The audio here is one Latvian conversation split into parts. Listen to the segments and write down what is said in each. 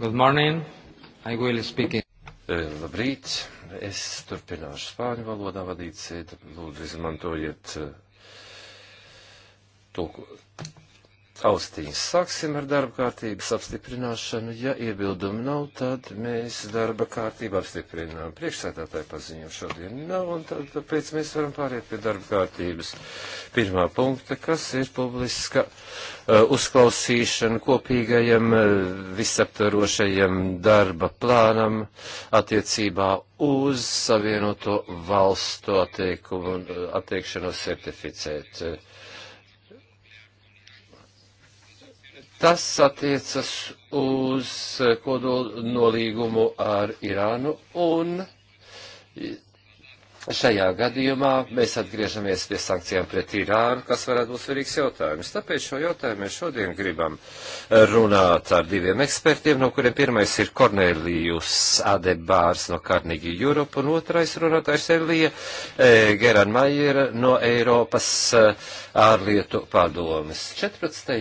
Good morning. I will speak in. E, labrīt. Es turpināšu spāņu valodā vadīt sēdi. Lūdzu, izmantojiet e, tulku austiņas. Sāksim ar darba kārtības apstiprināšanu. Ja iebildumi nav, tad mēs darba kārtību apstiprinām. Priekšsēdētāji paziņo šodien nav, un tad, tāpēc mēs varam pāriet pie darba kārtības pirmā punkta, kas ir publiska uh, uzklausīšana kopīgajam uh, visaptvarošajam darba plānam attiecībā uz savienoto valstu attiekumu un uh, attiekšanos certificēt. Uh, Tas attiecas uz kodolu nolīgumu ar Irānu un Šajā gadījumā mēs atgriežamies pie sankcijām pret Irānu, kas varētu būt svarīgs jautājums. Tāpēc šo jautājumu mēs šodien gribam runāt ar diviem ekspertiem, no kuriem pirmais ir Kornelijus Adebārs no Carnegie Europe un otrais runātājs Elija e, Geran Maiera no Eiropas eh, ārlietu padomes. 14.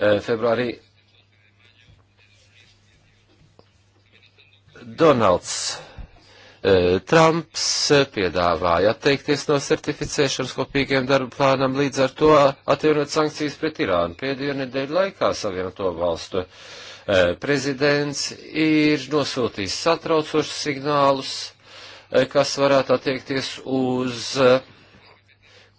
Eh, februārī Donalds eh, Trumps piedāvāja atteikties no certificēšanas kopīgiem darba plānam, līdz ar to atjaunot sankcijas pret Irānu. Pēdējo nedēļu laikā Savienoto valstu eh, prezidents ir nosūtījis satraucošus signālus, kas varētu attiekties uz uh,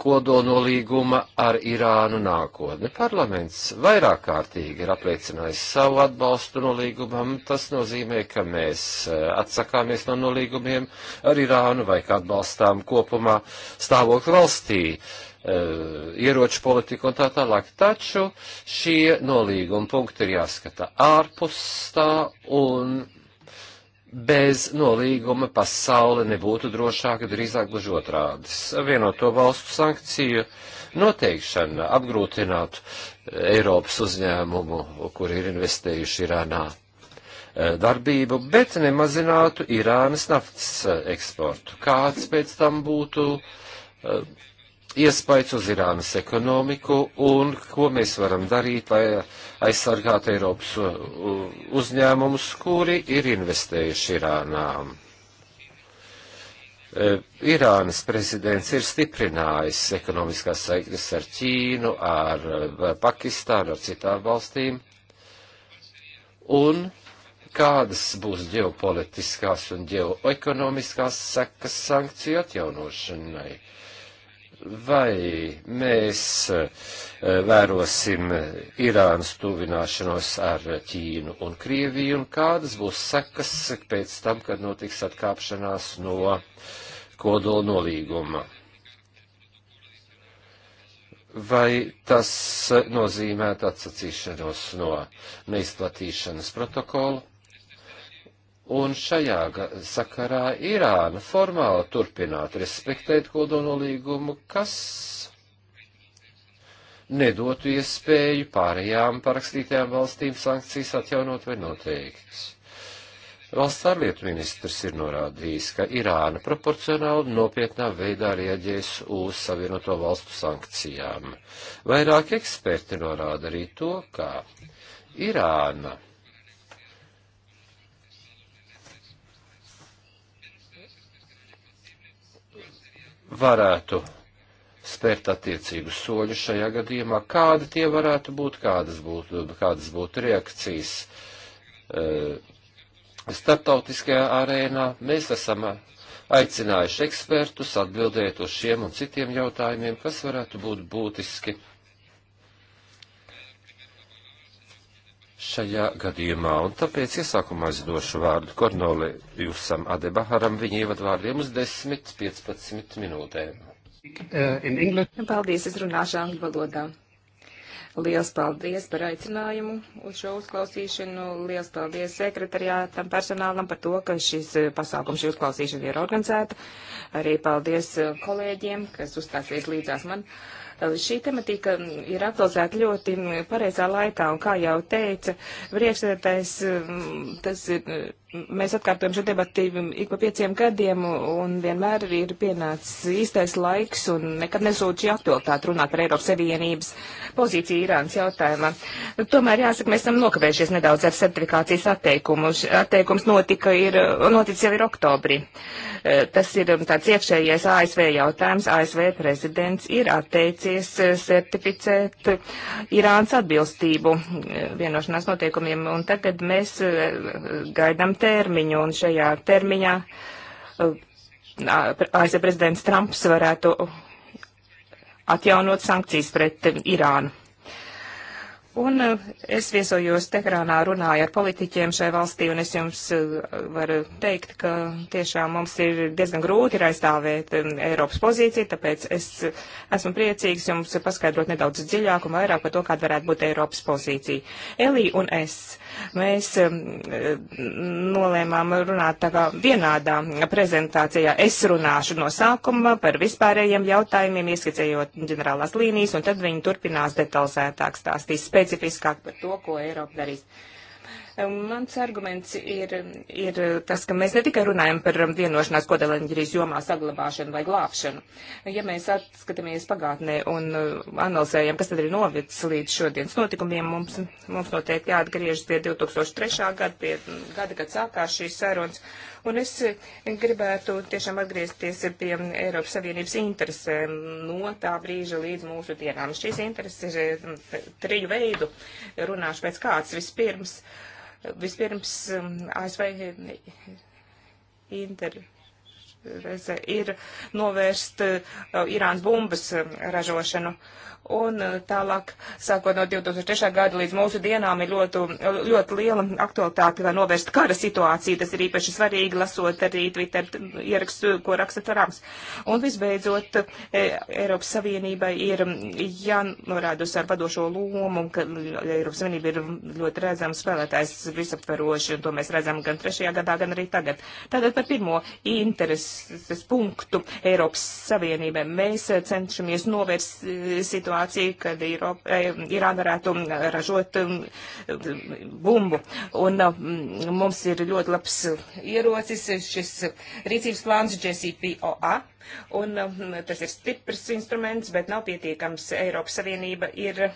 kodolnolīguma ar Irānu nākotni. Parlaments vairāk kārtīgi ir apliecinājis savu atbalstu nolīgumam. Tas nozīmē, ka mēs eh, atsakāmies no nolīgumiem ar Irānu vai ka atbalstām kopumā stāvokli valstī, eh, ieroču politiku un tā tālāk. Taču šie nolīguma punkti ir jāskata ārpus tā un bez nolīguma pasaule nebūtu drošāka, drīzāk gluži otrādi. Savienoto valstu sankciju noteikšana apgrūtinātu Eiropas uzņēmumu, kur ir investējuši Irānā e, darbību, bet nemazinātu Irānas naftas e, eksportu. Kāds pēc tam būtu uh, iespaids uz Irānas ekonomiku un ko mēs varam darīt, lai aizsargātu Eiropas uh, uzņēmumus, kuri ir investējuši Irānā. Uh, Irānas prezidents ir stiprinājis ekonomiskās saiknes ar Ķīnu, ar uh, Pakistānu, ar citām valstīm. Un kādas būs ģeopolitiskās un ģeoekonomiskās sekas sankciju atjaunošanai? Uh, vai mēs eh, vērosim Irānas tuvināšanos ar Ķīnu un Krieviju, un kādas būs sekas pēc tam, kad notiks atkāpšanās no kodola nolīguma. Vai tas nozīmētu atsacīšanos no neizplatīšanas protokola? Un šajā sakarā Irāna formāli turpināt respektēt kodolnolīgumu, kas nedotu iespēju pārējām parakstītajām valstīm sankcijas atjaunot vai noteikt. Valsts ārlietu ministrs ir norādījis, ka Irāna proporcionāli nopietnā veidā rieģēs uz savienoto valstu sankcijām. Vairāk eksperti norāda arī to, ka Irāna varētu spērt attiecīgus soļus šajā gadījumā, kādi tie varētu būt, kādas būtu, kādas būtu reakcijas eh, starptautiskajā arēnā. Mēs esam aicinājuši ekspertus atbildēt uz šiem un citiem jautājumiem, kas varētu būt būtiski šajā gadījumā, un tāpēc iesākumā es došu vārdu Kornoli Jusam Adebaharam viņa ievadvārdiem uz 10-15 minūtēm. Uh, paldies, es runāšu angļu valodā. Liels paldies par aicinājumu uz šo uzklausīšanu. Liels paldies sekretariātam personālam par to, ka šis uh, pasākums, šī uzklausīšana ir organizēta. Arī paldies uh, kolēģiem, kas uzstāsies līdzās man. Uh, Šī tematika ir aktualizēta ļoti pareizā laikā, un kā jau teica priekšsēdētājs, mm, tas ir mēs atkārtojam šo debatīvu ik pa pieciem gadiem, un vienmēr ir pienācis īstais laiks, un nekad nesūdz šī aktualitāte runāt par Eiropas Savienības pozīciju Irānas jautājumā. Tomēr jāsaka, mēs esam nokavējušies nedaudz ar certifikācijas atteikumu. Atteikums notika ir, noticis jau ir oktobrī. E, tas ir tāds iekšējais ASV jautājums. ASV prezidents ir atteicies e, certificēt Irānas atbilstību e, vienošanās noteikumiem, un tagad mēs gaidām termiņu, un šajā termiņā uh, ASV prezidents Trumps varētu atjaunot sankcijas pret uh, Irānu. Un uh, es viesojos Teherānā, runāju ar politiķiem šai valstī, un es jums varu teikt, ka tiešām mums ir diezgan grūti ir aizstāvēt um, Eiropas pozīciju, tāpēc es esmu priecīgs jums paskaidrot nedaudz dziļāk un vairāk par to, kāda varētu būt Eiropas pozīcija. Elī un es Mēs um, nolēmām runāt tā kā vienādā prezentācijā. Es runāšu no sākuma par vispārējiem jautājumiem, ieskicējot ģenerālās līnijas, un tad viņi turpinās detalizētāk stāstīt specifiskāk par to, ko Eiropa darīs. Uh, Mans arguments ir, ir tas, ka mēs ne tikai runājam par vienošanās kodolenerģijas jomā saglabāšanu vai glābšanu. Ja mēs atskatāmies pagātnē un analizējam, kas tad ir novicis līdz šodienas notikumiem, mums, mums noteikti jāatgriežas pie 2003. gada, pie gada, kad sākās šīs sarunas. Un es gribētu tiešām atgriezties pie Eiropas Savienības interesēm no tā brīža līdz mūsu dienām. Šīs intereses ir triju veidu. Runāšu pēc kāds vispirms. Uh, Vispirms um, ASV inter ir novērst uh, Irānas bumbas um, ražošanu. Un eh, tālāk, sākot no 2003. gada līdz mūsu dienām, ir ļoti, ļoti liela aktualitāte, lai novērst kara situāciju. Tas ir īpaši svarīgi, lasot arī Twitter ierakstu, ko raksta Trumps. Un visbeidzot, eh, Eiropas Savienībai ir mm, jānorādus ar vadošo lomu, ka Eiropas Savienība ir ļoti redzams spēlētājs visaptveroši, un to mēs redzam gan trešajā gadā, gan arī tagad. Tātad par pirmo intereses punktu Eiropas Savienībai mēs eh, cenšamies novērst situāciju situāciju, kad eh, Irāna varētu mm, ražot mm, bumbu. Un mm, mums ir ļoti labs ierocis šis rīcības plāns JCPOA. Un tas ir stiprs instruments, bet nav pietiekams. Eiropas Savienība ir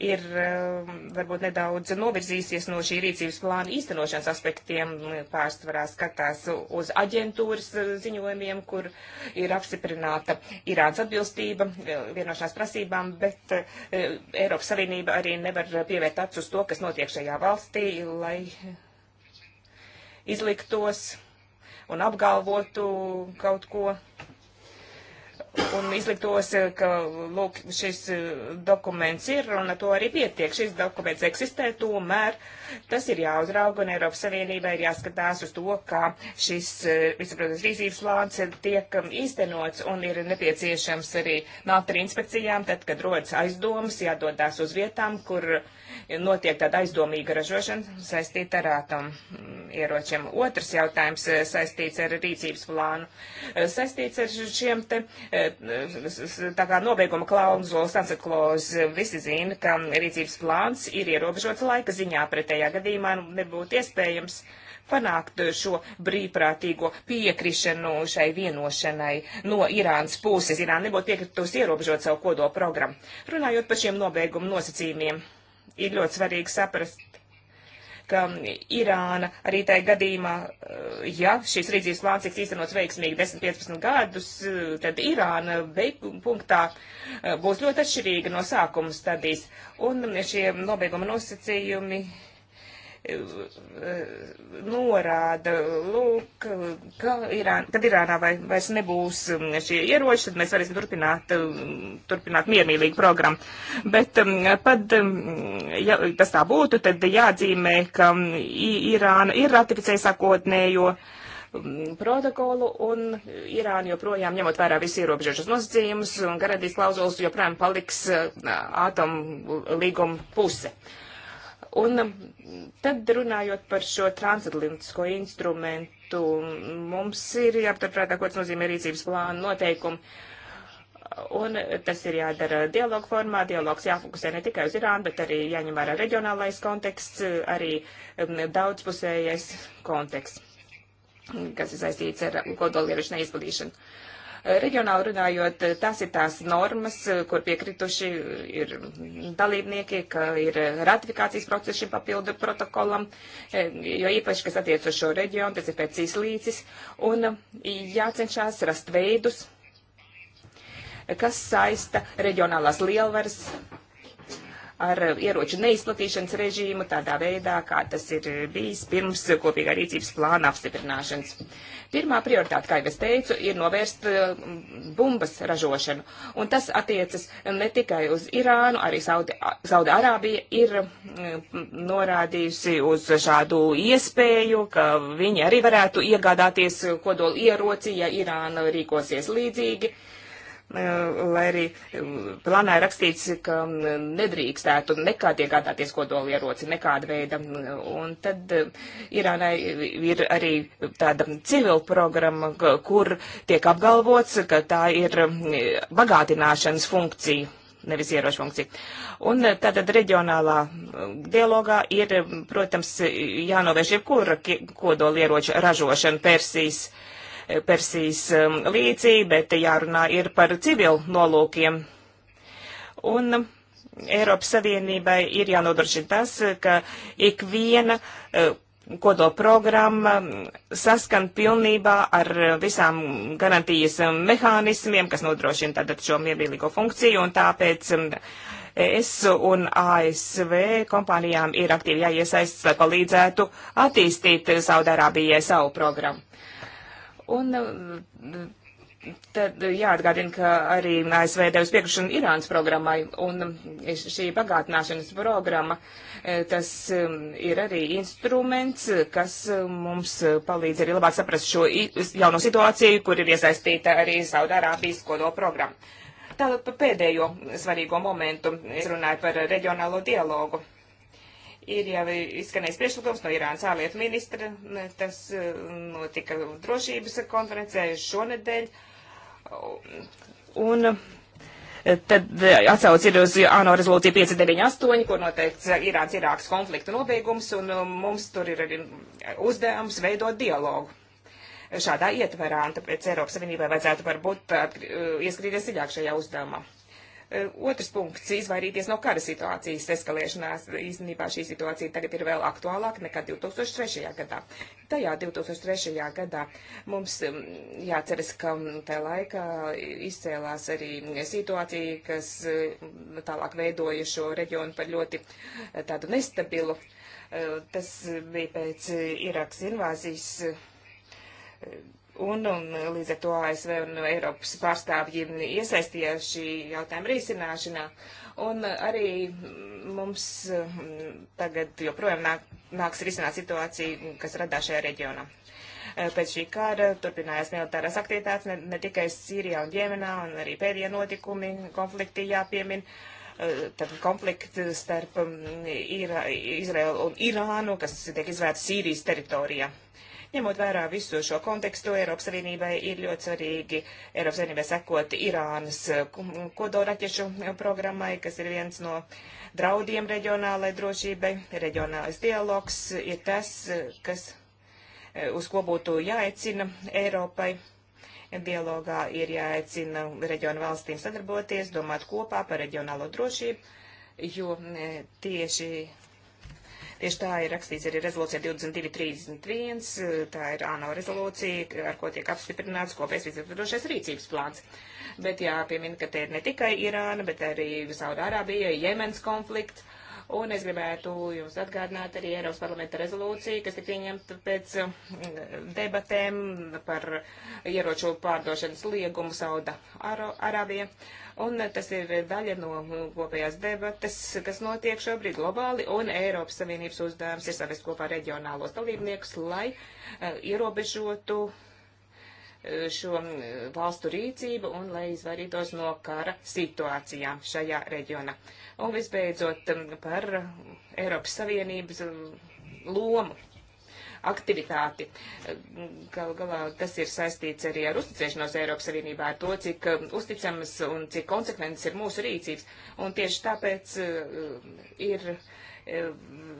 ir um, varbūt nedaudz novirzīsies no šī rīcības plāna īstenošanas aspektiem, pārsvarā skatās uz aģentūras uh, ziņojumiem, kur ir apstiprināta Irāns atbilstība uh, vienošanās prasībām, bet uh, Eiropas Savienība arī nevar pievērt acis uz to, kas notiek šajā valstī, lai izliktos un apgalvotu kaut ko un izliktos, eh, ka lūk, šis eh, dokuments ir un ar to arī pietiek. Šis dokuments eksistē, tomēr tas ir jāuzrauga un Eiropas Savienībai ir jāskatās uz to, kā šis eh, visaprotams rīzības plāns tiek um, īstenots un ir nepieciešams arī nākt ar inspekcijām, tad, kad rodas aizdomas, jādodās uz vietām, kur notiek tāda aizdomīga ražošana saistīta ar ātumu mm, ieročiem. Otrs jautājums saistīts ar rīcības plānu, saistīts ar šiem te tā kā nobeiguma klauzulas, sunset clause, visi zina, ka rīcības plāns ir ierobežots laika ziņā, pretējā gadījumā nu, nebūtu iespējams panākt šo brīvprātīgo piekrišanu šai vienošanai no Irānas puses. Irāna nebūtu piekritusi ierobežot savu kodola programmu. Runājot par šiem nobeiguma nosacījumiem, ir ļoti svarīgi saprast, ka Irāna arī tajā gadījumā, eh, ja šīs rīcības plāns tiks īstenots veiksmīgi 10-15 gadus, eh, tad Irāna beigu punktā eh, būs ļoti atšķirīga no sākuma stadijas. Un šie nobeiguma nosacījumi norāda, lūk, ka Irāna, kad Irānā vai, vairs nebūs um, šie ieroči, tad mēs varēsim turpināt, um, turpināt miermīlīgu programmu. Bet pat, um, ja tas tā būtu, tad jāatzīmē, ka Irāna ir ratificēja sakotnējo protokolu un Irāna joprojām ņemot vērā visu ierobežošos nosacījumus un garantijas klauzulas joprojām paliks uh, atomu līguma puse. Uh, Un tad runājot par šo transatlantisko instrumentu, mums ir jāpaturprātā, ko tas nozīmē rīcības plāna noteikumi. Un tas ir jādara dialogu formā. Dialogs jāfokusē ne tikai uz Irānu, bet arī jāņem vērā reģionālais konteksts, arī um, daudzpusējais konteksts, kas ir saistīts ar kodolierošu neizpildīšanu. Uh, Reģionāli runājot, tās ir tās normas, kur piekrituši ir dalībnieki, ka ir ratifikācijas process šim papildu protokolam, e, jo īpaši, kas attiec uz šo reģionu, tas ir pēc izlīcis, un jācenšās rast veidus, kas saista reģionālās lielvaras ar ieroču neizplatīšanas režīmu tādā veidā, kā tas ir bijis pirms kopīgā rīcības plāna apstiprināšanas. Pirmā prioritāte, kā jau es teicu, ir novērst mm, bumbas ražošanu. Un tas attiecas ne tikai uz Irānu, arī Saudi, Saudi Arābija ir mm, norādījusi uz šādu iespēju, ka viņi arī varētu iegādāties kodoli ieroci, ja Irāna rīkosies līdzīgi. Uh, lai arī eh, plānā ir rakstīts, ka mm, nedrīkstētu nekādi iegādāties kodolieroci, nekāda veida. Mm, un tad eh, Irānai ir arī tāda civila programma, kur tiek apgalvots, ka tā ir mm, bagātināšanas funkcija nevis ieroču funkciju. Un eh, tātad reģionālā dialogā ir, protams, jānovērš jebkura kodola ieroča ražošana Persijas uh, Persijas um, līcī, bet jārunā ir par civilu nolūkiem. Un um, Eiropas Savienībai ir jānodrošina tas, ka ikviena uh, kodola programma um, saskan pilnībā ar uh, visām garantijas mehānismiem, kas nodrošina tātad šo miermīlīgo funkciju, un tāpēc es un ASV kompānijām ir aktīvi jāiesaistas, lai palīdzētu attīstīt Saudārābijai savu programmu. Un eh, tad jāatgādina, ka arī ASV devis piekrišanu Irānas programmai, un eh, šī bagātināšanas programma, eh, tas ir arī instruments, kas mums palīdz arī labāk saprast šo jauno situāciju, kur ir iesaistīta arī Saudārābijas kodolprogramma. Tālāk par pēdējo svarīgo momentu, es runāju par reģionālo dialogu Ir jau izskanējis priekšlikums no Irānas ārlietu ministra, tas e, notika drošības konferencē šonedēļ. Un e, tad e, atsauc ir uz ANO rezolūciju 598, kur noteikts Irāns Irāks konfliktu nobeigums, un mums tur ir arī uzdevums veidot dialogu. Šādā ietverā, un tāpēc Eiropas Savienībai vajadzētu varbūt ieskrīties dziļāk šajā uzdevumā. Eh, otrs punkts - izvairīties no kara situācijas eskalēšanās. Īstenībā šī situācija tagad ir vēl aktuālāka nekā 2003. gadā. Tajā 2003. gadā mums mm, jāceras, ka mm, tajā laikā izcēlās arī mm, situācija, kas tālāk veidoja šo reģionu par ļoti eh, tādu nestabilu. Eh, tas bija pēc Irākas invāzijas Un, un līdz ar to ASV un Eiropas pārstāvji iesaistījās šī jautājuma risināšanā. Un arī mums mm, tagad joprojām nāk, nāks risināt situāciju, kas radās šajā reģionā. Eh, pēc šī kara turpinājās militārās aktivitātes ne, ne tikai Sīrijā un Jemenā, un arī pēdējie notikumi konflikti jāpiemina eh, tad konflikti starp mm, Izraelu un Irānu, kas tiek izvērts Sīrijas teritorijā. Uh, Ņemot vērā visu šo kontekstu, Eiropas Savienībai ir ļoti svarīgi Eiropas Savienībai sekot Irānas eh, kodolraķešu programmai, kas ir viens no draudiem reģionālai drošībai. Reģionālais dialogs ir tas, kas, eh, uz ko būtu jāecina Eiropai dialogā ir jāaicina reģionu valstīm sadarboties, domāt kopā par reģionālo drošību, jo eh, tieši Tieši tā ir rakstīts arī rezolūcija 2231, tā ir ANO rezolūcija, ar ko tiek apstiprināts kopējais visaptvarošais rīcības plāns. Bet jāpiemina, ka te ir ne tikai Irāna, bet arī Saudārābija, Jemens konflikts Un es gribētu jums atgādināt arī Eiropas parlamenta rezolūciju, kas tika pieņemta pēc mm, debatēm par ieroču pārdošanas liegumu Sauda Arābija. Un tas ir daļa no kopējās debates, kas notiek šobrīd globāli, un Eiropas Savienības uzdevums ir savest kopā reģionālos dalībniekus, lai eh, ierobežotu šo valstu rīcību un lai izvairītos no kara situācijām šajā reģionā. Un visbeidzot par Eiropas Savienības lomu aktivitāti. Gal galā tas ir saistīts arī ar uzticēšanos Eiropas Savienībā, ar to, cik uzticamas un cik konsekventas ir mūsu rīcības. Un tieši tāpēc ir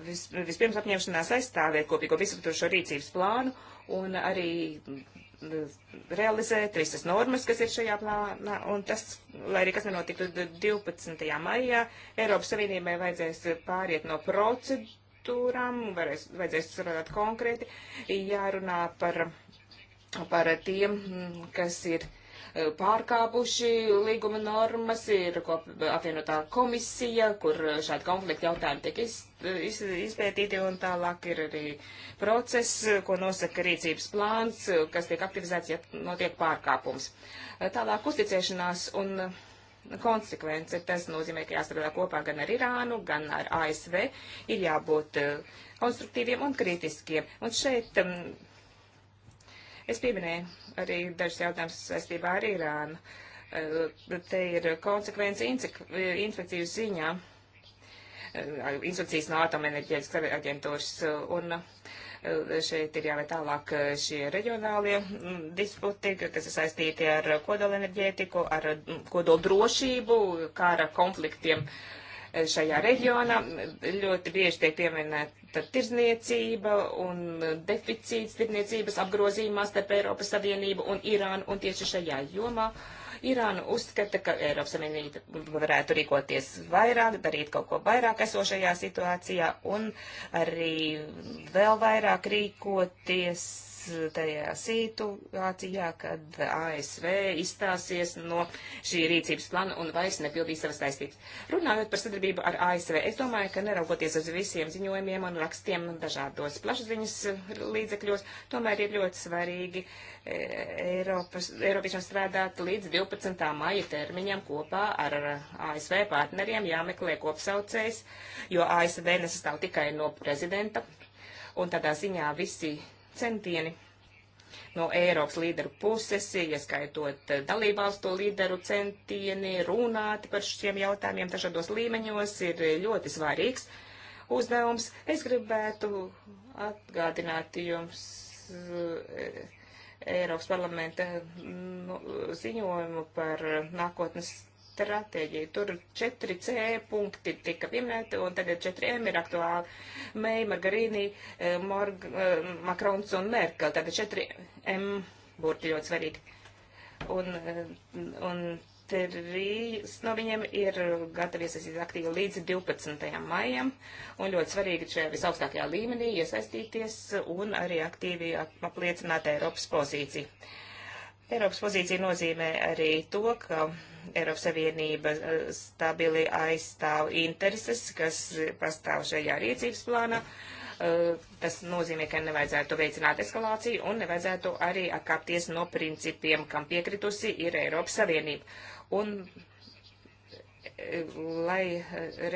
vis, vispirms apņemšanās aizstāvēt kopīgo visaptvarošo rīcības plānu un arī realizēt visas normas, kas ir šajā plānā, un tas, lai arī kas nenotiktu 12. maijā, Eiropas Savienībai vajadzēs pāriet no procedūrām, varēs, vajadzēs strādāt konkrēti, jārunā par, par tiem, kas ir Eh, pārkāpuši līguma normas, ir apvienotā komisija, kur eh, šādi konflikti jautājumi tiek iz, iz, izpētīti, un tālāk ir arī process, ko nosaka rīcības plāns, eh, kas tiek aktivizēts, ja notiek pārkāpums. Tālāk uzticēšanās un konsekvence. Tas nozīmē, ka jāstrādā kopā gan ar Irānu, gan ar ASV, ir jābūt uh, konstruktīviem un kritiskiem. Un šeit um, Es pieminēju arī dažus jautājumus saistībā ar Irānu. Eh, te ir konsekvence infekciju ziņā, eh, instrukcijas no atomenerģijas aģentūras, eh, un šeit ir jāvērt tālāk šie reģionālie mm, disputi, kas ir saistīti ar kodolenerģētiku, ar mm, kodoldrošību, kā ar konfliktiem. Uh, šajā reģionā. Ļoti bieži tiek pieminēta tirzniecība un deficīts tirzniecības apgrozījumā starp Eiropas Savienību un Irānu, un tieši šajā jomā. Irāna uzskata, ka Eiropas Savienība varētu rīkoties vairāk, darīt kaut ko vairāk esošajā situācijā un arī vēl vairāk rīkoties tajā situācijā, kad ASV izstāsies no šī rīcības plana un vairs nepildīs savas saistības. Runājot par sadarbību ar ASV, es domāju, ka neraugoties uz visiem ziņojumiem un rakstiem dažādos plašsaziņas līdzekļos, tomēr ir ļoti svarīgi e, Eiropas, Eiropiešiem strādāt līdz 12. maija termiņam kopā ar ASV partneriem jāmeklē kopsaucējs, jo ASV nesastāv tikai no prezidenta. Un tādā ziņā visi centieni no Eiropas līderu puses, ieskaitot eh, dalībvalstu līderu centieni runāt par šiem jautājumiem dažādos līmeņos, ir ļoti svarīgs uzdevums. Es gribētu atgādināt jums eh, Eiropas parlamenta mm, ziņojumu par nākotnes stratēģiju. Tur 4C punkti tika pieminēti, un tagad 4M ir aktuāli. Mei, Margarīni, eh, Morg, eh, Makrons un Merkel. Tātad 4M būtu ļoti svarīgi. Un, eh, un trīs no viņiem ir gatavi iesaistīt aktīvi līdz 12. maijam, un ļoti svarīgi šajā visaugstākajā līmenī iesaistīties un arī aktīvi apliecināt Eiropas pozīciju. Eiropas pozīcija nozīmē arī to, ka Eiropas Savienība eh, stabili aizstāv intereses, kas pastāv šajā rīcības plānā. Eh, tas nozīmē, ka nevajadzētu veicināt eskalāciju un nevajadzētu arī atkāpties no principiem, kam piekritusi ir Eiropas Savienība. Un eh, lai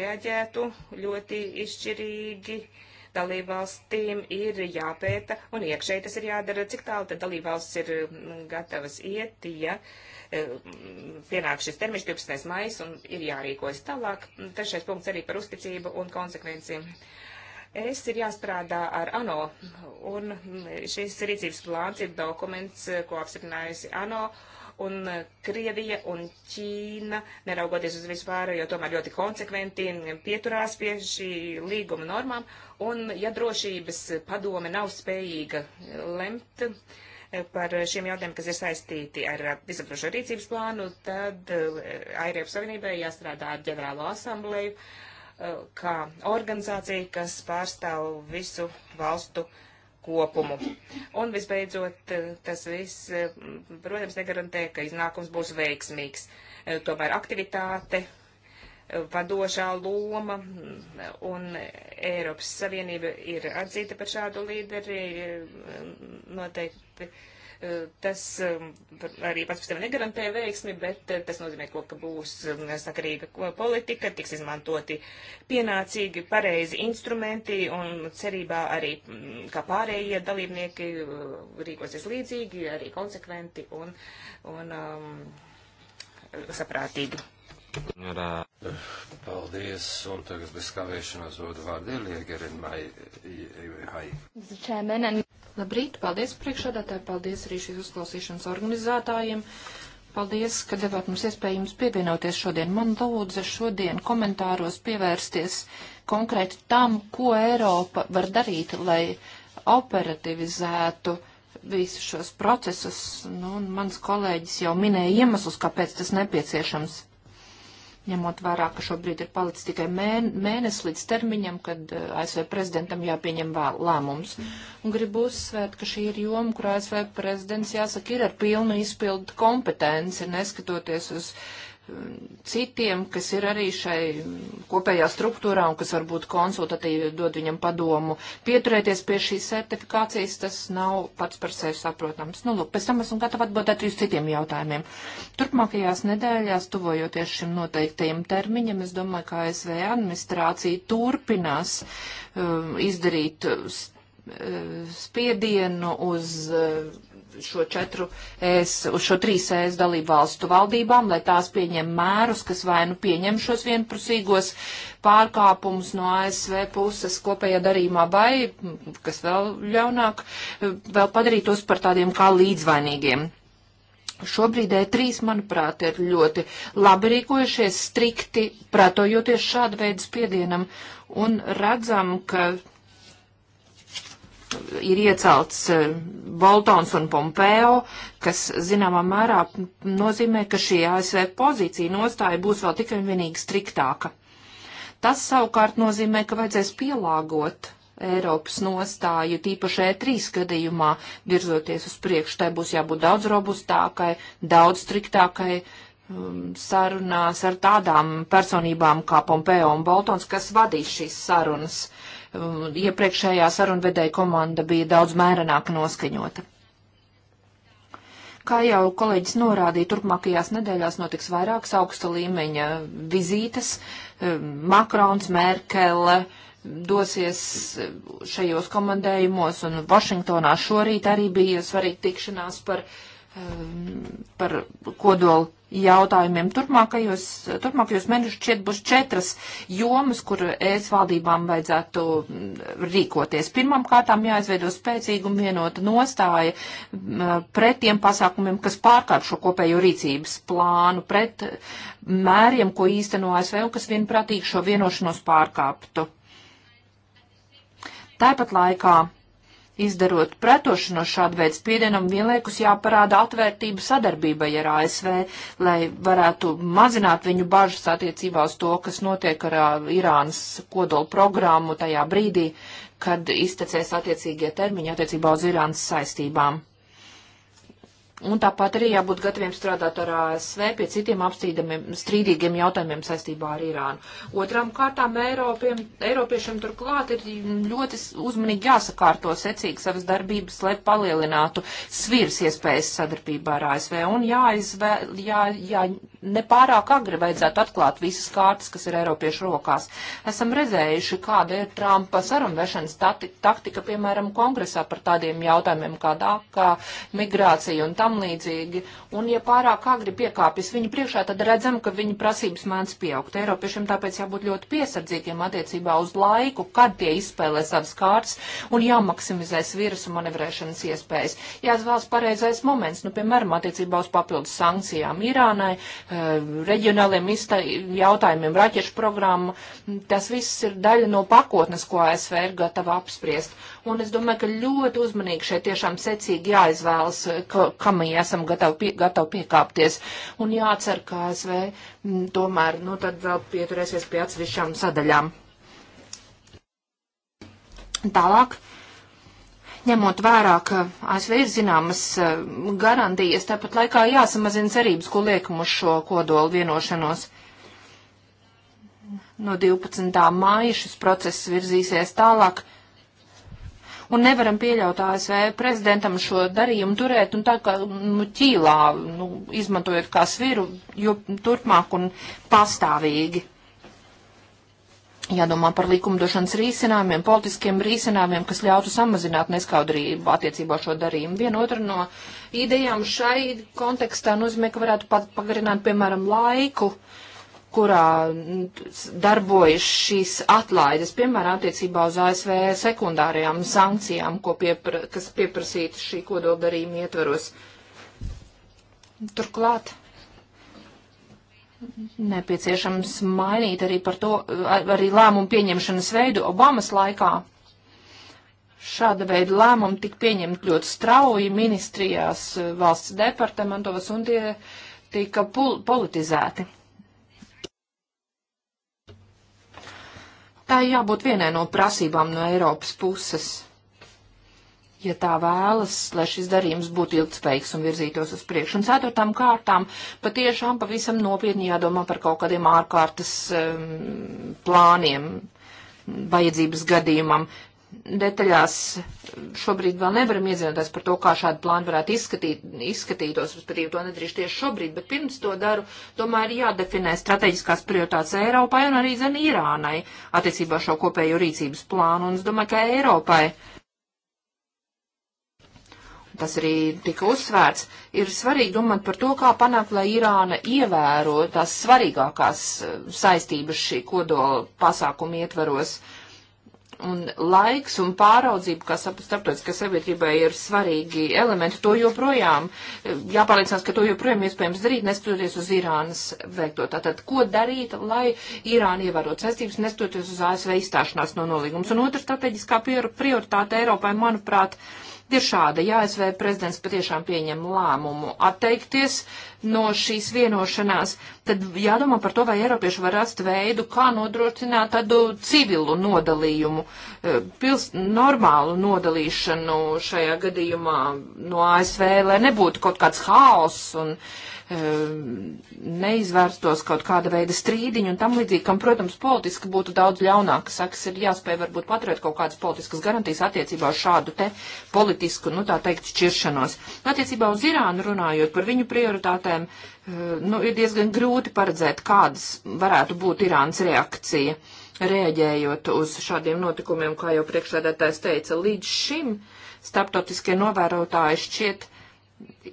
reaģētu ļoti izšķirīgi, uh, dalībvalstīm ir jāpēta, un iekšēji tas ir jādara, cik tālu tad dalībvalsts ir mm, gatavas iet, ja e, mm, pienāk šis termiņš 12. maijas un ir jārīkojas tālāk. Trešais punkts arī par uzticību un konsekvenciem. Es ir jāstrādā ar ANO, un mm, šis rīcības plāns ir dokuments, ko apstiprinājusi ANO Un eh, Krievija un Ķīna, neraugoties uz vispārējo, tomēr ļoti konsekventi pieturās pie šī līguma normām. Un ja drošības padome nav spējīga lemt, eh, par šiem jautājumiem, kas ir saistīti ar eh, visaptrošo rīcības plānu, tad Eiropas Savienībai jāstrādā ar ģenerālo asambleju kā organizācija, kas pārstāv visu valstu kopumu. Un visbeidzot, eh, tas viss, eh, protams, negarantē, ka iznākums būs veiksmīgs. Eh, tomēr aktivitāte, vadošā loma mm, un Eiropas Savienība ir atzīta par šādu līderi noteikti Tas arī pats par sevi negarantē veiksmi, bet tas nozīmē, ko, ka būs sakarīga politika, tiks izmantoti pienācīgi, pareizi instrumenti un cerībā arī, kā pārējie dalībnieki, rīkosies līdzīgi, arī konsekventi un, un um, saprātīgi. Rā. Paldies, un tagad bez kavēšanās dodu vārdu Ieliegerin Hai. Labrīt, paldies priekšādātāji, paldies arī šīs uzklausīšanas organizētājiem. Paldies, ka devāt mums iespēju jums pievienoties šodien. Man lūdza šodien komentāros pievērsties konkrēti tam, ko Eiropa var darīt, lai operativizētu visus šos procesus. Nu, mans kolēģis jau minēja iemeslus, kāpēc tas nepieciešams ņemot vērā, ka šobrīd ir palicis tikai mēnesis līdz termiņam, kad eh, ASV prezidentam jāpieņem vēl lēmums. Un gribu uzsvērt, ka šī ir joma, kur ASV prezidents, jāsaka, ir ar pilnu izpildu kompetenci, neskatoties uz uh, citiem, kas ir arī šai kopējā struktūrā un kas varbūt konsultatīvi dod viņam padomu pieturēties pie šīs certifikācijas, tas nav pats par sevi saprotams. Nu, lūk, pēc tam esmu gatava atbildēt uz citiem jautājumiem. Turpmākajās nedēļās, tuvojoties šim noteiktajam termiņam, es domāju, ka ASV administrācija turpinās um, izdarīt uh, spiedienu uz. Uh, šo četru ES, uz šo trīs ES dalību valstu valdībām, lai tās pieņem mērus, kas vai nu pieņem šos vienprasīgos pārkāpumus no ASV puses kopējā darījumā, vai, mm, kas vēl ļaunāk, vēl padarītos par tādiem kā līdzvainīgiem. Šobrīd E3, manuprāt, ir ļoti labi rīkojušies, strikti pretojoties šāda veida spiedienam un redzam, ka ir iecelts eh, Boltons un Pompeo, kas zināmā mērā nozīmē, ka šī ASV pozīcija nostāja būs vēl tikai un vienīgi striktāka. Tas savukārt nozīmē, ka vajadzēs pielāgot Eiropas nostāju, tīpaši E3 gadījumā, virzoties uz priekšu, tai būs jābūt daudz robustākai, daudz striktākai um, sarunās ar tādām personībām kā Pompeo un Boltons, kas vadīs šīs sarunas. Uh, iepriekšējā sarunvedēja komanda bija daudz mērenāk noskaņota. Kā jau kolēģis norādīja, turpmākajās nedēļās notiks vairākas augsta līmeņa vizītes. Um, Makrons, Merkele dosies šajos komandējumos, un Vašingtonā šorīt arī bija svarīga tikšanās par uh, par kodolu jautājumiem. Turpmākajos, turpmākajos mēnešus šķiet būs četras jomas, kur ES valdībām vajadzētu rīkoties. Pirmām kārtām jāizveido spēcīga un vienota nostāja pret tiem pasākumiem, kas pārkāp šo kopējo rīcības plānu, pret mēriem, ko īsteno ASV un kas vienprātīgi šo vienošanos pārkāptu. Tāpat laikā Izdarot pretošanos šādu veidu spiedienam, vienlaikus jāparāda atvērtība sadarbībai ar ASV, lai varētu mazināt viņu bažas attiecībā uz to, kas notiek ar Irānas kodolu programmu tajā brīdī, kad iztecēs attiecīgie termiņi attiecībā uz Irānas saistībām. Un tāpat arī jābūt gataviem strādāt ar ASV pie citiem apstrīdamiem, strīdīgiem jautājumiem saistībā ar Irānu. Otram kārtām Eiropiem, Eiropiešiem turklāt ir ļoti uzmanīgi jāsakārto secīgi savas darbības, lai palielinātu svirs iespējas sadarbībā ar ASV. Un jāizvē, jā, jā, nepārāk agri vajadzētu atklāt visas kārtas, kas ir Eiropiešu rokās. Esam redzējuši, kāda ir Trumpa sarunvešanas taktika, piemēram, kongresā par tādiem jautājumiem kā tā, kā migrācija un tā tam līdzīgi. Un, ja pārāk agri piekāpjas viņu priekšā, tad redzam, ka viņu prasības mēdz pieaugt. Eiropiešiem tāpēc jābūt ļoti piesardzīgiem attiecībā uz laiku, kad tie izspēlē savas kārtas un jāmaksimizēs vīrusu manevrēšanas iespējas. Jāizvēlas pareizais moments, nu, piemēram, attiecībā uz papildus sankcijām Irānai, eh, reģionāliem jautājumiem, raķešu programmu. Tas viss ir daļa no pakotnes, ko ASV ir gatava apspriest. Un es domāju, ka ļoti uzmanīgi šeit tiešām secīgi jāizvēlas, eh, ka, kam nākamajai esam gatavi, pie, gatavi piekāpties. Un jācer, ka ASV m, mm, tomēr, nu tad vēl pieturēsies pie atsevišķām sadaļām. Tālāk ņemot vērā, ka ASV ir zināmas eh, garantijas, tāpat laikā jāsamazina cerības, ko liekam uz šo kodolu vienošanos. No 12. māja šis process virzīsies tālāk un nevaram pieļaut ASV prezidentam šo darījumu turēt un tā kā nu, ķīlā, nu, izmantojot kā sviru, jo turpmāk un pastāvīgi. Jādomā par likumdošanas risinājumiem, politiskiem risinājumiem, kas ļautu samazināt neskaudrību attiecībā šo darījumu. Viena otra no idejām šai kontekstā nozīmē, ka varētu pat pagarināt, piemēram, laiku uh, kurā darbojas šīs atlaides, piemēram, attiecībā uz ASV sekundārajām sankcijām, piepra kas pieprasīta šī kodoldarījuma ietveros. Turklāt nepieciešams mainīt arī par to, arī lēmumu pieņemšanas veidu Obamas laikā. Šāda veida lēmumi tika pieņemti ļoti strauji ministrijās, valsts departamentos, un tie tika politizēti. Tā jābūt vienai no prasībām no Eiropas puses. Ja tā vēlas, lai šis darījums būtu ilgspējīgs un virzītos uz priekšu. Un ceturtām kārtām patiešām pavisam nopietni jādomā par kaut kādiem ārkārtas um, plāniem vajadzības gadījumam detaļās šobrīd vēl nevaram iedzināties par to, kā šādi plāni varētu izskatīt, izskatītos, respektīvi to nedrīkst tieši šobrīd, bet pirms to daru, tomēr ir jādefinē strateģiskās prioritātes Eiropai un arī zem Irānai attiecībā šo kopējo rīcības plānu, un es domāju, ka Eiropai. Tas arī tika uzsvērts. Ir svarīgi domāt par to, kā panākt, lai Irāna ievēro tās svarīgākās eh, saistības šī kodola pasākuma ietveros. Uh, Un laiks un pāraudzība, kas starptautiskai sabiedrībai ir svarīgi elementi, to joprojām jāpārliecinās, ka to joprojām iespējams darīt, neskatoties uz Irānas veikto. Tātad, ko darīt, lai Irāna ievērot saistības, neskatoties uz ASV izstāšanās no nolīgums. Un otra strateģiskā prioritāte Eiropai, manuprāt, ir ir šāda. Ja ASV prezidents patiešām pieņem lēmumu atteikties no šīs vienošanās, tad jādomā par to, vai Eiropieši var rast veidu, kā nodrošināt tādu civilu nodalījumu, eh, pils, normālu nodalīšanu šajā gadījumā no ASV, lai nebūtu kaut kāds haoss un uh, Um, neizvērstos kaut kāda veida strīdiņi un tam līdzīgi, kam, protams, politiski būtu daudz ļaunāk, saks, ir jāspēj varbūt paturēt kaut kādas politiskas garantijas attiecībā uz šādu te politisku, nu tā teikt, šķiršanos. Attiecībā uz Irānu runājot par viņu prioritātēm, uh, nu, ir diezgan grūti paredzēt, kādas varētu būt Irānas reakcija rēģējot uz šādiem notikumiem, kā jau priekšsēdētājs teica, līdz šim starptautiskie novērotāji šķiet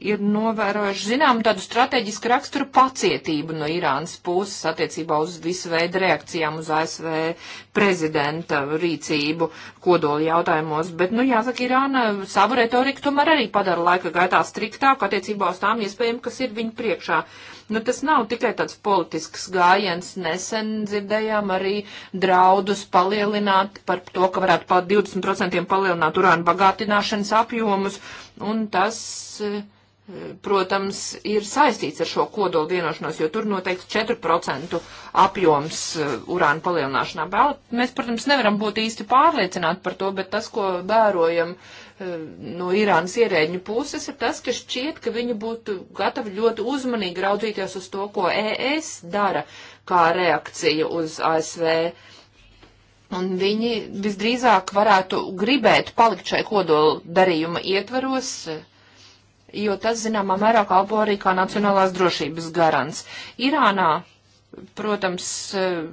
ir novērojuši zinām tādu strateģisku raksturu pacietību no Irānas puses attiecībā uz visu veidu reakcijām uz ASV prezidenta rīcību kodoli jautājumos, bet, nu, jāsaka, Irāna savu retoriku tomēr arī padara laika gaitā striktāku attiecībā uz tām iespējām, kas ir viņa priekšā. Uh, Nu, tas nav tikai tāds politisks gājiens. Nesen dzirdējām arī draudus palielināt par to, ka varētu pār 20% palielināt urāna bagātināšanas apjomus. Un tas, eh, protams, ir saistīts ar šo kodolu vienošanos, jo tur noteikti 4% apjoms eh, urāna palielināšanā. Mēs, protams, nevaram būt īsti pārliecināti par to, bet tas, ko vērojam Eh, no Irānas ierēģņu puses ir tas, ka šķiet, ka viņi būtu gatavi ļoti uzmanīgi raudzīties uz to, ko ES dara kā reakcija uz ASV. Un viņi visdrīzāk varētu gribēt palikt šai kodola darījuma ietvaros, jo tas, zināmā mērā, kalpo arī kā nacionālās drošības garants. Irānā protams, e,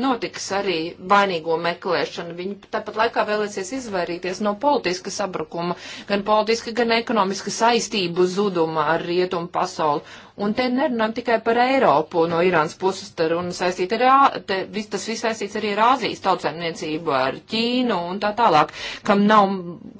notiks arī vainīgo meklēšana. Viņi tāpat laikā vēlēsies izvairīties no politiska sabrukuma, gan politiska, gan ekonomiska saistību zuduma ar rietumu pasauli. Un te nerunājam tikai par Eiropu no Irānas puses, te runa saistīta ar, te vis, tas viss saistīts arī ar Āzijas tautsēmniecību, ar Ķīnu un tā tālāk, kam nav,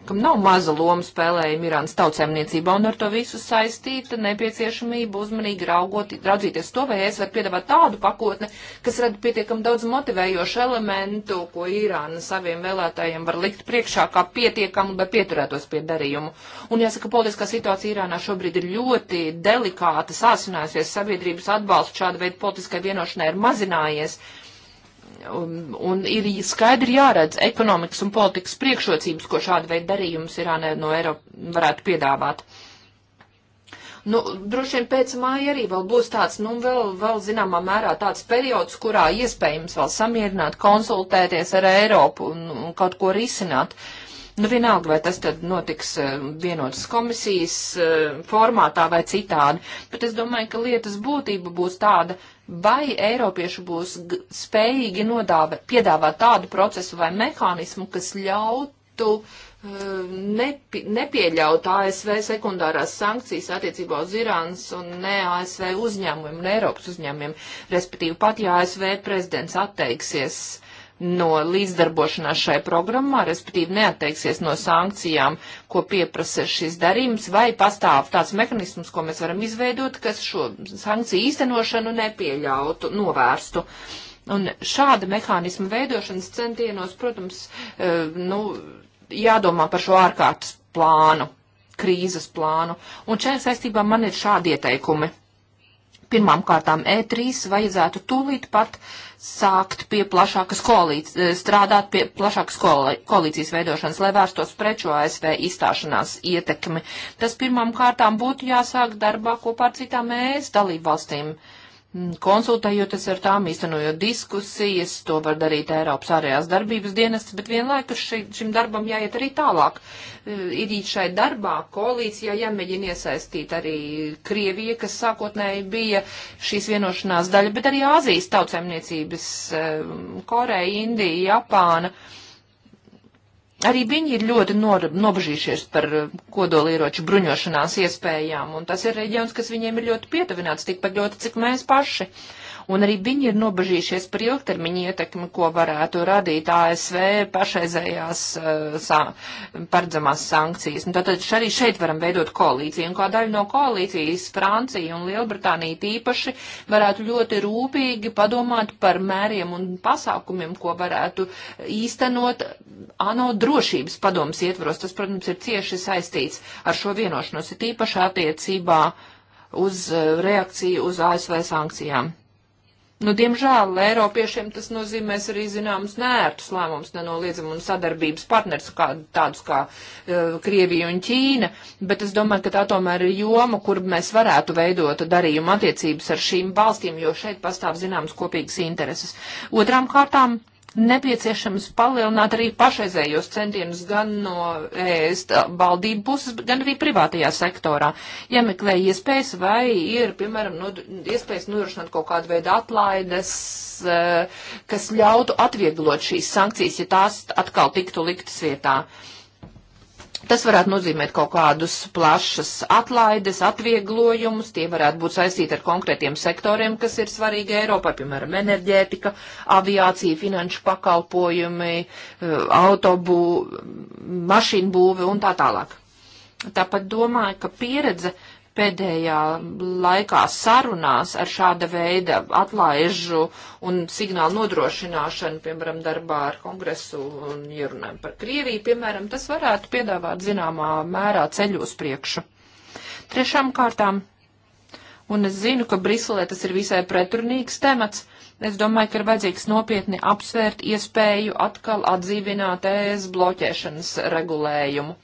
kam nav maza loma spēlējuma Irānas tautsēmniecībā, un ar to visu saistīta nepieciešamība uzmanīgi raugot, raudzīties to, vai es varu piedāvāt tādu pakotni, kas rada pietiekam daudz motivējošu elementu, ko Irāna saviem vēlētājiem var likt priekšā kā pietiekamu, lai pieturētos pie darījumu. Un jāsaka, politiskā situācija Irānā šobrīd ir ļoti delikāta, sāsinājusies, sabiedrības atbalsts šāda veida politiskai vienošanai ir mazinājies. Un, un ir skaidri jāredz ekonomikas un politikas priekšrocības, ko šāda veida darījums Irānai no Eiropas varētu piedāvāt. Nu, droši vien pēc māja arī vēl būs tāds, nu, vēl, vēl zināmā mērā tāds periods, kurā iespējams vēl samierināt, konsultēties ar Eiropu un, un kaut ko risināt. Uh, Nu, vienalga, vai tas tad notiks eh, vienotas komisijas eh, formātā vai citādi, bet es domāju, ka lietas būtība būs tāda, vai Eiropieši būs spējīgi nodāvēt, piedāvāt tādu procesu vai mehānismu, kas ļautu eh, nepi, nepieļaut ASV sekundārās sankcijas attiecībā uz Irānas un ne ASV uzņēmumiem un Eiropas uzņēmumiem, respektīvi pat, ja ASV prezidents atteiksies no līdzdarbošanās šai programmā, respektīvi neatteiksies no sankcijām, ko pieprasa šis darījums, vai pastāv tāds mehnisms, ko mēs varam izveidot, kas šo sankciju īstenošanu nepieļautu, novērstu. Un šāda mehānisma veidošanas centienos, protams, e, nu, jādomā par šo ārkārtas plānu, krīzes plānu. Un šajā saistībā man ir šādi ieteikumi. Pirmām kārtām E3 vajadzētu tūlīt pat uh, sākt pie plašākas koalīcijas, eh, strādāt pie plašākas koalīcijas veidošanas, lai vērstos preču ASV izstāšanās ietekmi. Tas pirmām kārtām būtu jāsāk darbā kopā ar citām ES dalībvalstīm. valstīm Mm, konsultējoties ar tām, īstenojot diskusijas, to var darīt Eiropas ārējās darbības dienestas, bet vienlaikus ši, šim darbam jāiet arī tālāk. E, ir šai darbā koalīcijā jāmēģina iesaistīt arī Krievija, kas sākotnēji bija šīs vienošanās daļa, bet arī Āzijas tautsēmniecības, e, Koreja, Indija, Japāna. Uh, arī viņi ir ļoti nobežījušies par eh, kodolieroču bruņošanās iespējām, un tas ir reģions, kas viņiem ir ļoti pietuvināts, tikpat ļoti, cik mēs paši. Uh, un arī viņi ir nobežījušies par ilgtermiņa ietekmi, ko varētu radīt ASV pašreizējās eh, sā, paredzamās sankcijas. Un tātad arī šeit varam veidot koalīciju, un kā daļa no koalīcijas Francija un Lielbritānija tīpaši varētu ļoti rūpīgi padomāt par mēriem un pasākumiem, ko varētu īstenot ANO drošības padomas ietvaros. Tas, protams, ir cieši saistīts ar šo vienošanos, ir tīpaši attiecībā uz eh, reakciju uz ASV sankcijām. Nu, diemžēl Eiropiešiem tas nozīmēs arī zināmas nērtus lēmumus, nenoliedzam un sadarbības partners, kā, tādus kā uh, Krievija un Ķīna, bet es domāju, ka tā tomēr ir joma, kur mēs varētu veidot darījumu attiecības ar šīm valstīm, jo šeit pastāv zināmas kopīgas intereses. Otrām kārtām nepieciešams palielināt arī pašreizējos centienus gan no ēst valdību puses, gan arī privātajā sektorā. Jāmeklē iespējas vai ir, piemēram, no, iespējas nodrošināt kaut kādu veidu atlaides, e, kas ļautu atvieglot šīs sankcijas, ja tās atkal tiktu liktas vietā. Uh, Tas varētu nozīmēt kaut kādus plašas atlaides, atvieglojumus, tie varētu būt saistīti ar konkrētiem sektoriem, kas ir svarīgi Eiropā, piemēram, enerģētika, aviācija, finanšu pakalpojumi, eh, autobū, mašīnu būve un tā tālāk. Tāpat domāju, ka pieredze pēdējā laikā sarunās ar šāda veida atlaižu un signālu nodrošināšanu, piemēram, darbā ar kongresu un ierunājumu par Krieviju, piemēram, tas varētu piedāvāt zināmā mērā ceļu uz priekšu. Trešām kārtām, un es zinu, ka Briselē tas ir visai pretrunīgs temats, es domāju, ka ir vajadzīgs nopietni apsvērt iespēju atkal atdzīvināt ES bloķēšanas regulējumu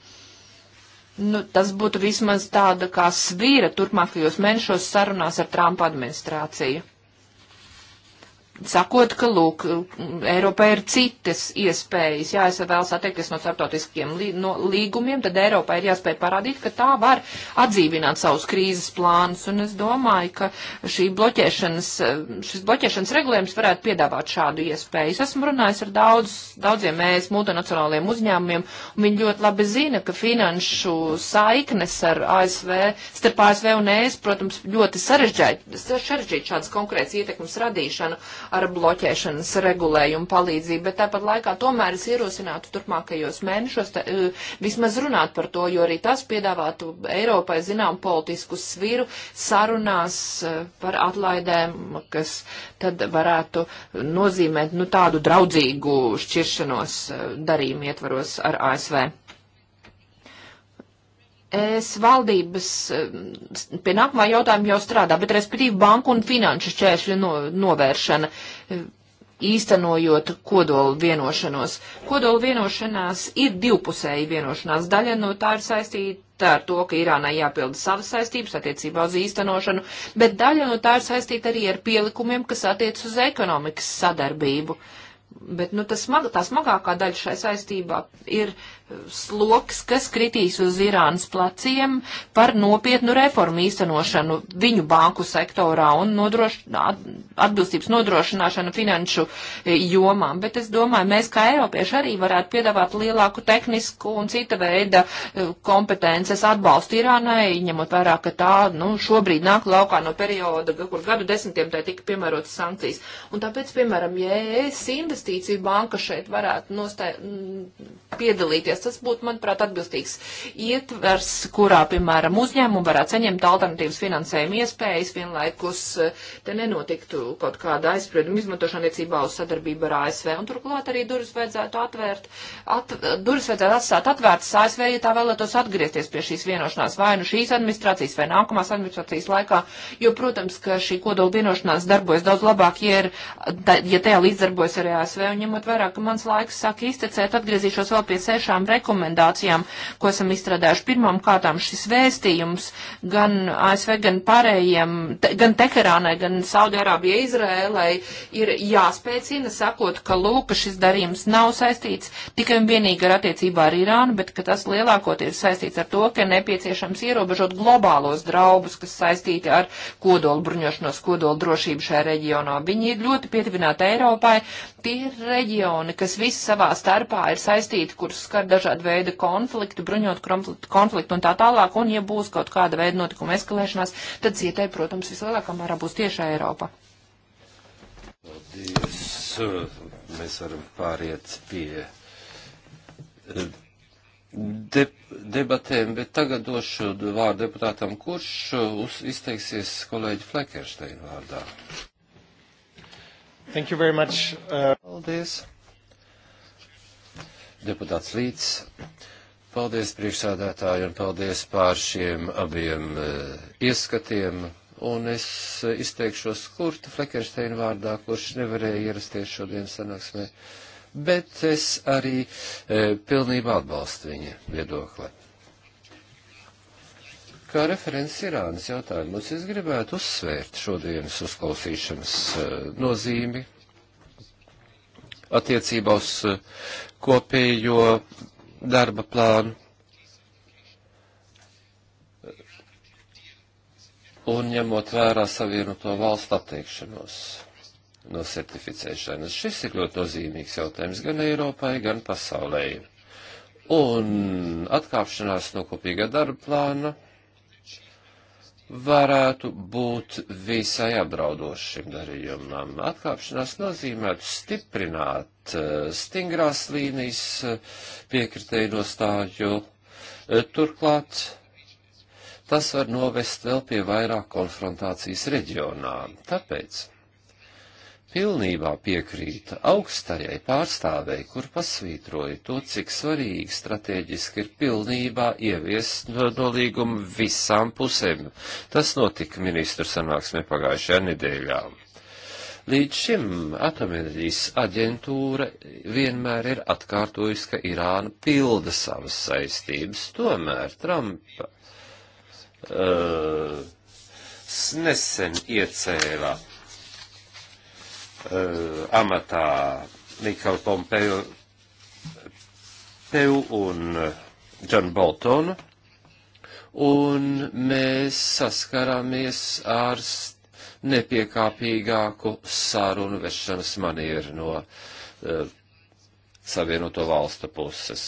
nu, tas būtu vismaz tāda kā svīra turpmākajos mēnešos sarunās ar Trumpa administrāciju sakot, ka, lūk, Eiropā ir citas iespējas. Jā, es vēlos attiekties no startautiskiem lī, no līgumiem, tad Eiropā ir jāspēj parādīt, ka tā var atdzīvināt savus krīzes plānus. Un es domāju, ka šī bloķēšanas, šis bloķēšanas regulējums varētu piedāvāt šādu iespēju. Es esmu runājis ar daudz, daudziem mēs multinacionāliem uzņēmumiem, un viņi ļoti labi zina, ka finanšu saiknes ar ASV, starp ASV un ES, protams, ļoti sarežģīti šādas konkrētas ietekmes radīšanu ar bloķēšanas regulējumu palīdzību, bet tāpat laikā tomēr es ierosinātu turpmākajos mēnešos tā, eh, vismaz runāt par to, jo arī tas piedāvātu Eiropai zinām politisku sviru sarunās eh, par atlaidēm, kas tad varētu nozīmēt nu, tādu draudzīgu šķiršanos eh, darījumu ietvaros ar ASV. Es valdības eh, pie nākamā jautājuma jau strādā, bet respektīvi banku un finanšu šķēršļu no, novēršana eh, īstenojot kodola vienošanos. Kodola vienošanās ir divpusēji vienošanās. Daļa no tā ir saistīta ar to, ka Irānai jāpilda savas saistības attiecībā uz īstenošanu, bet daļa no tā ir saistīta arī ar pielikumiem, kas attiec uz ekonomikas sadarbību. Bet, nu, tas smag, tā smagākā daļa šai saistībā ir sloks, kas kritīs uz Irānas pleciem par nopietnu reformu īstenošanu viņu banku sektorā un nodroš, atbilstības nodrošināšanu finanšu e, jomām. Bet es domāju, mēs kā Eiropieši arī varētu piedāvāt lielāku tehnisku un cita veida e, kompetences atbalstu Irānai, ņemot vērā, ka tā nu, šobrīd nāk laukā no perioda, kur gadu desmitiem tai tika piemērotas sankcijas. Un tāpēc, piemēram, ja es investīciju banka šeit varētu nostāj, piedalīties darboties. Tas būtu, manuprāt, atbilstīgs ietvers, kurā, piemēram, uzņēmumi varētu saņemt alternatīvas finansējuma iespējas, vienlaikus eh, te nenotiktu kaut kāda aizsprieduma izmantošana attiecībā uz sadarbību ar ASV. Un turklāt arī durvis vajadzētu atvērt, at, durvis vajadzētu atstāt atvērtas ASV, ja tā vēlētos atgriezties pie šīs vienošanās vai nu šīs administrācijas vai nākamās administrācijas laikā, jo, protams, ka šī kodola vienošanās darbojas daudz labāk, ja, ir, ja tajā līdzdarbojas arī ASV, un ņemot vairāk, ka mans laiks sāk iztecēt, atgriezīšos vēl pie sešām rekomendācijām, ko esam izstrādājuši. Pirmām kārtām šis vēstījums gan ASV, gan pārējiem, te, gan Teherānai, gan Saudārābija Izrēlai ir jāspēcina, sakot, ka lūk, šis darījums nav saistīts tikai un vienīgi ar attiecībā ar Irānu, bet ka tas lielākoties saistīts ar to, ka nepieciešams ierobežot globālos draubus, kas saistīti ar kodolu bruņošanos, kodolu drošību šajā reģionā. Viņi ir ļoti pietuvināti Eiropai. Tie ir reģioni, kas visi savā starpā ir saistīti, kurus skar dažāda veida konfliktu, bruņot konfliktu un tā tālāk, un ja būs kaut kāda veida notikuma eskalēšanās, tad cietēji, protams, vislielākā mērā būs tieši Eiropa. Paldies. Mēs varam pāriet pie eh, de, debatēm, bet tagad došu vārdu deputātam, kurš eh, uz, izteiksies kolēģi Flekersteina vārdā. Thank you very much. Uh... Paldies deputāts Līts. Paldies priekšsādētāji un paldies pār šiem abiem eh, ieskatiem. Un es eh, izteikšos Kurta Fleckensteina vārdā, kurš nevarēja ierasties šodien sanāksmē, bet es arī e, pilnībā atbalstu viņa viedokli. Kā referents Irānas jautājumus, es gribētu uzsvērt šodienas uzklausīšanas e, nozīmi attiecībā uz eh, kopējo darba plānu. Un ņemot vērā savienoto valstu atteikšanos no certificēšanas. Šis ir ļoti nozīmīgs jautājums gan Eiropai, gan pasaulē. Un atkāpšanās no kopīgā darba plāna varētu būt visai apdraudošs šim darījumam. Atkāpšanās nozīmētu stiprināt eh, stingrās līnijas eh, piekritēju nostāju. Eh, turklāt tas var novest vēl pie vairāk konfrontācijas reģionā. Tāpēc pilnībā piekrīta augstajai pārstāvei, kur pasvītroja to, cik svarīgi strateģiski ir pilnībā ieviest nolīgumu visām pusēm. Tas notika ministru sanāksmē pagājušajā nedēļā. Līdz šim atomenerģijas aģentūra vienmēr ir atkārtojusi, ka Irāna pilda savas saistības. Tomēr Trumpa uh, nesen iecēlā Eh, amatā Mikhail Pompeju Peju un Džanu eh, Boltonu, un mēs saskarāmies ar nepiekāpīgāku sārunu vešanas manieru no uh, Savienoto valstu puses.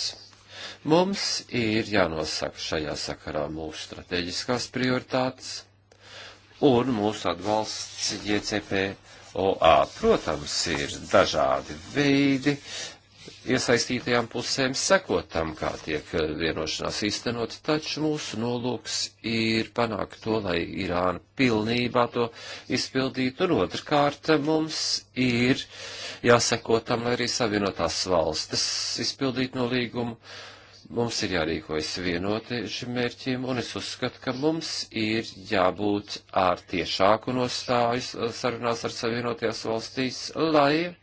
Mums ir jānosaka šajā sakarā mūsu strateģiskās prioritātes un mūsu atbalsts JCP OA. Protams, ir dažādi veidi iesaistītajām pusēm sekot tam, kā tiek vienošanās īstenot, taču mūsu nolūks ir panākt to, lai Irāna pilnībā to izpildītu, un otrkārt mums ir jāseko tam, lai arī savienotās valstis izpildītu nolīgumu. līgumu mums ir jārīkojas vienotē šiem mērķiem, un es uzskatu, ka mums ir jābūt ar tiešāku nostāju sarunās ar savienotajās valstīs, lai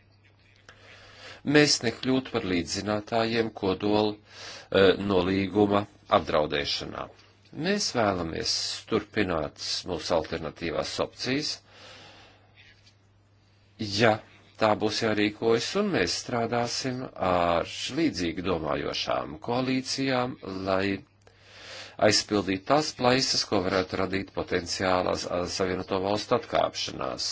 mēs nekļūtu par līdzinātājiem kodolu e, nolīguma apdraudēšanā. Mēs vēlamies turpināt mūsu alternatīvās opcijas, ja tā būs jārīkojas, un mēs strādāsim ar līdzīgi domājošām koalīcijām, lai aizpildītu tās plaisas, ko varētu radīt potenciālās savienoto valstu atkāpšanās.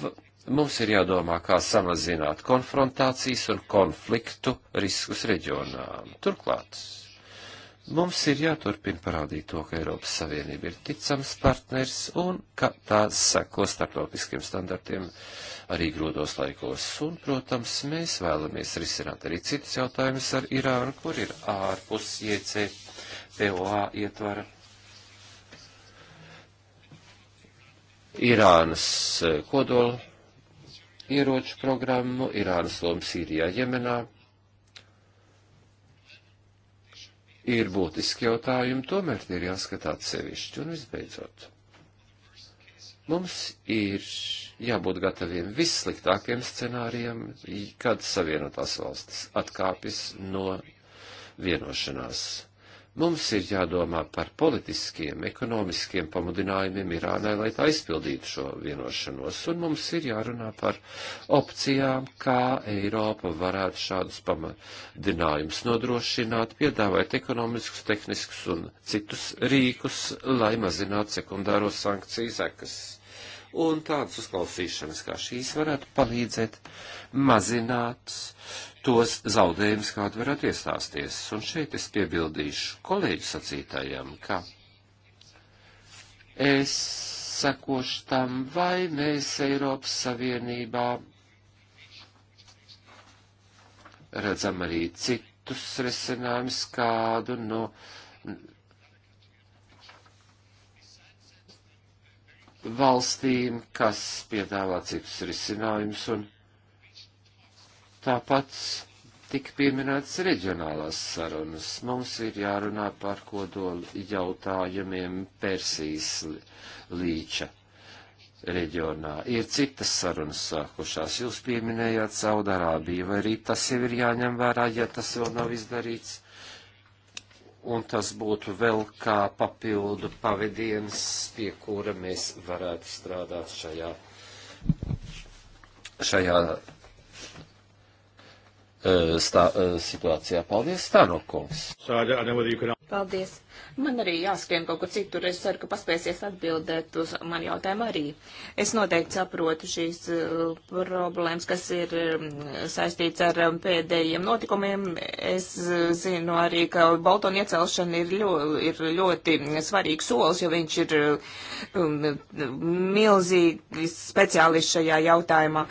V Mums ir jādomā, kā samazināt konfrontācijas un konfliktu riskus reģionām. Turklāt Mums ir jāturpina parādīt to, ka Eiropas Savienība ir ticams partners un ka tā seko starptautiskiem standartiem arī grūtos laikos. Un, protams, mēs vēlamies risināt arī citas jautājumas ar Irānu, kur ir ārpus IEC POA ietvara. Irānas eh, kodola ieroču programmu, Irānas lomu Sīrijā, Jemenā ir būtiski jautājumi, tomēr tie ir jāskatā atsevišķi un visbeidzot. Mums ir jābūt gataviem vissliktākiem scenārijiem, kad Savienotās valstis atkāpjas no vienošanās. Mums ir jādomā par politiskiem, ekonomiskiem pamudinājumiem Irānai, lai tā aizpildītu šo vienošanos, un mums ir jārunā par opcijām, kā Eiropa varētu šādus pamudinājumus nodrošināt, piedāvāt ekonomiskus, tehniskus un citus rīkus, lai mazinātu sekundāro sankciju zekas. Un tādas uzklausīšanas kā šīs varētu palīdzēt mazināt uh, tos zaudējumus, kādu varētu iestāsties. Un šeit es piebildīšu kolēģu sacītājiem, ka es sekošu tam, vai mēs Eiropas Savienībā redzam arī citus risinājumus, kādu no valstīm, kas piedāvā citus risinājumus un Tāpat tika pieminētas reģionālās sarunas. Mums ir jārunā par kodolu jautājumiem Persijas līča reģionā. Ir citas sarunas sākušās. Jūs pieminējāt Saudārābiju, vai arī tas jau ir jāņem vērā, ja tas vēl nav izdarīts. Un tas būtu vēl kā papildu pavadiens, pie kura mēs varētu strādāt šajā, šajā stā, situācijā. Paldies, Stanokungs! Paldies! Man arī jāskrien kaut kur citur. Es ceru, ka paspēsies atbildēt uz man jautājumu arī. Es noteikti saprotu šīs uh, problēmas, kas ir um, saistīts ar um, pēdējiem notikumiem. Es uh, zinu arī, ka Boltona iecelšana ir, ļo, ir ļoti svarīgs solis, jo viņš ir uh, um, milzīgi speciālists šajā jautājumā.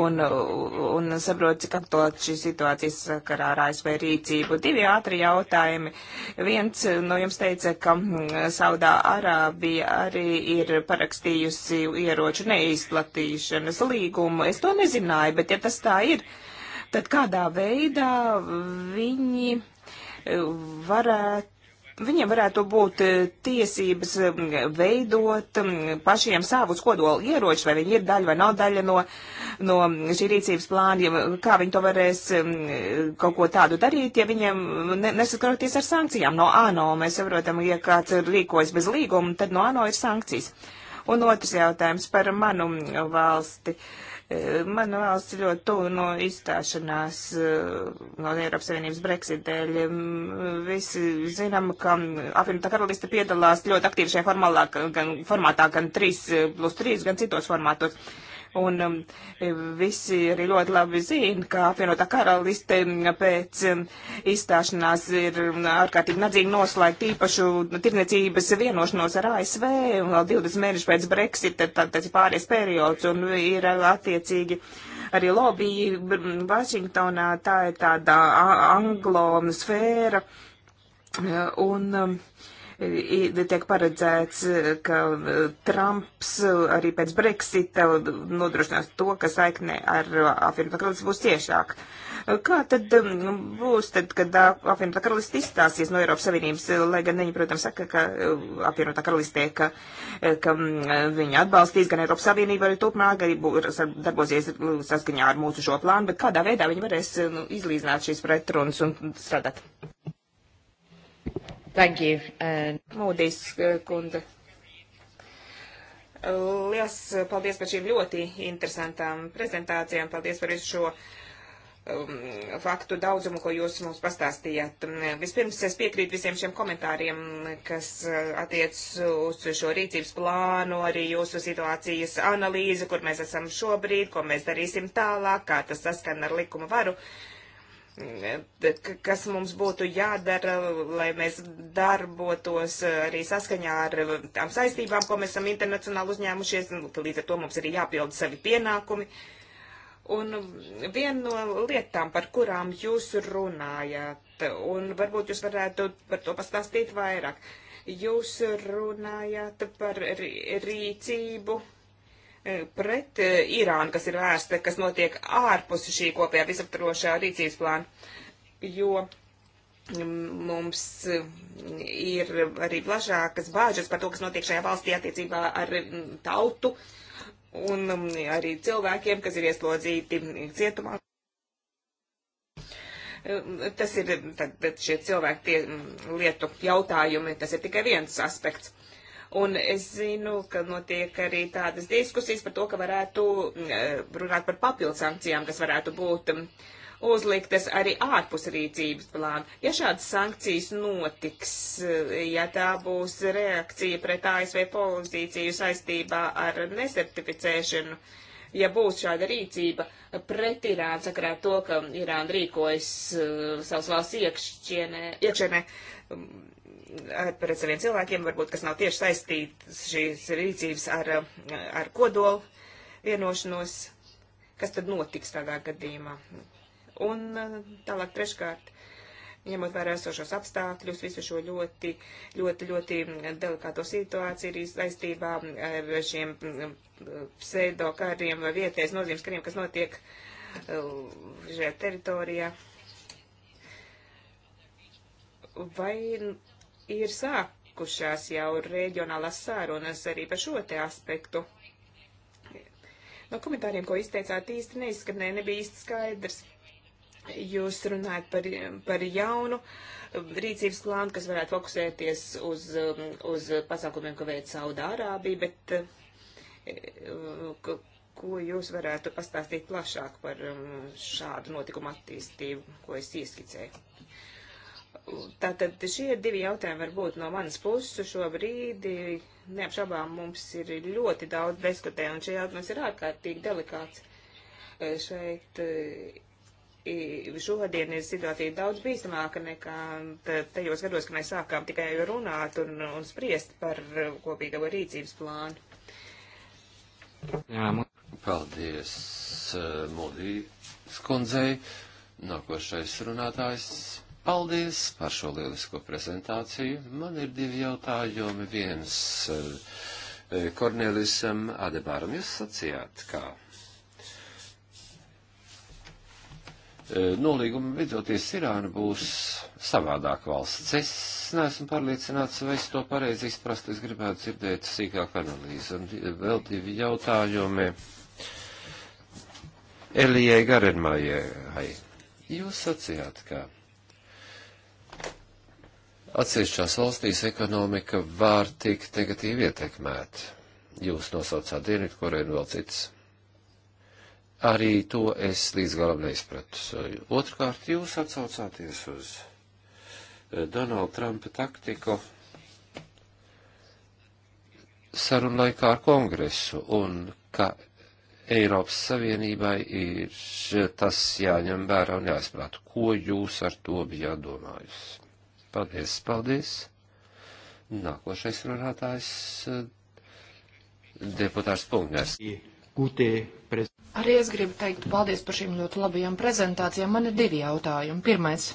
Un, un saprotu, cik aktuāli šī situācija sakarā ar ASV rīcību. Divi ātri jautājumi. Viens no nu, jums teica, ka mm, Saudā Arābija arī ir parakstījusi ieroču neizplatīšanas līgumu. Es to nezināju, bet ja tas tā ir, tad kādā veidā viņi eh, varētu Viņiem varētu būt e, tiesības e, veidot pašiem savus kodola ieročus, vai viņi ir daļa vai nav daļa no, no šī rīcības plāna, kā viņi to varēs e, kaut ko tādu darīt, ja viņiem nesaskaroties ar sankcijām. No ANO mēs saprotam, ja kāds rīkojas bez līguma, tad no ANO ir sankcijas. Un otrs jautājums par manu valsti. Uh, Mana valsts ļoti tuvu no izstāšanās eh, no Eiropas Savienības Brexit dēļ. Mm, visi zinām, ka apvienotā karaliste piedalās ļoti aktīvi šajā formālā, gan formātā, gan 3 eh, plus 3, gan citos formātos. Un um, visi arī ļoti labi zina, ka apvienotā karaliste um, pēc um, izstāšanās ir um, ārkārtīgi nadzīgi noslēgt īpašu tirniecības vienošanos ar ASV, un vēl 20 mēneši pēc Brexita, tad tas ir pāries periods, un ir uh, attiecīgi arī lobby um, Vašingtonā, tā ir tāda anglo sfēra. Uh, un, um, tiek paredzēts, ka e, Trumps arī pēc Brexita nodrošinās to, ka saikne ar apvienotā karalisti būs ciešāk. Kā tad būs, tad, kad apvienotā karalisti izstāsies no Eiropas Savienības, lai gan viņi, protams, saka, ka e, apvienotā karalistē, ka, e, ka viņi atbalstīs gan Eiropas Savienību arī turpmāk, arī būs, darbosies saskaņā ar mūsu šo plānu, bet kādā veidā viņi varēs nu, izlīdzināt šīs pretrunas un strādāt? Thank you. And... Uh, Mūdīs uh, kundze. Liels paldies par šīm ļoti interesantām prezentācijām. Paldies par visu šo um, faktu daudzumu, ko jūs mums pastāstījāt. Um, vispirms es piekrītu visiem šiem komentāriem, kas uh, attiec uz šo rīcības plānu, arī jūsu situācijas analīzi, kur mēs esam šobrīd, ko mēs darīsim tālāk, kā tas saskan ar likuma varu. Uh, kas mums būtu jādara, lai mēs darbotos eh, arī saskaņā ar eh, tām saistībām, ko mēs esam internacionāli uzņēmušies, nu, ka līdz ar to mums ir jāpild savi pienākumi. Un viena no lietām, par kurām jūs runājāt, un varbūt jūs varētu par to pastāstīt vairāk, jūs runājāt par rīcību Eh, pret eh, Irānu, kas ir vērsta, kas notiek ārpus šī kopējā visaptarošā rīcības plāna, jo mm, mums eh, ir arī plašākas bāžas par to, kas notiek šajā valstī attiecībā ar mm, tautu un mm, arī cilvēkiem, kas ir ieslodzīti cietumā. Tas ir tad, šie cilvēki tie, lietu jautājumi, tas ir tikai viens aspekts Un es zinu, ka notiek arī tādas diskusijas par to, ka varētu mm, eh, runāt par papildu sankcijām, kas varētu būt mm, uzliktas arī ārpus rīcības plāna. Ja šādas sankcijas notiks, eh, ja tā būs reakcija pret ASV pozīciju saistībā ar nesertificēšanu, ja būs šāda rīcība pret Irānu sakarā to, ka Irāna rīkojas eh, savas valsts iekšķienē, iekšēnē, mm, pret saviem cilvēkiem, varbūt, kas nav tieši saistīts šīs rīcības ar, ar kodolu vienošanos, kas tad notiks tādā gadījumā. Un uh, tālāk treškārt, ņemot vērā esošos apstākļus, visu šo ļoti, ļoti, ļoti delikāto situāciju arī saistībā ar šiem mm, pseido kariem vai vietējais nozīmes kariem, kas notiek uh, šajā teritorijā vai ir sākušās jau reģionālās sārunas arī par šo te aspektu. No komentāriem, ko izteicāt, īsti neizskanēja, nebija īsti skaidrs. Jūs runājat par, par jaunu um, rīcības plānu, kas varētu fokusēties uz, um, uz pasākumiem, ko veic Saudārābija, bet uh, ko jūs varētu pastāstīt plašāk par um, šādu notikumu attīstību, ko es ieskicēju? Tātad šie divi jautājumi var būt no manas puses šobrīd. Neapšaubām mums ir ļoti daudz diskutē, un šie jautājums ir ārkārtīgi delikāts. E, šeit e, šodien ir situācija daudz bīstamāka nekā tajos gados, kad mēs sākām tikai runāt un, un spriest par kopīgā rīcības plānu. Jā, man... Paldies, e, Modī skundzei. Nākošais runātājs Paldies par šo lielisko prezentāciju. Man ir divi jautājumi. Viens eh, eh, Kornelisam Adebāram. Jūs sacījāt, kā eh, nolīguma beidoties Irāna būs savādāk valsts. Es neesmu pārliecināts, vai es to pareizi izprast, es gribētu dzirdēt sīkāku analīzi. Un vēl divi jautājumi Elijai Garenmājai. Jūs sacījāt, ka Atsevišķās valstīs ekonomika var tikt negatīvi ietekmēta. Jūs nosaucāt Dienvidu Koreju un vēl citas. Arī to es līdz galam neizpratu. Otrkārt, jūs atsaucāties uz eh, Donalda Trumpa taktiku sarunu laikā ar kongresu un ka Eiropas Savienībai ir tas jāņem vērā un jāizprāt, ko jūs ar to bijāt domājusi. Paldies, paldies. Nākošais runātājs eh, deputārs Pungners. Arī es gribu teikt paldies par šīm ļoti labajām prezentācijām. Man ir divi jautājumi. Pirmais.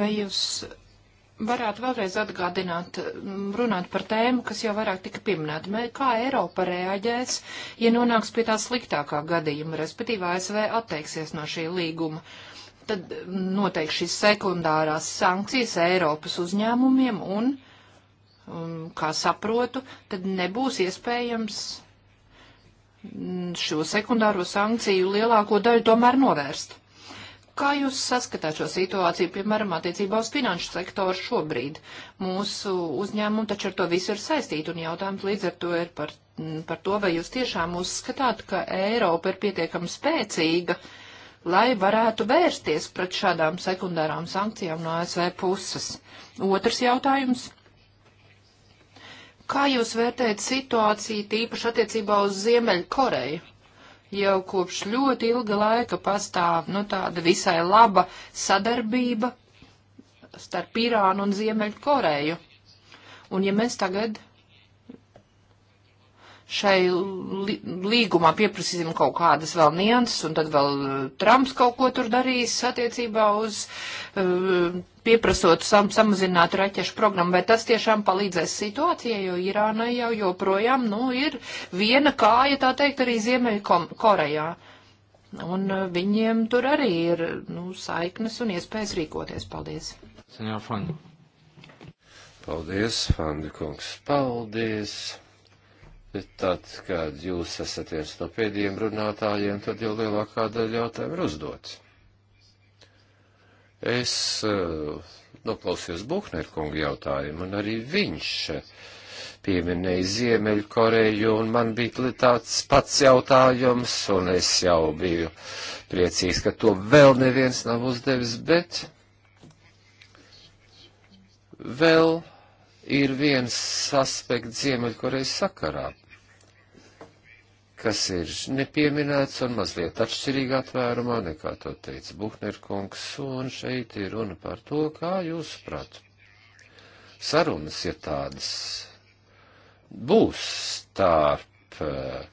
Vai jūs varētu vēlreiz atgādināt, runāt par tēmu, kas jau vairāk tika pieminēta. Kā Eiropa reaģēs, ja nonāks pie tā sliktākā gadījuma, respektīvi ASV atteiksies no šī līguma? tad noteikti šīs sekundārās sankcijas Eiropas uzņēmumiem un, un kā saprotu, tad nebūs iespējams šo sekundāro sankciju lielāko daļu tomēr novērst. Kā jūs saskatāt šo situāciju, piemēram, attiecībā uz finanšu sektoru šobrīd? Mūsu uzņēmumi taču ar to visu ir saistīti, un jautājums līdz ar to ir par, par to, vai jūs tiešām uzskatāt, ka Eiropa ir pietiekami spēcīga uh, lai varētu vērsties pret šādām sekundārām sankcijām no ASV puses. Otrs jautājums. Kā jūs vērtējat situāciju tīpaši attiecībā uz Ziemeļkoreju? Jau kopš ļoti ilga laika pastāv nu, tāda visai laba sadarbība starp Irānu un Ziemeļkoreju. Un ja mēs tagad šai līgumā pieprasīsim kaut kādas vēl nianses, un tad vēl eh, Trumps kaut ko tur darīs attiecībā uz uh, pieprasot sam, samazināt raķešu programmu, vai tas tiešām palīdzēs situācijai, jo Irānai jau joprojām, nu, ir viena kāja, tā teikt, arī Ziemeļkorejā. Un uh, viņiem tur arī ir, nu, saiknes un iespējas rīkoties. Paldies. Senjā Fandi. Paldies, Fandi kungs. Paldies. Bet tad, kad jūs esat viens no pēdējiem runātājiem, tad jau lielākā daļa jautājumu ir uzdots. Es uh, noklausījos Buhneru kungu jautājumu, un arī viņš pieminēja Ziemeļkoreju, un man bija tāds pats jautājums, un es jau biju priecīgs, ka to vēl neviens nav uzdevis, bet vēl ir viens aspekts Ziemeļkorejas sakarā, kas ir nepieminēts un mazliet atšķirīgā tvērumā, nekā to teica Buhnerkungs, un šeit ir runa par to, kā jūs prāt. Sarunas, ja tādas būs starp uh,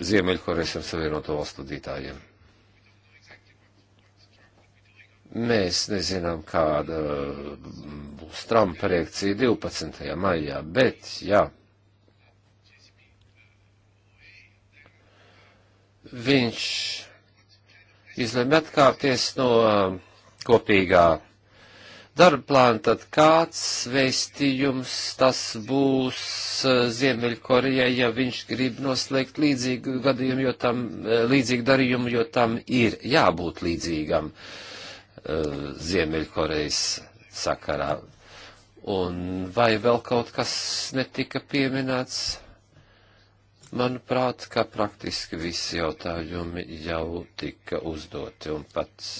Ziemeļkorejas un Savienoto valstu vadītājiem. Mēs nezinām, kāda eh, būs Trumpa reakcija 12. maijā, bet, jā, ja, viņš izlemj atkāpties no um, kopīgā darba plāna, tad kāds veistījums tas būs uh, Ziemeļkorejai, ja viņš grib noslēgt līdzīgu gadījumu, jo tam, uh, līdzīgu darījumu, jo tam ir jābūt līdzīgam uh, Ziemeļkorejas sakarā. Un vai vēl kaut kas netika pieminēts? Manuprāt, ka praktiski visi jautājumi jau tika uzdoti, un pats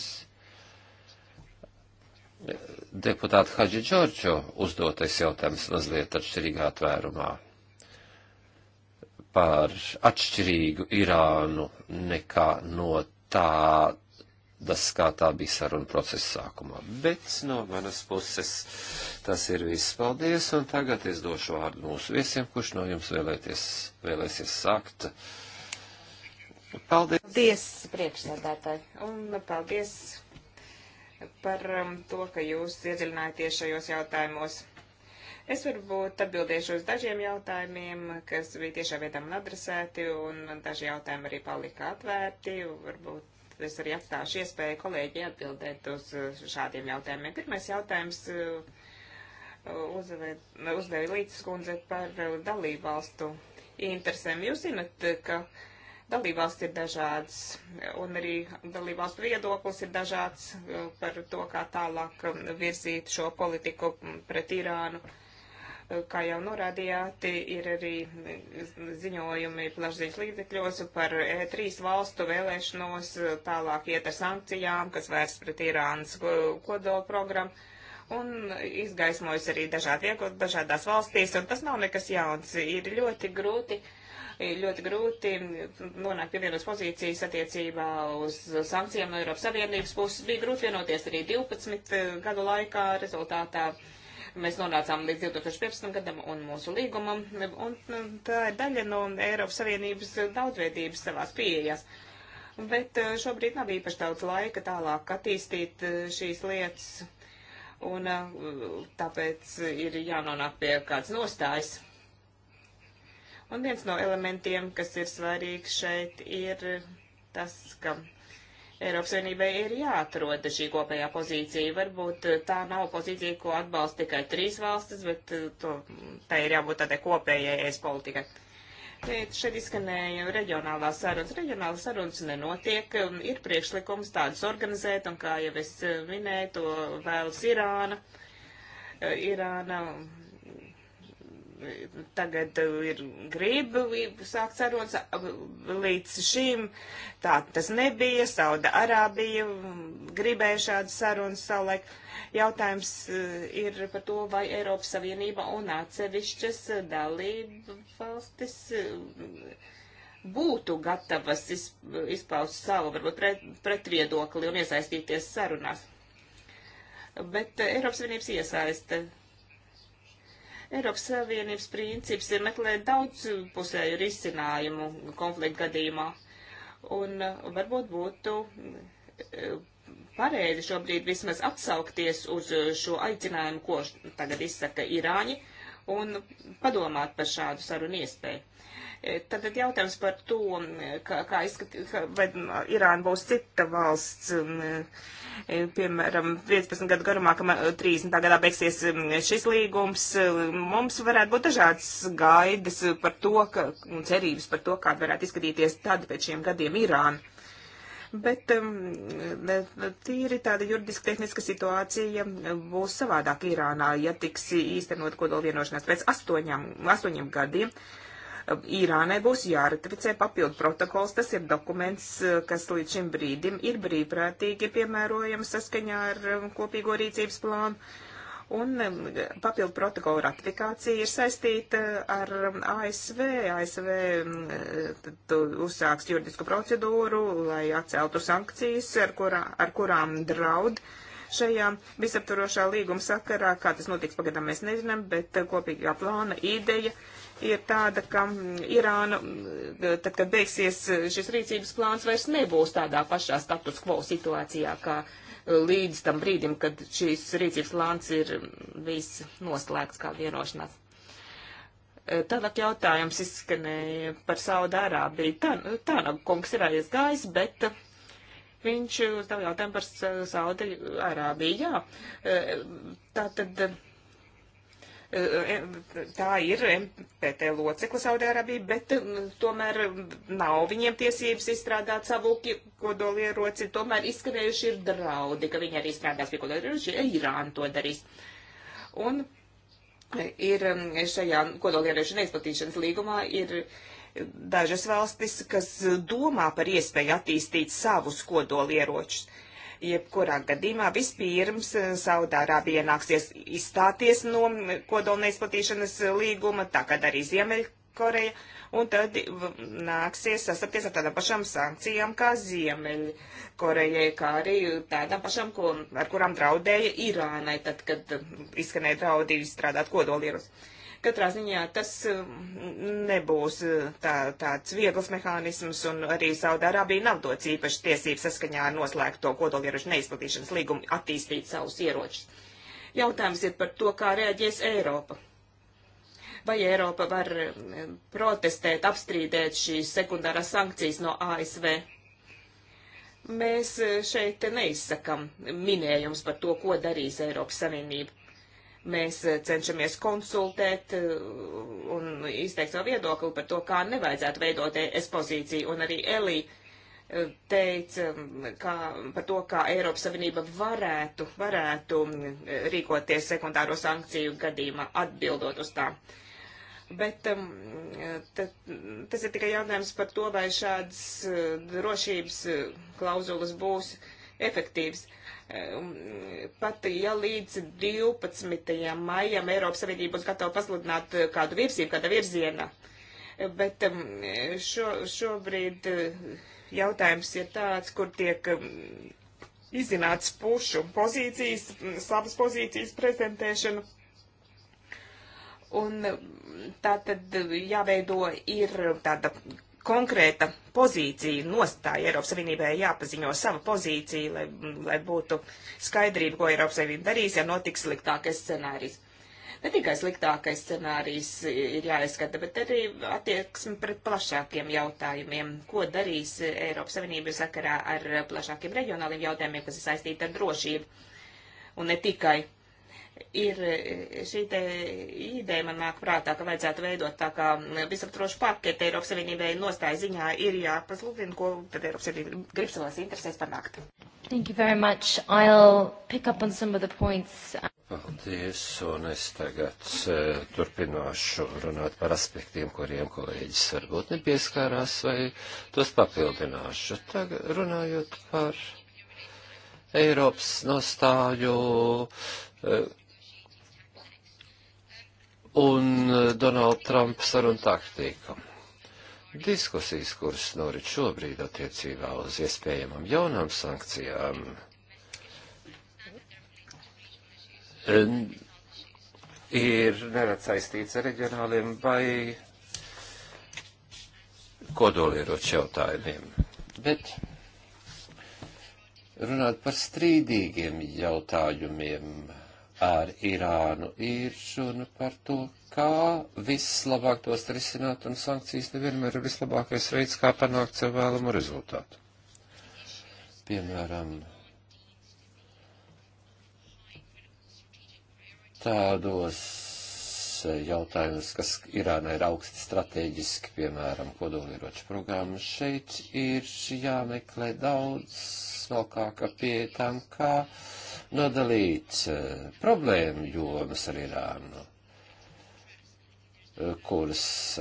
eh, deputāta Haģi Džordžo uzdotais jautājums mazliet atšķirīgā tvērumā par atšķirīgu Irānu nekā no tā tas, kā tā bija saruna procesa sākumā. Bet no manas puses tas ir viss. Paldies, un tagad es došu vārdu mūsu viesiem, kurš no jums vēlēties, vēlēsies sākt. Paldies! Paldies, priekšsēdētāji, un paldies par um, to, ka jūs iedziļinājaties šajos jautājumos. Es varbūt atbildēšu uz dažiem jautājumiem, kas bija tiešām vietam un adresēti, un daži jautājumi arī palika atvērti, varbūt es arī atstāšu iespēju kolēģi atbildēt uz uh, šādiem jautājumiem. Pirmais jautājums uh, uzdevi Līdzes kundze par uh, dalībvalstu interesēm. Jūs zinat, ka dalībvalsts ir dažāds un arī dalībvalstu viedoklis ir dažāds par to, kā tālāk um, virzīt šo politiku pret Irānu. Uh, kā jau norādījāt, ir arī ziņojumi plašsaziņas līdzekļos par E3 valstu vēlēšanos, tālāk iet ar sankcijām, kas vērsts pret Irānas kodola programmu. Un izgaismojas arī dažādi iegūt dažādās valstīs, un tas nav nekas jauns. Ir ļoti grūti, ļoti grūti nonākt pie vienas pozīcijas attiecībā uz sankcijām no Eiropas Savienības puses. Bija grūti vienoties arī 12 gadu laikā rezultātā. Uh, Mēs nonācām līdz 2015. gadam un mūsu līgumam, un nu, tā ir daļa no Eiropas Savienības daudzveidības savās pieejās. Bet eh, šobrīd nav īpaši daudz laika tālāk attīstīt eh, šīs lietas, un eh, tāpēc ir jānonāk pie kāds nostājs. Un viens no elementiem, kas ir svarīgs šeit, ir tas, ka Eiropas Savienībai ir jāatrod šī kopējā pozīcija. Varbūt eh, tā nav pozīcija, ko atbalsta tikai trīs valstis, bet eh, to, tā ir jābūt tādai kopējai es politikai. Šeit, šeit izskanēja reģionālās sarunas. Reģionālās sarunas nenotiek. Um, ir priekšlikums tādas organizēt, un kā jau es eh, minēju, to vēlas Irāna. Irāna tagad uh, ir griba sākt sarunas. Uh, līdz šim tā tas nebija. Sauda Arābija um, gribēja šādas sarunas savulaik. Jautājums uh, ir par to, vai Eiropas Savienība un atsevišķas dalība valstis būtu gatavas izpaust savu, varbūt, pret, pretviedokli un iesaistīties sarunās. Bet Eiropas Savienības iesaiste Eiropas Savienības princips ir meklēt daudzpusēju risinājumu konflikta gadījumā. Un uh, varbūt būtu uh, pareizi šobrīd vismaz atsaukties uz uh, šo aicinājumu, ko tagad izsaka Irāņi, un padomāt par šādu sarunu iespēju. E, tad jautājums par to, kā, kā izskatīt, vai Irāna būs cita valsts, e, piemēram, 15 gadu garumā, ka 30. E, gadā beigsies šis līgums, mums varētu būt dažādas gaidas par to, ka, un cerības par to, kāda varētu izskatīties tāda pēc šiem gadiem Irāna. Bet tīri tāda juridiski tehniska situācija būs savādāk Irānā, ja tiks īstenot kodola vienošanās pēc astoņām, astoņiem gadiem. Uh, Irānai būs jāratificē papildu protokols. Tas ir dokuments, eh, kas līdz šim brīdim ir brīvprātīgi piemērojams saskaņā ar eh, kopīgo rīcības plānu. Un eh, papildu protokola ratifikācija ir saistīta ar ASV. ASV mm, uzsāks juridisku procedūru, lai atceltu sankcijas, ar, kurā, ar kurām draud šajā visaptvarošā līguma sakarā. Kā tas notiks, pagadām mēs nezinām, bet kopīgā plāna ideja ir tāda, ka Irāna, tad, kad beigsies šis rīcības plāns, vairs nebūs tādā pašā status quo situācijā, kā līdz tam brīdim, kad šīs rīcības plāns ir viss noslēgts kā vienošanās. Tālāk jautājums izskanēja par Saudārābiju. Tā, tā nav kungs ir aizgājis, bet viņš uzdev jautājumu par Saudārābiju. Jā, tā tad tā ir MPT locekla Saudārābija, bet tomēr nav viņiem tiesības izstrādāt savu kodolieroci. Tomēr izskanējuši ir draudi, ka viņi arī strādās pie kodolieroci, ja Irāna to darīs. Un e, ir šajā kodolieroču neizplatīšanas līgumā ir dažas valstis, kas domā par iespēju attīstīt savus kodolieročus. Uh, Jebkurā gadījumā vispirms eh, Saudārābija nāksies izstāties no kodolneizplatīšanas eh, līguma, tā kā arī Ziemeļkoreja, un tad nāksies sastapties ar tādām pašām sankcijām kā Ziemeļkorejai, kā arī tādām pašām, ko, ar kurām draudēja Irānai, tad, kad izskanēja draudi strādāt kodolierus. Uh, Katrā ziņā tas mm, nebūs mm, tā, tāds viegls mehānisms, un arī Saudārābija nav dots īpaši tiesības saskaņā ar noslēgto kodolieroču neizplatīšanas līgumu attīstīt savus ieročus. Jautājums ir par to, kā reaģēs Eiropa. Vai Eiropa var mm, protestēt, apstrīdēt šīs sekundārās sankcijas no ASV? Mēs šeit neizsakam minējums par to, ko darīs Eiropas Savienība. Mēs eh, cenšamies konsultēt eh, un izteikt savu viedokli par to, kā nevajadzētu veidot es pozīciju. Un arī Elī eh, teica mm, kā, par to, kā Eiropas Savienība varētu, varētu mm, rīkoties sekundāro sankciju gadījumā atbildot uz tām. Bet mm, t, tas ir tikai jautājums par to, vai šādas drošības klauzulas būs efektīvas. Um, pat ja līdz 12. maijam Eiropas Savienība būs gatava pasludināt uh, kādu virzību, kāda virziena, uh, bet um, šo, šobrīd uh, jautājums ir tāds, kur tiek um, izzināts pušu pozīcijas, mm, savas pozīcijas prezentēšanu. Un tā tad jāveido ir tāda konkrēta pozīcija, nostāja Eiropas Savienībai jāpaziņo sava pozīcija, lai, lai būtu skaidrība, ko Eiropas Savienība darīs, ja notiks sliktākais scenārijs. Ne tikai sliktākais scenārijs ir jāizskata, bet arī attieksme pret plašākiem jautājumiem. Ko darīs Eiropas Savienība sakarā ar plašākiem reģionāliem jautājumiem, kas ir saistīti ar drošību? Un ne tikai ir eh, šī te ideja, man nāk prātā, ka vajadzētu veidot tā kā visaptrošu paketi Eiropas Savienībai nostāja ziņā ir jāpasludina, ko tad Eiropas Savienība grib savās interesēs panākt. Thank you very much. I'll pick up on some of the points. Paldies, un es tagad uh, turpināšu runāt par aspektiem, kuriem kolēģis varbūt nepieskārās, vai tos papildināšu. Tagad runājot par Eiropas nostāju uh, un eh, Donalda Trumpa sarunu taktika. Diskusijas, kuras norit šobrīd attiecībā uz iespējamām jaunām sankcijām, ir neredz saistīts ar reģionāliem vai kodolieroču jautājumiem. Bet runāt par strīdīgiem jautājumiem ar Irānu ir runa par to, kā vislabāk tos risināt, un sankcijas nevienmēr ir vislabākais veids, kā panākt sev vēlamu rezultātu. Piemēram, tādos jautājumus, kas Irānai ir augsti strateģiski, piemēram, kodolieroču programma, šeit ir jāmeklē daudz smalkāka pieeja tam, kā. Ka nodalīt e, problēmu jomas ar Irānu, e, kuras e,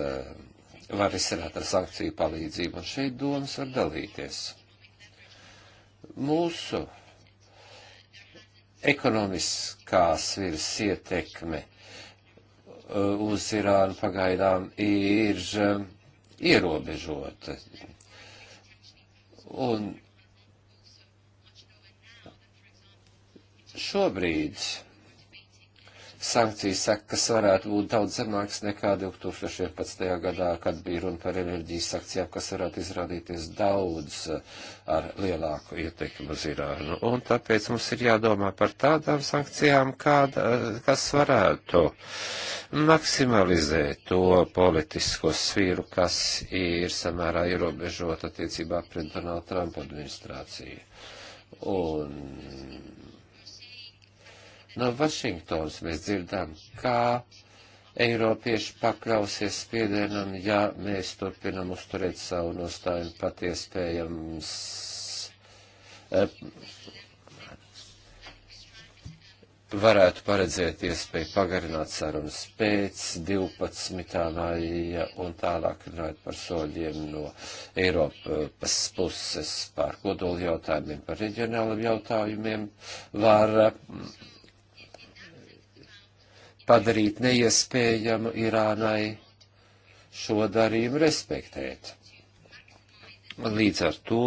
var izsarāt ar sankciju palīdzību, un šeit domas var dalīties. Mūsu ekonomiskās virs ietekme uz Irānu pagaidām ir ierobežota. Un Šobrīd sankciju sekas varētu būt daudz zemākas nekā 2011. gadā, kad bija runa par enerģijas sankcijām, kas varētu izrādīties daudz eh, ar lielāku ietekmi uz Irānu. Un tāpēc mums ir jādomā par tādām sankcijām, kāda, eh, kas varētu maksimalizēt to politisko sfīru, kas ir samērā ierobežota attiecībā pret Donaldu Trumpa administrāciju. Un No Vašingtonas mēs dzirdām, kā Eiropieši pakļausies spiedienam, ja mēs turpinam uzturēt savu nostājumu pat iespējams. Eh, varētu paredzēt iespēju pagarināt sarunas pēc 12. maija un tālāk runāt par soļiem no Eiropas puses, par kodolu jautājumiem, par reģionāliem jautājumiem, var padarīt neiespējamu Irānai šo darījumu respektēt. Līdz ar to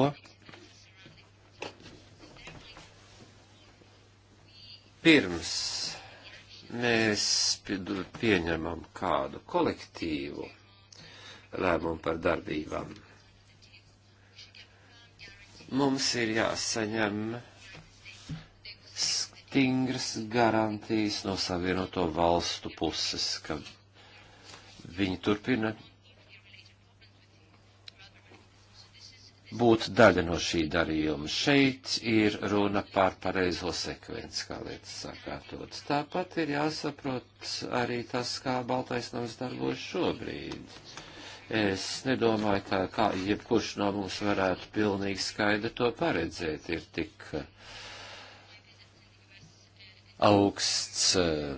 pirms mēs pieņemam kādu kolektīvu lēmumu par darbībām, mums ir jāsaņem stingras garantijas no savienoto valstu puses, ka viņi turpina būt daļa no šī darījuma. Šeit ir runa par pareizo sekvenci, kā lietas sakārtotas. Tāpat ir jāsaprot arī tas, kā Baltais nams darbojas šobrīd. Es nedomāju, ka kā jebkurš no mums varētu pilnīgi skaidri to paredzēt. Ir tik uh, augsts eh,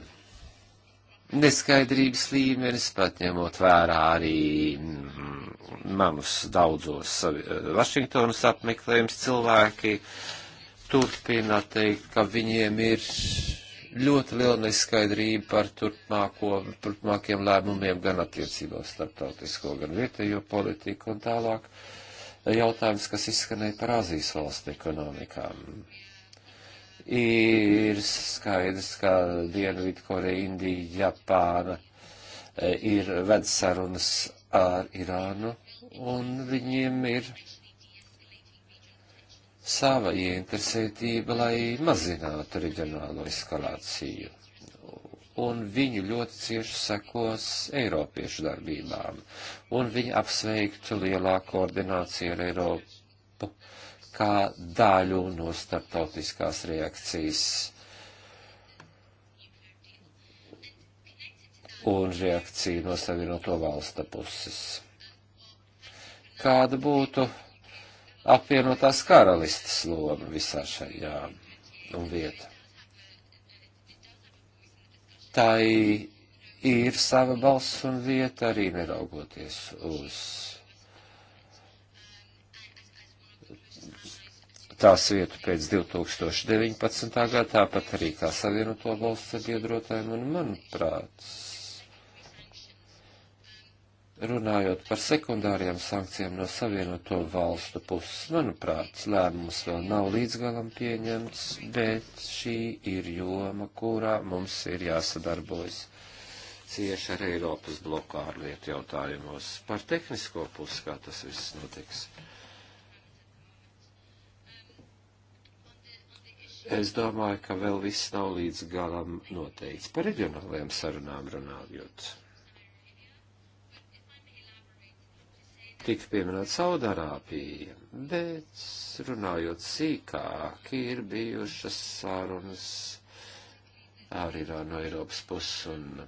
neskaidrības līmenis, pat ņemot vērā arī mm, manus daudzos eh, Vašingtonas apmeklējums cilvēki turpina teikt, ka viņiem ir ļoti liela neskaidrība par turpmāko, turpmākiem lēmumiem gan attiecībā uz starptautisko, gan vietējo politiku un tālāk. Jautājums, kas izskanēja par Azijas valstu ekonomikām ir skaidrs, ka Dienvidu Koreja, Indija, Japāna e, ir ved sarunas ar Irānu, un viņiem ir sava ieinteresētība, lai mazinātu reģionālo eskalāciju. Un viņi ļoti cieši sekos Eiropiešu darbībām, un viņi apsveiktu lielā koordinācija ar Eiropu kā daļu no starptautiskās reakcijas un reakciju no savienoto valsta puses. Kāda būtu apvienotās karalistas loma visā šajā un um, vieta? Tai ir sava balss un vieta arī neraugoties uz tās vietu pēc 2019. gada, tāpat arī kā savienoto valsts sabiedrotājiem, un manuprāt, runājot par sekundāriem sankcijām no savienoto valstu puses, manuprāt, lēmums vēl nav līdz galam pieņemts, bet šī ir joma, kurā mums ir jāsadarbojas cieši ar Eiropas bloku ārlietu jautājumos par tehnisko pusi, kā tas viss notiks. Es domāju, ka vēl viss nav līdz galam noteikts par reģionālajām sarunām runājot. Tik pieminēt Saudarābija, bet runājot sīkāk, ir bijušas sarunas ar Irānu no Eiropas puses un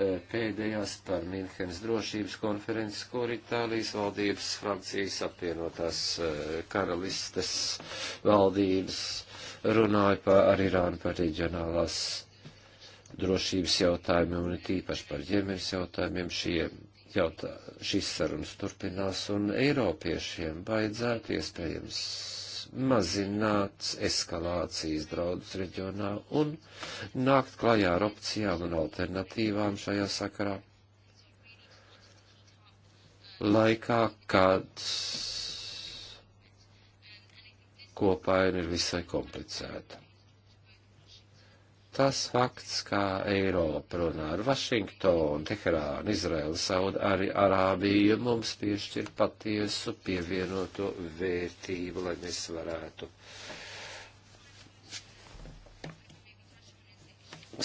Eh, pēdējās par Minhenes drošības konferences, kur Itālijas valdības, Francijas apvienotās eh, karalistes valdības runāja par, ar Irānu par reģionālās drošības jautājumiem un tīpaši par ģimenes jautājumiem. Šie jautā, šīs sarunas turpinās un Eiropiešiem baidzētu iespējams mazināt eskalācijas draudus reģionā un nākt klajā ar opcijām un alternatīvām šajā sakarā laikā, kad kopaina ir visai komplicēta. Tas fakts, kā Eiropa runā ar Vašingtonu, Teherānu, Izraelu, Saudu, arī Arābiju, mums piešķir patiesu pievienoto vērtību, lai mēs varētu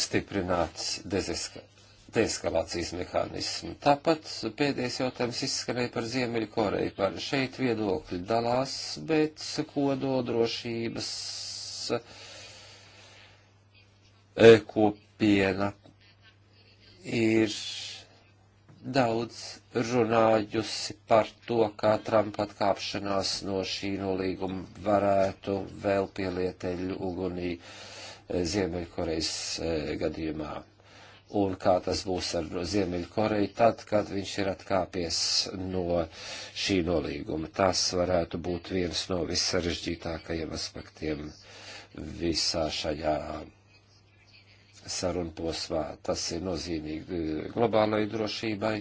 stiprināts dezeska, deeskalācijas mehānismu. Tāpat pēdējais jautājums izskanēja par Ziemeļu Koreju, par šeit viedokļi dalās, bet kododrošības drošības kopiena ir daudz runājusi par to, kā Trumpa atkāpšanās no šī nolīguma varētu vēl pielieteļu ugunī eh, Ziemeļkorejas eh, gadījumā. Un kā tas būs ar Ziemeļkoreju tad, kad viņš ir atkāpies no šī nolīguma. Tas varētu būt viens no vissarežģītākajiem aspektiem visā šajā sarunu posmā. Tas ir nozīmīgi eh, globālai drošībai.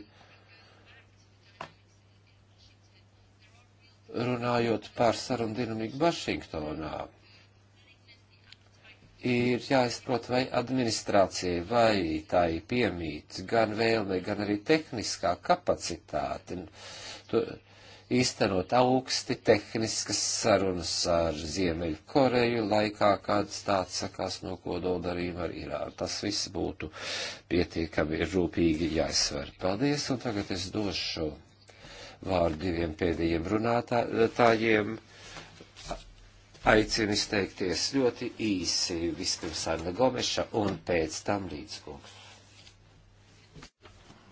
Runājot par sarunu dinamiku Vašingtonā, ir jāizprot, vai administrācija, vai tā ir piemīt gan vēlme, gan arī tehniskā kapacitāte. Tu, īstenot augsti tehniskas sarunas ar Ziemeļu Koreju laikā, kad tāds sakās no kodoldarījuma ar Irānu. Tas viss būtu pietiekami rūpīgi jāizsver. Paldies, un tagad es došu vārdu diviem pēdējiem runātājiem. Aicinu izteikties ļoti īsi vispirms Anna Gomeša un pēc tam Līdzkungs.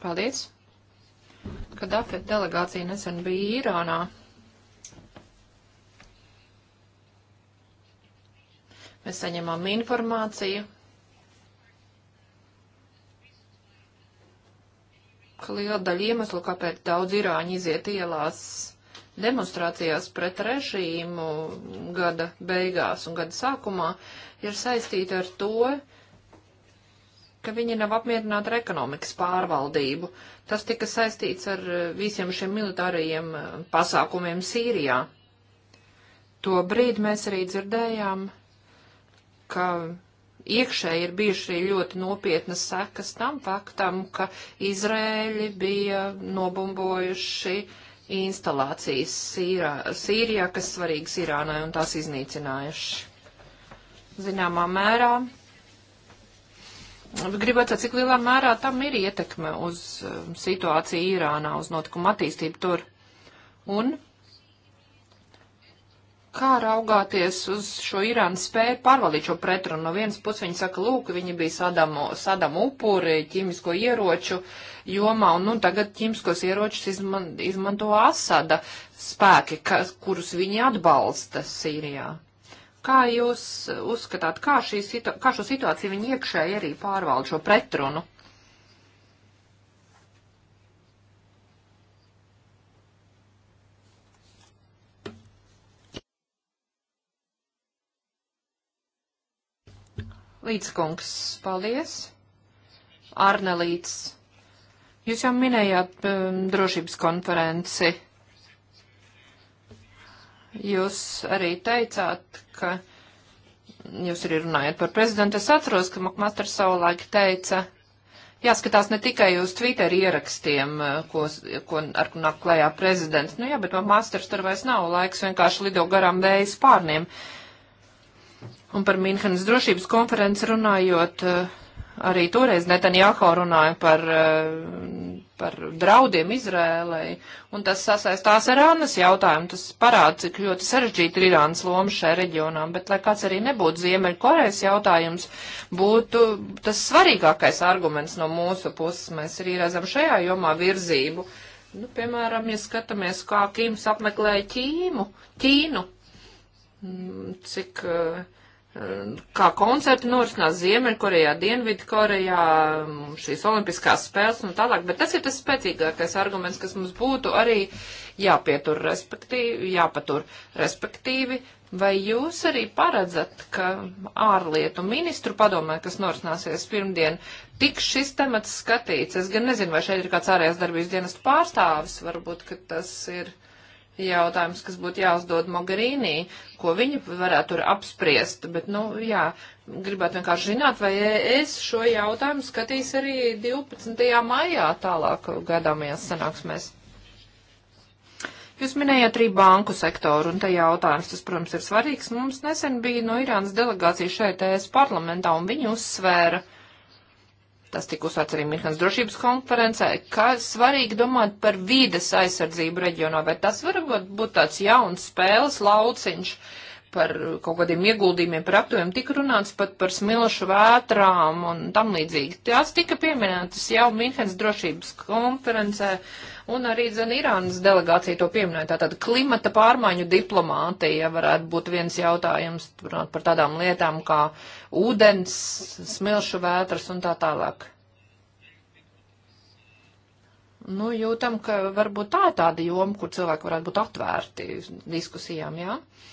Paldies! Kad AFET delegācija nesen bija Irānā, mēs saņemām informāciju, ka liela daļa iemeslu, kāpēc daudz irāņi iziet ielās demonstrācijās pret režīmu gada beigās un gada sākumā, ir saistīta ar to, ka viņi nav apmierināti ar ekonomikas pārvaldību. Tas tika saistīts ar eh, visiem šiem militārajiem eh, pasākumiem Sīrijā. To brīdi mēs arī dzirdējām, ka iekšēji ir bijuši arī ļoti nopietnas sekas tam faktam, ka Izrēļi bija nobumbojuši instalācijas Sīrā, Sīrijā, kas svarīgas Irānai un tās iznīcinājuši. Zināmā mērā Gribētu, cik lielā mērā tam ir ietekme uz um, situāciju Irānā, uz notikumu attīstību tur. Un kā raugāties uz šo Irānas spēju pārvaldīt šo pretrunu? No vienas puses viņi saka, lūk, viņi bija sadamu, sadamu upuri ķīmisko ieroču jomā, un nu, tagad ķīmiskos ieročus izman, izmanto Asada spēki, kas, kurus viņi atbalsta Sīrijā. Kā jūs uzskatāt, kā, situ kā šo situāciju viņi iekšēji arī pārvalda šo pretrunu? Līdzkungs, paldies. Arnelīts, jūs jau minējāt um, drošības konferenci Jūs arī teicāt, ka jūs arī runājat par prezidentu. Es atceros, ka Makmasters savulaik teica, jāskatās ne tikai uz Twitter ierakstiem, ko, ko ar ko nāk klējā prezidents. Nu jā, bet Makmasters tur vairs nav laiks, vienkārši lido garām vēja spārniem. Un par Minhenes drošības konferenci runājot, eh, arī toreiz Netanjaho runāja par eh, par draudiem Izrēlai, un tas sasaistās ar Annas jautājumu. Tas parāda, cik ļoti sarežģīta ir Irānas loma šajā reģionā, bet lai kāds arī nebūtu Ziemeļkorejas jautājums, būtu tas svarīgākais arguments no mūsu puses. Mēs arī redzam šajā jomā virzību. Nu, piemēram, ja skatāmies, kā Kīms apmeklēja Ķīmu, Ķīnu, mm, cik. Uh, kā koncerti norisinās Ziemeļkorejā, Dienvidkorejā, šīs olimpiskās spēles un tālāk, bet tas ir tas spēcīgākais arguments, kas mums būtu arī jāpietur, respektīvi, jāpatur, respektīvi, vai jūs arī paredzat, ka ārlietu ministru padomē, kas norisināsies pirmdien, tik šis temats skatīts? Es gan nezinu, vai šeit ir kāds ārējās darbības dienestu pārstāvis, varbūt, ka tas ir jautājums, kas būtu jāuzdod Mogarīnī, ko viņa varētu tur apspriest, bet, nu, jā, gribētu vienkārši zināt, vai es šo jautājumu skatīs arī 12. maijā tālāk gadāmajās sanāksmēs. Jūs minējāt arī banku sektoru, un te jautājums, tas, protams, ir svarīgs. Mums nesen bija no Irānas delegācija šeit ES parlamentā, un viņi uzsvēra, Tas tika uzsvērts arī Mihans drošības konferencē, ka svarīgi domāt par vīdes aizsardzību reģionā, vai tas var būt tāds jauns spēles lauciņš, uh, par kaut kādiem ieguldījumiem, par aktuēm, tika runāts pat par smilšu vētrām un tam līdzīgi. Tās tika pieminētas jau Minhenes drošības konferencē, un arī zina Irānas delegācija to pieminēja. Tātad klimata pārmaiņu diplomātija varētu būt viens jautājums par tādām lietām kā ūdens, smilšu vētras un tā tālāk. Nu, jūtam, ka varbūt tā ir tāda joma, kur cilvēki varētu būt atvērti diskusijām, jā? Ja?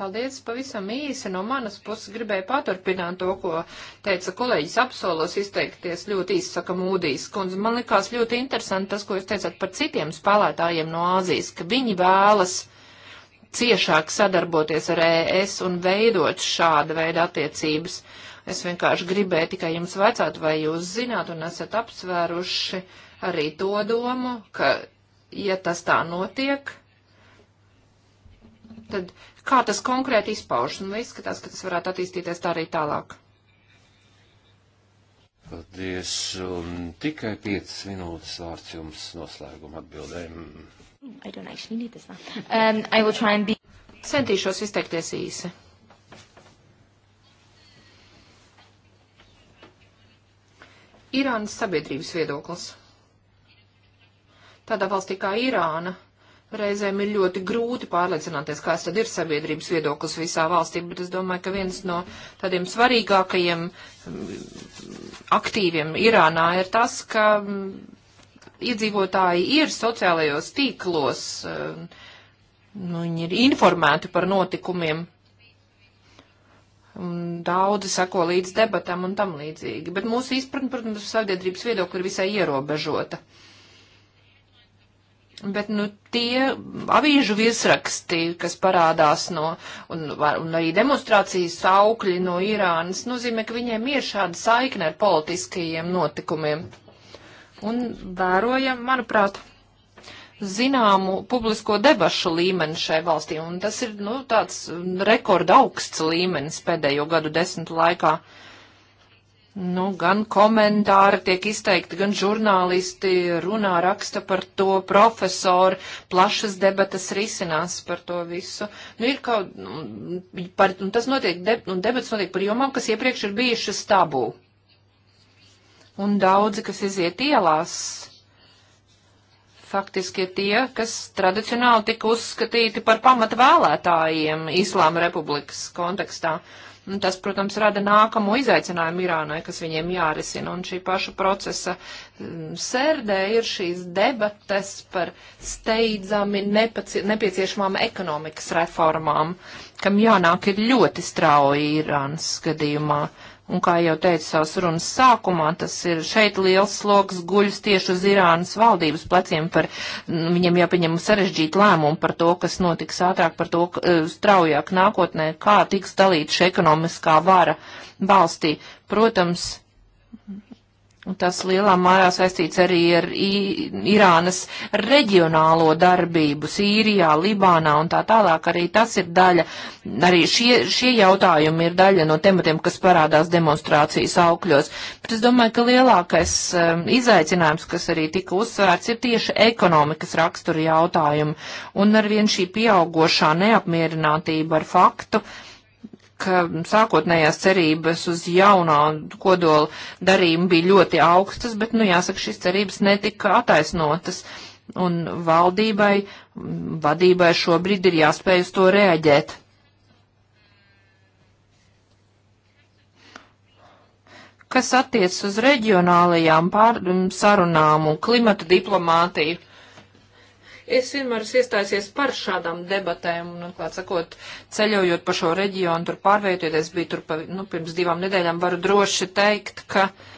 Paldies, pavisam īsi no manas puses gribēju paturpināt to, ko teica kolēģis apsolos izteikties ļoti īsi, saka Mūdīs. Kundze, man likās ļoti interesanti tas, ko jūs teicat par citiem spēlētājiem no Āzijas, ka viņi vēlas ciešāk sadarboties ar ES un veidot šāda veida attiecības. Es vienkārši gribēju tikai jums vecāt, vai jūs zināt un esat apsvēruši arī to domu, ka, ja tas tā notiek, tad kā tas konkrēti izpaužas, un nu, izskatās, ka tas varētu attīstīties tā arī tālāk. Paldies, un tikai 5 minūtes vārds jums noslēguma atbildēm. Um, be... Centīšos izteikties īsi. Irānas sabiedrības viedoklis. Tādā valstī kā Irāna Reizēm ir ļoti grūti pārliecināties, kāds tad ir sabiedrības viedoklis visā valstī, bet es domāju, ka viens no tādiem svarīgākajiem um, aktīviem Irānā ir tas, ka um, iedzīvotāji ir sociālajos tīklos, nu, viņi ir informēti par notikumiem, un daudzi sako līdz debatām un tam līdzīgi. Bet mūsu izpratne, protams, sabiedrības viedokļi ir visai ierobežota. Uh, Bet, nu, tie avīžu virsraksti, kas parādās no, un, un arī demonstrācijas saukļi no Irānas, nozīmē, ka viņiem ir šāda saikne ar politiskajiem notikumiem. Un vērojam, manuprāt, zināmu publisko debašu līmeni šai valstī, un tas ir, nu, tāds rekorda augsts līmenis pēdējo gadu desmitu laikā. Uh, Nu, gan komentāri tiek izteikti, gan žurnālisti runā, raksta par to, profesori, plašas debatas risinās par to visu. Nu, ir kaut, nu, par, un tas notiek, de, un nu, debats notiek par jomām, kas iepriekš ir bijušas tabū. Un daudzi, kas iziet ielās, faktiski ir tie, kas tradicionāli tika uzskatīti par pamatvēlētājiem Islāma republikas kontekstā. Uh, Un nu, tas, protams, rada nākamo izaicinājumu Irānai, kas viņiem jārisina. Un šī paša procesa mm, sērdē ir šīs debates par steidzami nepieciešamām ekonomikas reformām, kam jānāk ir ļoti strauji Irānas gadījumā. Uh, Un, kā jau teicu savas runas sākumā, tas ir šeit liels sloks guļas tieši uz Irānas valdības pleciem par, mm, viņiem jāpieņem sarežģīt lēmumu par to, kas notiks ātrāk, par to eh, straujāk nākotnē, kā tiks dalīta šī ekonomiskā vara valstī. Protams, Un tas lielā mērā saistīts arī ar Irānas reģionālo darbību Sīrijā, Libānā un tā tālāk. Arī tas ir daļa, arī šie, šie jautājumi ir daļa no tematiem, kas parādās demonstrācijas aukļos. Bet es domāju, ka lielākais um, izaicinājums, kas arī tika uzsvērts, ir tieši ekonomikas rakstura jautājumi. Un arvien šī pieaugošā neapmierinātība ar faktu. Uh, ka sākotnējās cerības uz jaunā kodola darījumu bija ļoti augstas, bet, nu, jāsaka, šīs cerības netika attaisnotas. Un valdībai, vadībai šobrīd ir jāspēj uz to reaģēt. Kas attiec uz reģionālajām pār, sarunām un klimatu diplomātiju? Es vienmēr esmu iestājusies par šādām debatēm, un, klāt sakot, ceļojot pa šo reģionu, tur pārvietoties, bija tur, pa, nu, pirms divām nedēļām varu droši teikt, ka. Uh,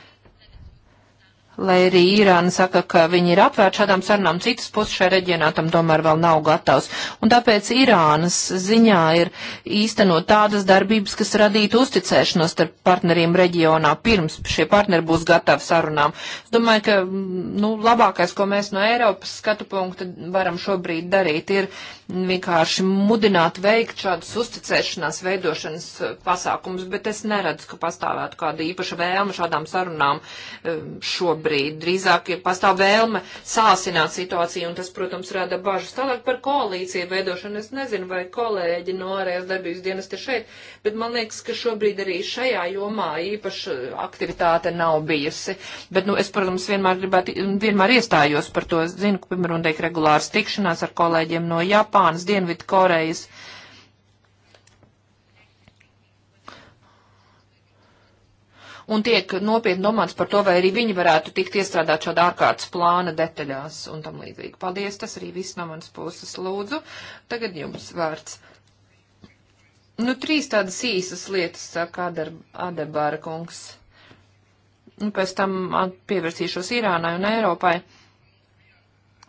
Lai arī Irāna saka, ka viņi ir atvērti šādām sarunām, citas puses šajā reģionā tam tomēr vēl nav gatavs. Un tāpēc Irānas ziņā ir īstenot tādas darbības, kas radītu uzticēšanos starp partneriem reģionā, pirms šie partneri būs gatavi sarunām. Es domāju, ka mm, nu, labākais, ko mēs no Eiropas skatu punkta varam šobrīd darīt, ir vienkārši mudināt veikt šādus uzticēšanās veidošanas eh, pasākumus, bet es neredzu, ka pastāvētu kāda īpaša vēlme šādām sarunām eh, šobrīd. Drīzāk ir pastāv vēlme sāsināt situāciju, un tas, protams, rada bažas. Tālāk par koalīciju veidošanu es nezinu, vai kolēģi no ārējās darbības dienas ir šeit, bet man liekas, ka šobrīd arī šajā jomā īpaša aktivitāte nav bijusi. Bet, nu, es, protams, vienmēr gribētu, vienmēr iestājos par to. Es zinu, ka, piemēram, tiek regulārs tikšanās ar kolēģiem no Japānas Japānas, Dienvidu Korejas. Un tiek nopietni domāts par to, vai arī viņi varētu tikt iestrādāt šāda ārkārtas plāna detaļās un tam līdzīgi. Paldies, tas arī viss no manas puses lūdzu. Tagad jums vārds. Nu, trīs tādas īsas lietas, saka Adebāra kungs. Un pēc tam pievērsīšos Irānai un Eiropai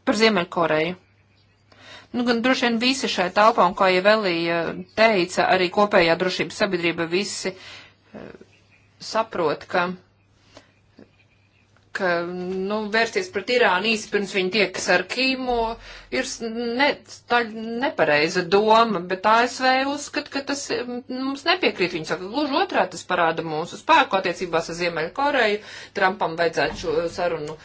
par Ziemeļkoreju. Nu, gan droši vien visi šai telpā, un kā jau Velija teica, arī kopējā drošības sabiedrība visi eh, saprot, ka ka, nu, vērsties pret Irānu īsi pirms viņi tiekas ar Kīmo, ir ne, tā nepareiza doma, bet ASV uzskat, ka tas mm, mums nepiekrīt. Viņi saka, gluži otrā tas parāda mūsu spēku attiecībās ar Ziemeļu Koreju. Trumpam vajadzētu šo sarunu,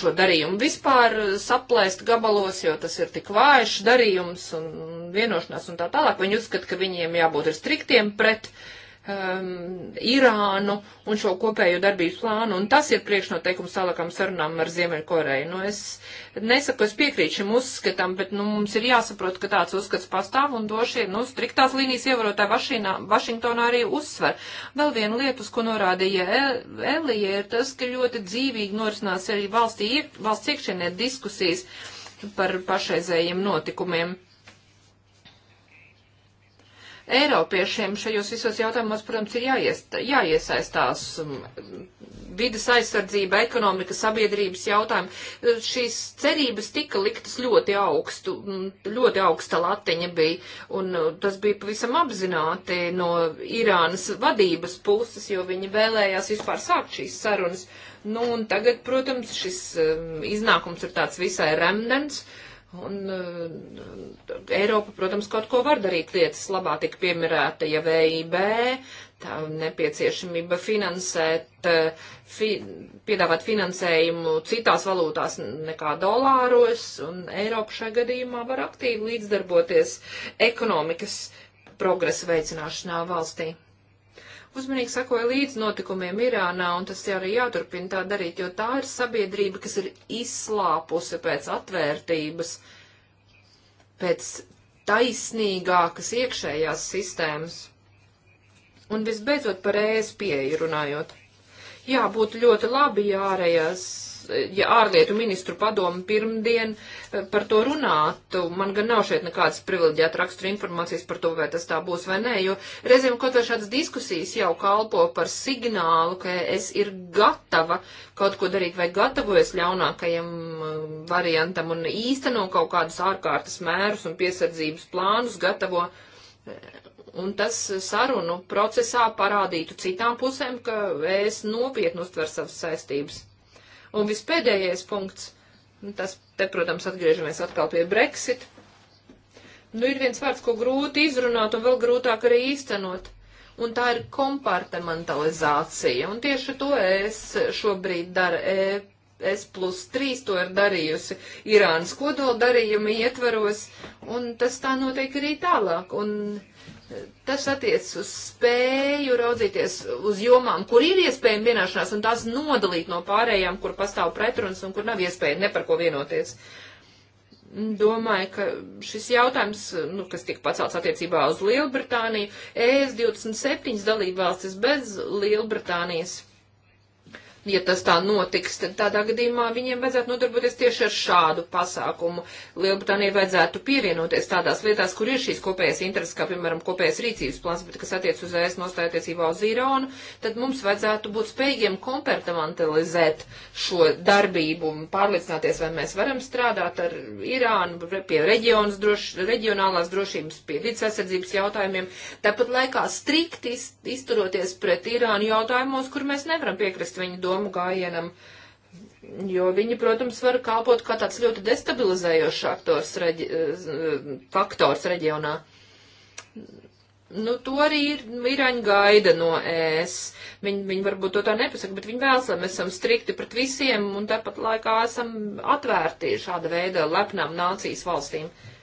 šo darījumu vispār saplēst gabalos, jo tas ir tik vājš darījums un vienošanās un tā tālāk. Viņi uzskat, ka viņiem jābūt ir striktiem pret. Uh, um, Irānu un šo kopējo darbības plānu, un tas ir priekšnoteikums tālākām sarunām ar Ziemeļkoreju. Nu, es nesaku, es piekrītu šim uzskatam, bet nu, mums ir jāsaprot, ka tāds uzskats pastāv, un došie, nu, striktās līnijas ievarotāji Vašīnā, Vašingtonā arī uzsver. Vēl viena lieta, uz ko norādīja Elija, ir tas, ka ļoti dzīvīgi norisinās arī valstī, valsts iekšienē diskusijas par pašreizējiem notikumiem Eiropiešiem šajos visos jautājumos, protams, ir jāiest, jāiesaistās um, vidas aizsardzība, ekonomika, sabiedrības jautājumi. Šīs cerības tika liktas ļoti augstu, ļoti augsta latiņa bija, un uh, tas bija pavisam apzināti no Irānas vadības puses, jo viņi vēlējās vispār sākt šīs sarunas. Nu, un tagad, protams, šis um, iznākums ir tāds visai remdens. Uh, Un uh, Eiropa, protams, kaut ko var darīt lietas labā, tik piemirēta, ja VIB, tā nepieciešamība finansēt, eh, fi, piedāvāt finansējumu citās valūtās nekā dolāros, un Eiropa šajā gadījumā var aktīvi līdzdarboties ekonomikas progresa veicināšanā valstī uzmanīgi sakoja līdz notikumiem Irānā, un tas arī jāturpina tā darīt, jo tā ir sabiedrība, kas ir izslāpusi pēc atvērtības, pēc taisnīgākas iekšējās sistēmas. Un visbeidzot par ēs pieeju runājot. Jā, būtu ļoti labi, ja ārējās ja ārlietu ministru padomu pirmdien eh, par to runātu. Man gan nav šeit nekādas privileģēta rakstura informācijas par to, vai tas tā būs vai nē, jo reizēm kaut vai šādas diskusijas jau kalpo par signālu, ka es ir gatava kaut ko darīt vai gatavojas ļaunākajam eh, variantam un īsteno kaut kādus ārkārtas mērus un piesardzības plānus gatavo eh, un tas sarunu procesā parādītu citām pusēm, ka es nopietni uztver savas saistības. Un vispēdējais punkts, tas te, protams, atgriežamies atkal pie Brexit. Nu, ir viens vārds, ko grūti izrunāt un vēl grūtāk arī īstenot. Un tā ir kompartamentalizācija. Un tieši to es šobrīd daru. E S plus 3 to ir darījusi Irānas kodola darījuma ietvaros, un tas tā notiek arī tālāk. Un Tas attiec uz spēju raudzīties uz jomām, kur ir iespējama vienošanās, un tās nodalīt no pārējām, kur pastāv pretrunas un kur nav iespēja ne par ko vienoties. Domāju, ka šis jautājums, nu, kas tika pacelts attiecībā uz Lielbritāniju, e ES 27 dalībvalstis bez Lielbritānijas ja tas tā notiks, tad tādā gadījumā viņiem vajadzētu nodarboties tieši ar šādu pasākumu. Lielbritānija vajadzētu pievienoties tādās lietās, kur ir šīs kopējas intereses, kā piemēram kopējas rīcības plāns, bet kas attiec uz ES nostājotiesībā uz Irānu, tad mums vajadzētu būt spējīgiem kompertamantalizēt šo darbību un pārliecināties, vai mēs varam strādāt ar Irānu pie droš, reģionālās drošības, pie vidas aizsardzības jautājumiem, tāpat laikā strikti izturoties pret Irānu jautājumos, kur mēs nevaram piekrist viņu domu domu gājienam, jo viņi, protams, var kalpot kā tāds ļoti destabilizējošs aktors, reģi, eh, faktors reģionā. Nu, to arī ir īraņi gaida no ēs. Viņi, viņi varbūt to tā nepasaka, bet viņi vēlas, lai mēs esam strikti pret visiem un tāpat laikā esam atvērti šāda veida lepnām nācijas valstīm. Uh,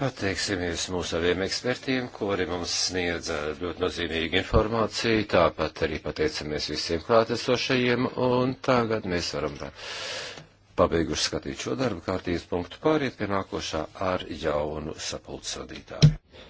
Pateiksimies mūsu saviem ekspertiem, kuri mums sniedza ļoti nozīmīgu informāciju, tāpat arī pateicamies visiem klātesošajiem, un tagad mēs varam pabeiguši skatīt šo darba kārtības punktu, pāriet pie nākošā ar jaunu sapulcvadītāju.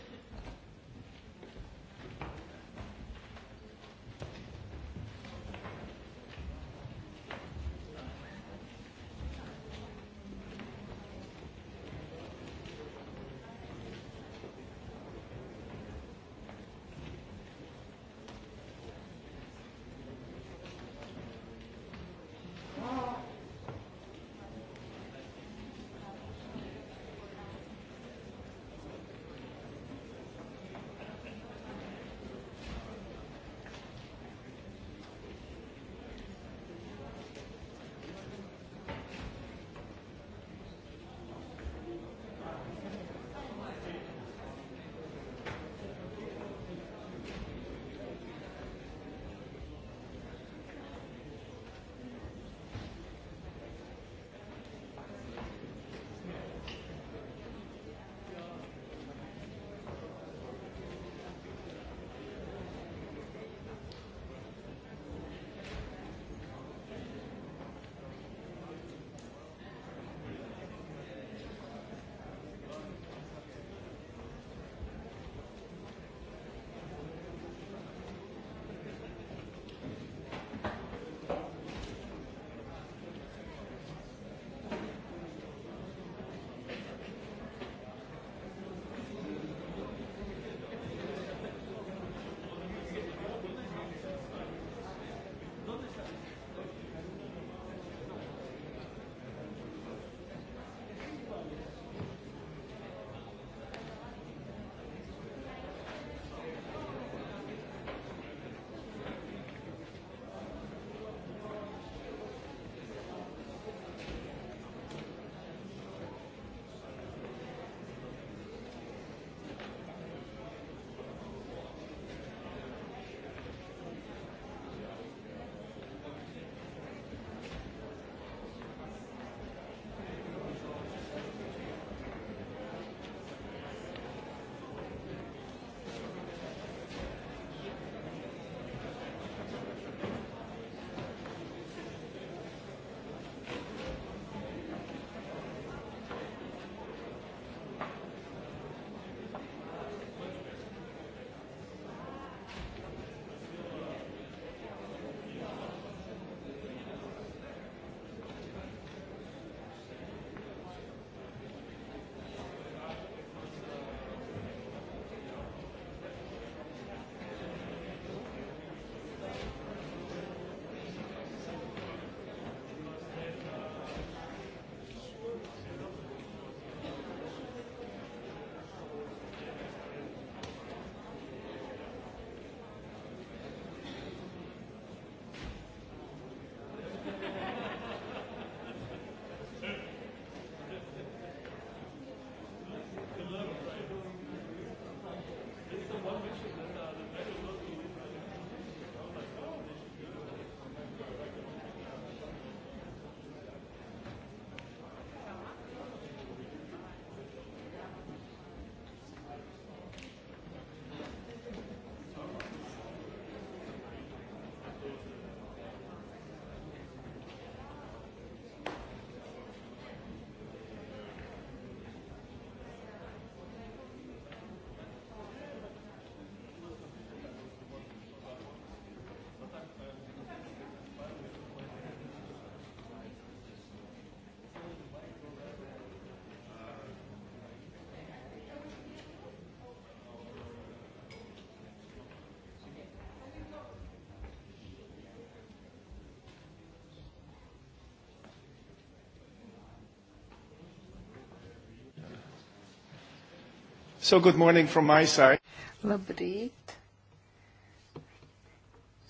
So good morning from my side. Labrīt.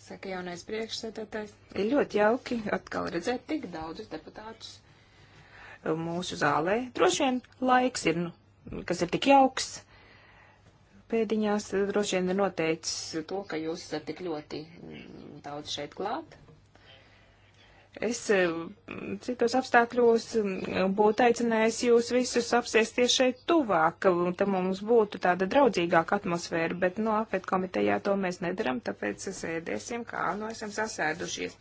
Saka jaunais priekšsēdētājs. Ir ļoti jauki atkal redzēt tik daudzus deputātus mūsu zālē. Droši vien laiks ir, nu, kas ir tik jauks pēdiņās, droši vien ir noteicis to, ka jūs esat tik ļoti mm, daudz šeit klāt. Es eh, citos apstākļos būtu aicinājis jūs visus apsēsties šeit tuvāk, un tad mums būtu tāda draudzīgāka atmosfēra, bet no apēt komitejā to mēs nedaram, tāpēc sēdēsim, kā no nu esam sasēdušies.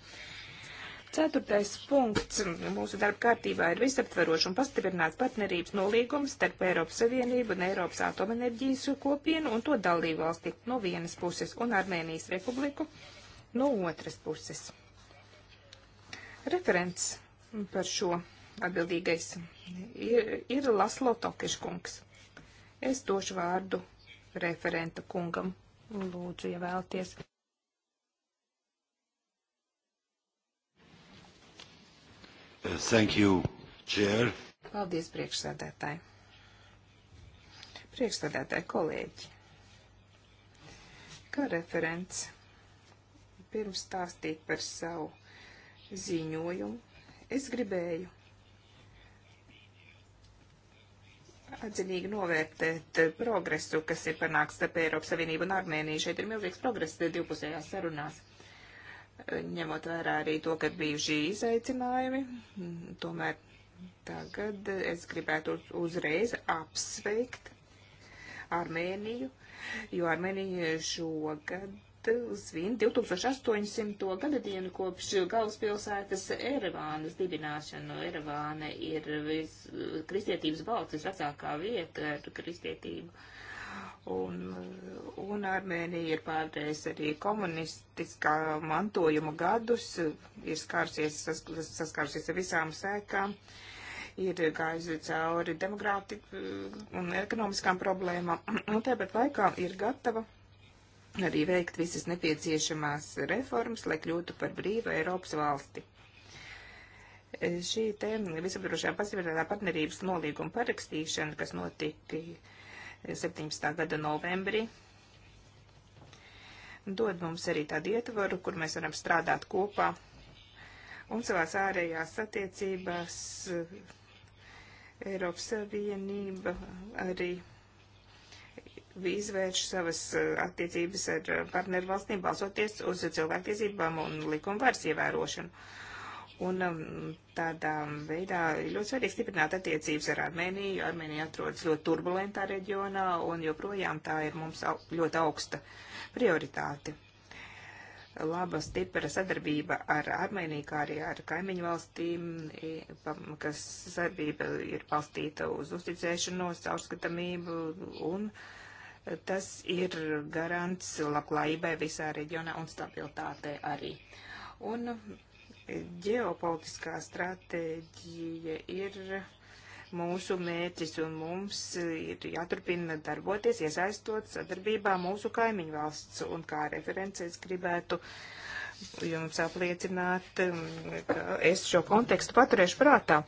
Ceturtais punkts mūsu darba kārtībā ir visaptverošs un pastiprināts partnerības nolīgums starp Eiropas Savienību un Eiropas atomenerģijas kopienu un to dalību valsti no vienas puses un Armēnijas republiku no otras puses referents par šo atbildīgais ir, ir Laslo Tokeškungs. Es došu vārdu referenta kungam. Lūdzu, ja vēlties. Thank you, Chair. Paldies, priekšsēdētāji. Priekšsēdētāji kolēģi. Kā referents pirms stāstīt par savu ziņojumu, Es gribēju atzinīgi novērtēt progresu, kas ir panāks starp Eiropas Savienību un Armēniju. Šeit ir milzīgs progress divpusējās sarunās, ņemot vērā arī to, ka bijuši izaicinājumi. Tomēr tagad es gribētu uzreiz apsveikt Armēniju, jo Armēnija šogad Uh, svin 2800. gada dienu kopš galvaspilsētas Erevānas dibināšanu. Erevāna ir vis, uh, kristietības balts, visvecākā vieta ar kristietību. Un, uh, un Armēnija ir pārdējis arī komunistiskā mantojuma gadus, ir skārsies, sas, saskārsies ar visām sēkām, ir gājusi cauri demokrāti un ekonomiskām problēmām, un tāpat laikā ir gatava arī veikt visas nepieciešamās reformas, lai kļūtu par brīvu Eiropas valsti. Šī te visapdrošā pasivērtā partnerības nolīguma parakstīšana, kas notika 17. gada novembrī, dod mums arī tādu ietvaru, kur mēs varam strādāt kopā un savās ārējās attiecībās Eiropas Savienība arī izvērš savas eh, attiecības ar eh, partneru valstīm, balsoties uz cilvēktiesībām un likumvaras ievērošanu. Un um, tādā veidā ļoti svarīgi stiprināt attiecības ar Armēniju. Armēnija atrodas ļoti turbulentā reģionā un joprojām tā ir mums au, ļoti augsta prioritāte. Laba, stipra sadarbība ar Armēniju, kā arī ar kaimiņu valstīm, kas sadarbība ir balstīta uz uzticēšanos, caurskatamību un uh, Tas ir garants labklājībai visā reģionā un stabilitātei arī. Un ģeopolitiskā stratēģija ir mūsu mērķis un mums ir jāturpina darboties, iesaistot sadarbībā mūsu kaimiņu valsts. Un kā references gribētu jums apliecināt, ka es šo kontekstu paturēšu prātā,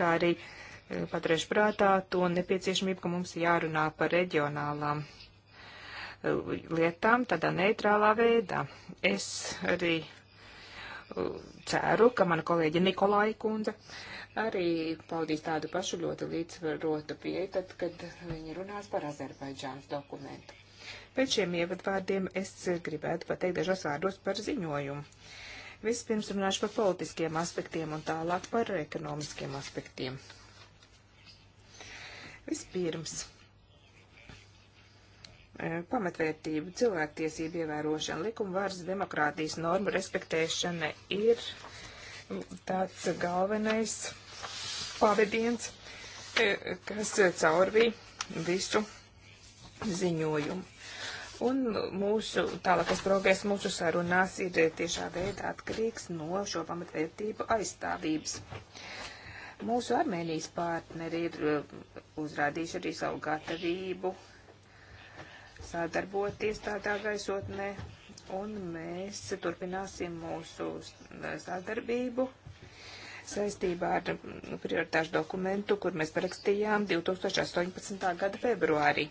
kā arī uh, paturēšu prātā to nepieciešamību, ka mums jārunā par reģionālām uh, lietām tādā neitrālā veidā. Es arī uh, ceru, ka mana kolēģa Nikolai Kundze arī paudīs tādu pašu ļoti līdzsvarotu pieeju, tad, kad viņi runās par Azerbaidžānas dokumentu. Pēc šiem ievadvārdiem es gribētu pateikt dažos vārdos par ziņojumu. Vispirms runāšu par politiskiem aspektiem un tālāk par ekonomiskiem aspektiem. Vispirms, e, pamatvērtību, cilvēktiesību ievērošana, likumvaras demokrātijas norma respektēšana ir tāds galvenais pavadiens, e, kas caurvīja visu ziņojumu. Un mūsu tālākas progress mūsu sarunās ir tiešā veidā atkarīgs no šo pamatvērtību aizstāvības. Uh, Mūsu Armēnijas partneri ir uh, uzrādījuši arī savu gatavību sadarboties tādā gaisotnē, un mēs turpināsim mūsu uh, sadarbību saistībā ar prioritāšu dokumentu, kur mēs parakstījām 2018. gada februārī.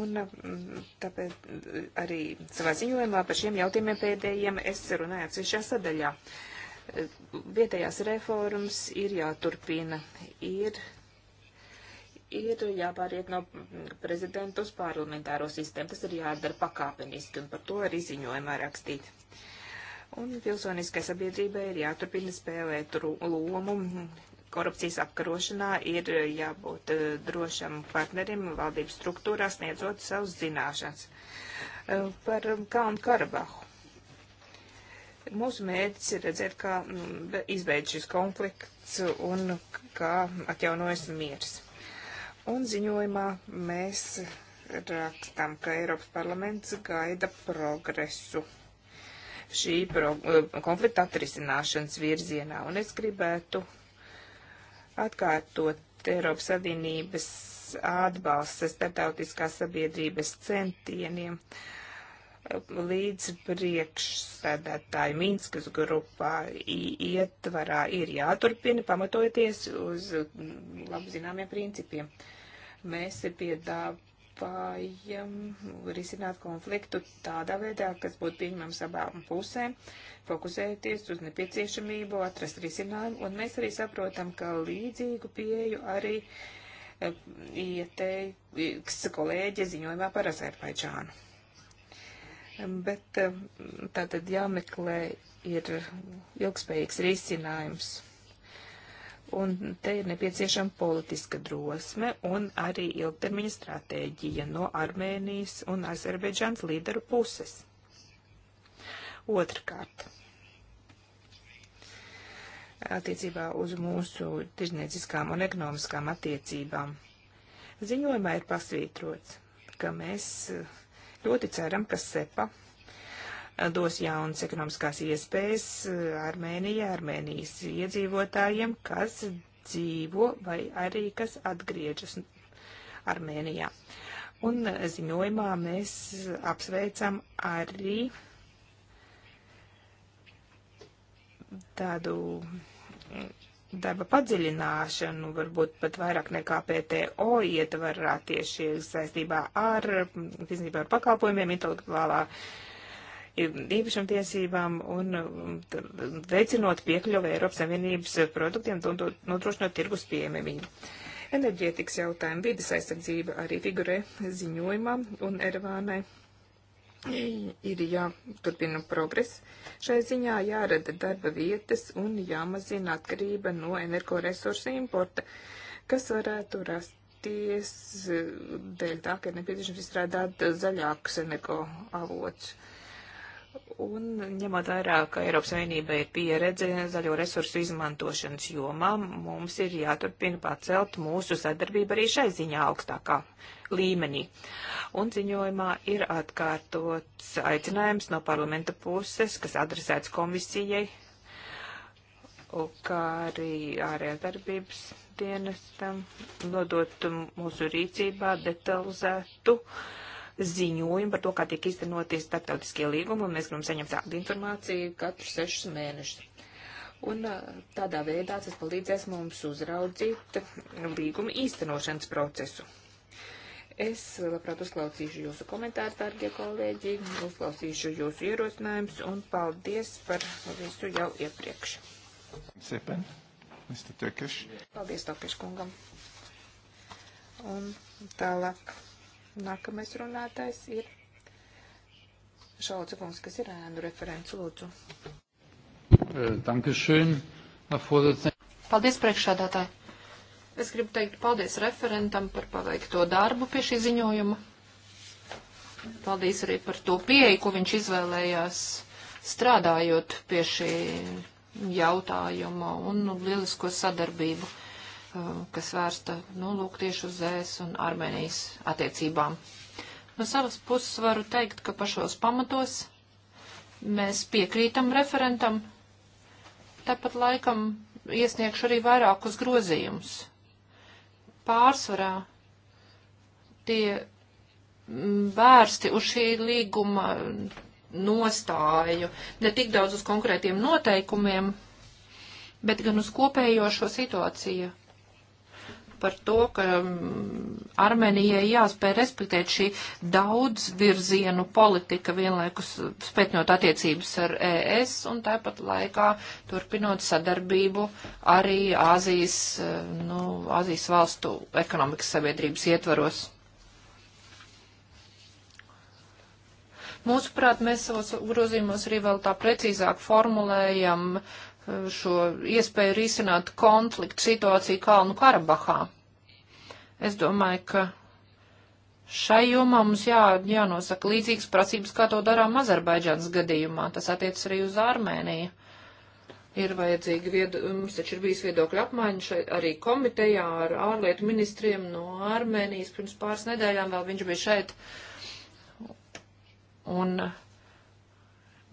Un mm, tāpēc uh, arī savā ziņojumā par šiem jautājumiem pēdējiem es runāju atsevišķā sadaļā. Uh, Vietējās reformas ir jāturpina, ir, ir jāpāriet no prezidenta uz parlamentāro sistēmu. Tas ir jādara pakāpeniski, un par to arī ziņojumā rakstīt. Un pilsoniskai sabiedrībai ir jāturpina spēlēt lomu. Korupcijas apkarošanā ir jābūt eh, drošam partnerim valdības struktūrā sniedzot savus zināšanas. Eh, par Kalnu Karabahu. Mūsu mērķis ir redzēt, kā mm, izbeidz šis konflikts un kā atjaunojas miers. Un ziņojumā mēs rakstām, ka Eiropas parlaments gaida progresu šī pro, eh, konflikta atrisināšanas virzienā. Un es gribētu atkārtot Eiropas Savienības atbalsta starptautiskās sabiedrības centieniem. Uh, līdz priekšsēdētāju Mīnskas grupā ietvarā ir jāturpina pamatojoties uz mm, labi zināmiem principiem. Mēs piedāvājam risināt konfliktu tādā veidā, kas būtu pieņemams abām pusēm, fokusēties uz nepieciešamību, atrast risinājumu, un mēs arī saprotam, ka līdzīgu pieju arī eh, ieteiks kolēģi ziņojumā par Azerbaidžānu bet eh, tātad jāmeklē ir ilgspējīgs risinājums. Un te ir nepieciešama politiska drosme un arī ilgtermiņa stratēģija no Armēnijas un Azerbaidžāns līderu puses. Otrkārt, attiecībā uz mūsu tirzniecīskām un ekonomiskām attiecībām. Ziņojumā ir pasvītrots, ka mēs uh, Ļoti ceram, ka SEPA eh, dos jaunas ekonomiskās iespējas eh, Armēnijai, Armēnijas iedzīvotājiem, kas dzīvo vai arī kas atgriežas Armēnijā. Un eh, ziņojumā mēs apsveicam arī tādu darba padziļināšanu, varbūt pat vairāk nekā PTO ietvarā tieši saistībā ar, tiesībā ar pakalpojumiem, intelektuālā īpašam tiesībām un um, veicinot piekļuvi Eiropas Savienības produktiem, nodrošinot tirgus piemiņu. Enerģētikas jautājumi, vidas aizsardzība arī figurē ziņojumā un Ervānai ir jāturpina progress. Šai ziņā jārada darba vietas un jāmazina atkarība no energoresursu importa, kas varētu rasties eh, dēļ tā, ka ir nepieciešams izstrādāt zaļākus energoavotus. Un ņemot vērā, ka Eiropas Savienība ir pieredze zaļo resursu izmantošanas jomā, mums ir jāturpina pacelt mūsu sadarbību arī šai ziņā augstākā līmenī. Un ziņojumā ir atkārtots aicinājums no parlamenta puses, kas adresēts komisijai, kā arī ārējās darbības dienestam, nodot mūsu rīcībā detalizētu ziņojumu par to, kā tiek iztenoti starptautiskie līgumi, un mēs gribam saņemt tādu informāciju katru sešus mēnešus. Un tādā veidā tas palīdzēs mums uzraudzīt līguma īstenošanas procesu. Es labprāt uzklausīšu jūsu komentāru, dārgie kolēģi, uzklausīšu jūsu ierosinājumus un paldies par visu jau iepriekš. Sēpen, Mr. Tökeš. Paldies Tökeš kungam. Un tālāk nākamais runātājs ir Šauca kungs, kas ir ēnu referents, lūdzu. Dankeschön, Herr Vorsitzender. Paldies, priekšsādātāji. Es gribu teikt paldies referentam par paveikto darbu pie šī ziņojuma. Paldies arī par to pieeju, ko viņš izvēlējās strādājot pie šī jautājuma un nu, lielisko sadarbību, uh, kas vērsta, nu, lūk, tieši uz ES un Armēnijas attiecībām. No savas puses varu teikt, ka pašos pamatos mēs piekrītam referentam, tāpat laikam iesniegšu arī vairākus grozījumus pārsvarā tie mm, vērsti uz šī līguma nostāju, ne tik daudz uz konkrētiem noteikumiem, bet gan uz kopējo šo situāciju par to, ka mm, Armēnijai jāspēj respektēt šī daudzvirzienu politika vienlaikus spētņot attiecības ar ES un tāpat laikā turpinot sadarbību arī Āzijas, eh, nu, Āzijas valstu ekonomikas sabiedrības ietvaros. Mūsuprāt, mēs savos grozījumos arī vēl tā precīzāk formulējam uh, Eh, šo iespēju risināt konfliktu situāciju Kalnu Karabahā. Es domāju, ka šai jomā mums jā, jānosaka līdzīgas prasības, kā to darām Azerbaidžānas gadījumā. Tas attiec arī uz Armēniju. Ir vajadzīgi, vied... mums taču ir bijis viedokļu apmaiņa šeit arī komitejā ar ārlietu ministriem no Armēnijas. Pirms pāris nedēļām vēl viņš bija šeit. Un uh,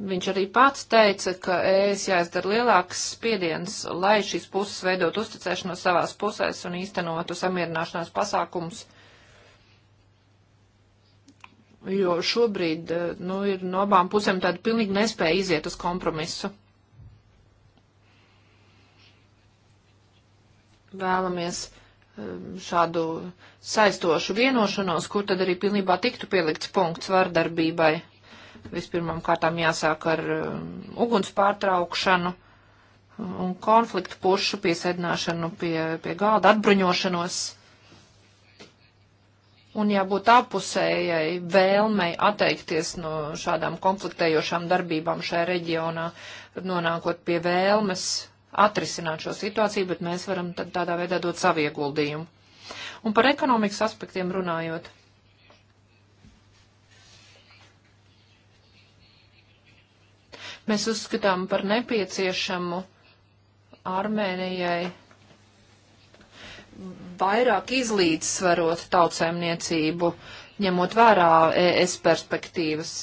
Viņš arī pats teica, ka es jāizdara lielāks spiediens, lai šīs puses veidot uzticēšanos savās pusēs un īstenotu samierināšanās pasākums. Jo šobrīd, eh, nu, ir no abām pusēm tāda pilnīgi nespēja iziet uz kompromisu. Vēlamies ehm, šādu saistošu vienošanos, kur tad arī pilnībā tiktu pielikts punkts vardarbībai Vispirmām kārtām jāsāk ar um, uguns pārtraukšanu un konfliktu pušu piesēdināšanu pie, pie galda, atbruņošanos. Un jābūt apusējai vēlmei atteikties no šādām konfliktējošām darbībām šajā reģionā, nonākot pie vēlmes atrisināt šo situāciju, bet mēs varam tādā veidā dot savu ieguldījumu. Un par ekonomikas aspektiem runājot. Mēs uzskatām par nepieciešamu Armēnijai vairāk izlīdzsvarot tautsēmniecību, ņemot vērā ES perspektīvas.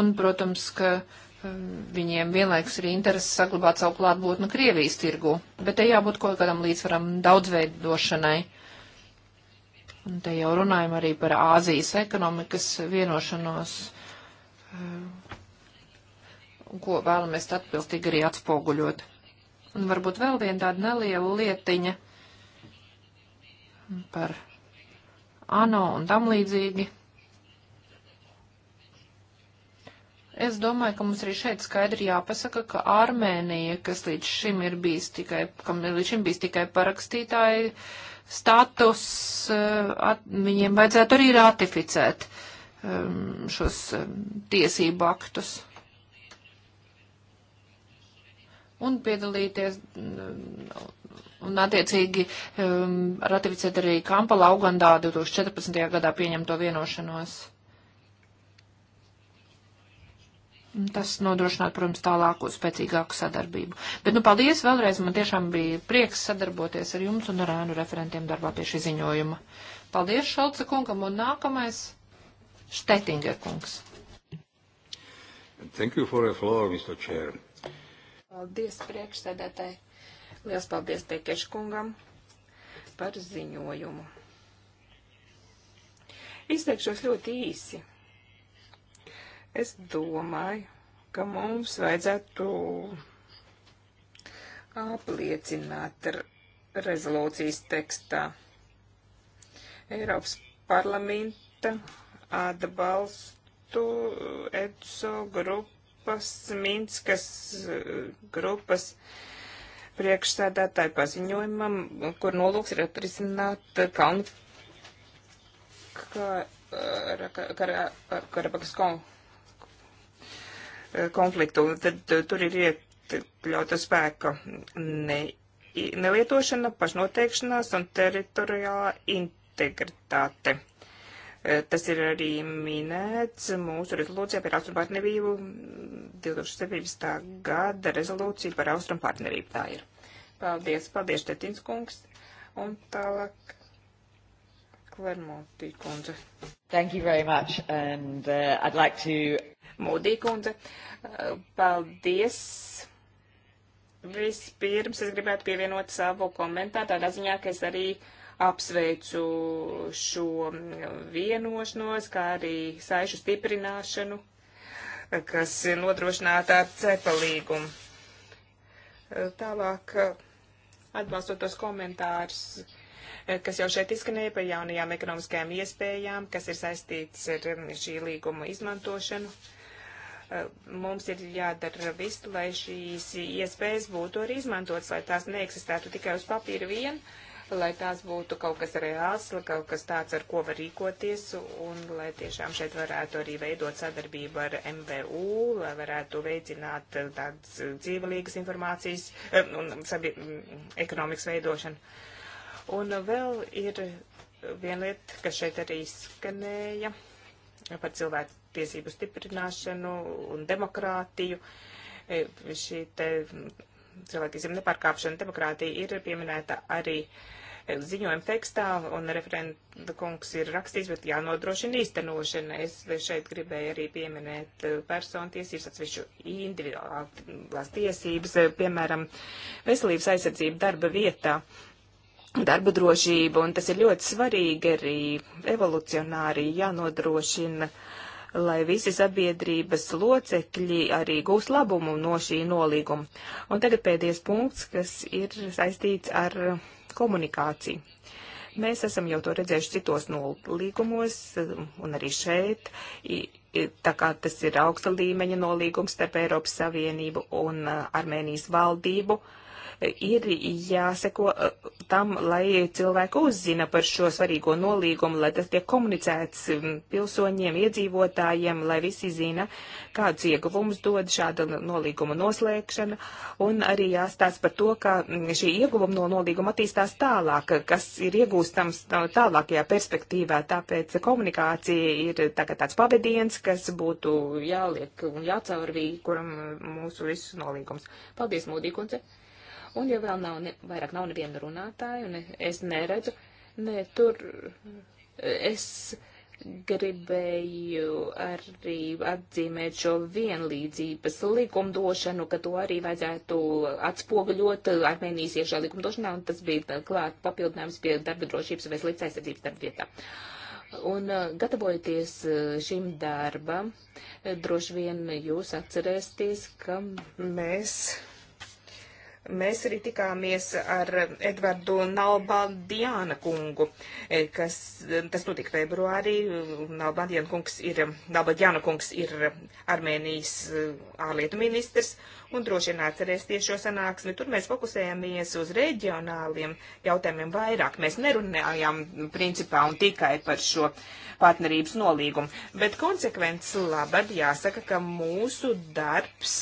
Un, protams, ka um, viņiem vienlaikus ir interesi saglabāt savu klātbūtni Krievijas tirgu, bet te jābūt kaut kādam līdzsvaram daudzveidošanai. Un te jau runājam arī par Āzijas ekonomikas vienošanos, um, ko vēlamies atbilstīgi arī atspoguļot. Un varbūt vēl viena tāda neliela lietiņa par ANO un tam līdzīgi. Es domāju, ka mums arī šeit skaidri jāpasaka, ka Armēnija, kas līdz šim ir bijis tikai, kam līdz šim bijis tikai parakstītāji status, eh, at, viņiem vajadzētu arī ratificēt um, šos um, tiesību aktus. Un piedalīties mm, un attiecīgi um, ratificēt arī Kampala Ugandā 2014. gadā pieņemto vienošanos. Tas nodrošinātu, protams, tālāku spēcīgāku sadarbību. Bet, nu, paldies vēlreiz. Man tiešām bija prieks sadarboties ar jums un ar ēnu referentiem darbā pie šī ziņojuma. Paldies Šalca kungam un nākamais Štetinger kungs. Thank you for the floor, Mr. Chair. Paldies priekšsēdētāji. Liels paldies Tekešu kungam par ziņojumu. Izteikšos ļoti īsi Es domāju, ka mums vajadzētu apliecināt rezolūcijas tekstā Eiropas parlamenta atbalstu EDSO eh, grupas, Minskas eh, grupas priekšsēdētāju paziņojumam, kur nolūks ir atrisināt Kalnu Karabakas konfliktu konfliktu. Tad eh, tur ir iekļauta spēka ne, nelietošana, pašnoteikšanās un teritoriālā integritāte. Eh, tas ir arī minēts mūsu rezolūcijā par austrumu partnerību 2017. gada rezolūcija par austrumu partnerību. Tā ir. Paldies, paldies, Tetins kungs. Un tālāk Klermontī kundze. Thank you very much and uh, I'd like to Mūdīkundze. Paldies! Vispirms es gribētu pievienot savu komentāru tādā ziņā, ka es arī apsveicu šo vienošanos, kā arī saišu stiprināšanu, kas ir nodrošināta ar cepalīgumu. Tālāk, atbalstot tos komentārus, kas jau šeit izskanēja par jaunajām ekonomiskajām iespējām, kas ir saistīts ar šī līguma izmantošanu. Uh, Eh, mums ir jādara viss, lai šīs iespējas būtu arī izmantotas, lai tās neeksistētu tikai uz papīra vien, lai tās būtu kaut kas reāls, kaut kas tāds, ar ko var rīkoties, un lai tiešām šeit varētu arī veidot sadarbību ar MVU, lai varētu veicināt eh, tādas dzīvelīgas informācijas eh, un sabi, mm, ekonomikas veidošanu. Un vēl ir viena lieta, kas šeit arī skanēja par cilvēku tiesību stiprināšanu un demokrātiju. E, šī te mm, cilvēktiesību nepārkāpšana demokrātija ir pieminēta arī e, ziņojuma tekstā, un referenta kungs ir rakstījis, bet jānodrošina īstenošana. Es šeit gribēju arī pieminēt e, personu tiesības, atsevišķu individuālās tiesības, piemēram, veselības aizsardzība darba vietā. Darba drošība, un tas ir ļoti svarīgi arī evolucionāri jānodrošina uh, lai visi sabiedrības locekļi arī gūs labumu no šī nolīguma. Un tagad pēdējais punkts, kas ir saistīts ar komunikāciju. Mēs esam jau to redzējuši citos nolīgumos un arī šeit tā kā tas ir augsta līmeņa nolīgums starp Eiropas Savienību un uh, Armēnijas valdību, ir jāseko eh, tam, lai cilvēki uzzina par šo svarīgo nolīgumu, lai tas tiek komunicēts mm, pilsoņiem, iedzīvotājiem, lai visi zina, kādus ieguvumus dod šāda nolīguma noslēgšana, un arī jāstāsta par to, ka mm, šī ieguvuma no nolīguma attīstās tālāk, kas ir iegūstams tālākajā perspektīvā, tāpēc komunikācija ir tagad tāds pavadiens, kas būtu jāliek un jācaurvī, kuram mm, mūsu visus nolīgums. Paldies, Mūdīkundze! Un, ja vēl nav, ne, vairāk nav neviena runātāja, un es neredzu, ne, tur es gribēju arī atzīmēt šo vienlīdzības likumdošanu, ka to arī vajadzētu atspoguļot Armēnijas iešā likumdošanā, un tas bija klāt papildinājums pie darba drošības vai slikts aizsardzības darba vietā. Un uh, gatavojoties uh, šim darbam, uh, droši vien jūs atcerēsieties, ka mēs Mēs arī tikāmies ar Edvardu Nalbandiāna kungu, e, kas, e, tas notika februārī. Nalbandiāna kungs ir, Nalbandiāna kungs ir Armēnijas e, ārlietu ministrs, un drošināts arī tiešo sanāksmi. Tur mēs fokusējāmies uz reģionāliem jautājumiem vairāk. Mēs nerunājām principā un tikai par šo partnerības nolīgumu. Bet konsekvences labad jāsaka, ka mūsu darbs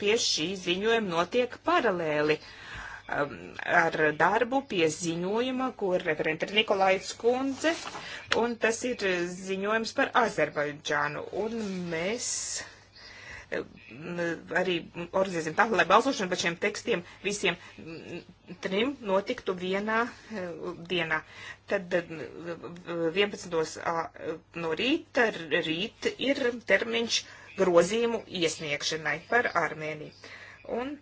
pie šī ziņojuma notiek paralēli um, ar darbu pie ziņojuma, kur referenta ir Nikolaits Kundze, un tas ir ziņojums par Azerbaidžānu. Un mēs arī organizēsim tā, lai balsošana par šiem tekstiem visiem mm, trim notiktu vienā eh, dienā. Tad 11. Eh, no rīta rīt ir termiņš grozījumu iesniegšanai par Armēniju. Un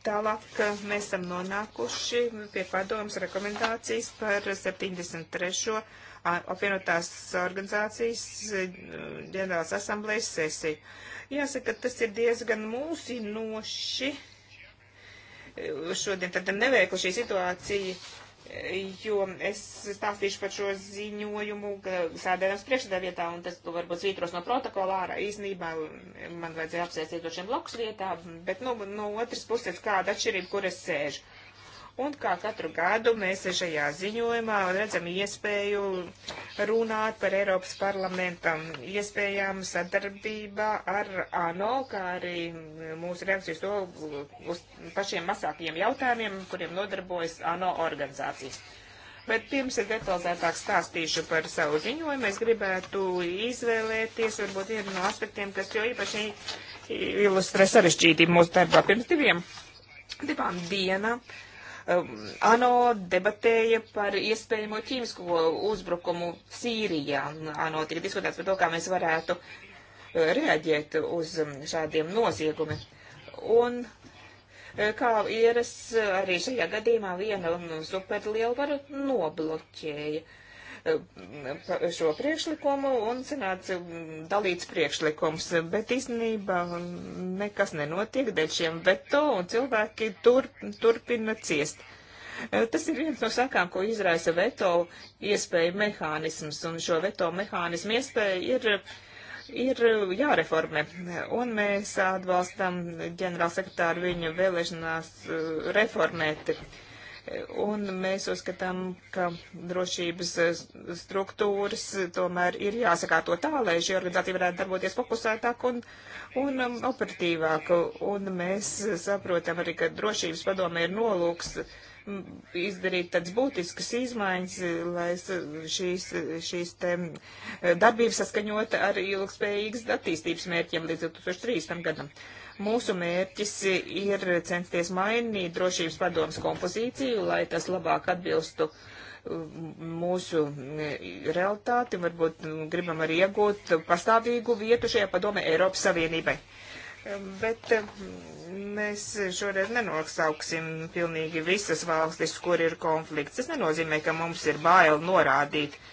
Tālāk mēs esam nonākuši pie padomas rekomendācijas par 73. apvienotās organizācijas eh, ģenerālas asamblejas sesiju. Jāsaka, tas ir diezgan mūsinoši. E, šodien tad neveikla šī situācija, e, jo es stāstīšu par šo ziņojumu sēdējams priekšsēdā vietā, un tas varbūt svītros no protokola ārā. Īsnībā e, man vajadzēja apsēsties to šiem blokus vietā, bet, nu, no otras puses kāda atšķirība, kur es sēžu. Un kā katru gadu mēs šajā ziņojumā redzam iespēju runāt par Eiropas parlamentam, iespējām sadarbībā ar ANO, kā arī mūsu reakcijas to uz pašiem mazākajiem jautājumiem, kuriem nodarbojas ANO organizācijas. Bet pirms es detalizētāk stāstīšu par savu ziņojumu, es gribētu izvēlēties varbūt vienu no aspektiem, kas jau īpaši ilustrē sarežģītību mūsu darbā pirms diviem, divām dienām. Uh, Um, ANO debatēja par iespējamo ķīmisko uzbrukumu Sīrijā. ANO tika diskutēts par to, kā mēs varētu uh, reaģēt uz um, šādiem noziegumiem. Un uh, kā ieras uh, arī šajā gadījumā viena um, superlielvara nobloķēja. Uh, šo priekšlikumu un sanāca dalīts priekšlikums, bet īstenībā nekas nenotiek dēļ šiem veto un cilvēki tur, turpina ciest. Tas ir viens no sakām, ko izraisa veto iespēju mehānisms, un šo veto mehānismu iespēju ir ir jāreformē. Un mēs atbalstam ģenerālsekretāru viņa vēlēšanās uh, reformēt Un mēs uzskatām, ka drošības eh, struktūras tomēr ir jāsakārto tā, lai šī organizācija varētu darboties fokusētāk un, un um, operatīvāk. Un mēs saprotam arī, ka drošības padome ir nolūks izdarīt tādas būtiskas izmaiņas, lai šīs, šīs te eh, darbības saskaņota ar ilgspējīgas attīstības mērķiem līdz 2030. gadam. Uh, Mūsu mērķis ir censties mainīt drošības padomas kompozīciju, lai tas labāk atbilstu mm, mūsu mm, realitāti, varbūt mm, gribam arī iegūt pastāvīgu vietu šajā padome Eiropas Savienībai. Bet mēs šoreiz nenosauksim pilnīgi visas valstis, kur ir konflikts. Tas nenozīmē, ka mums ir bail norādīt uh,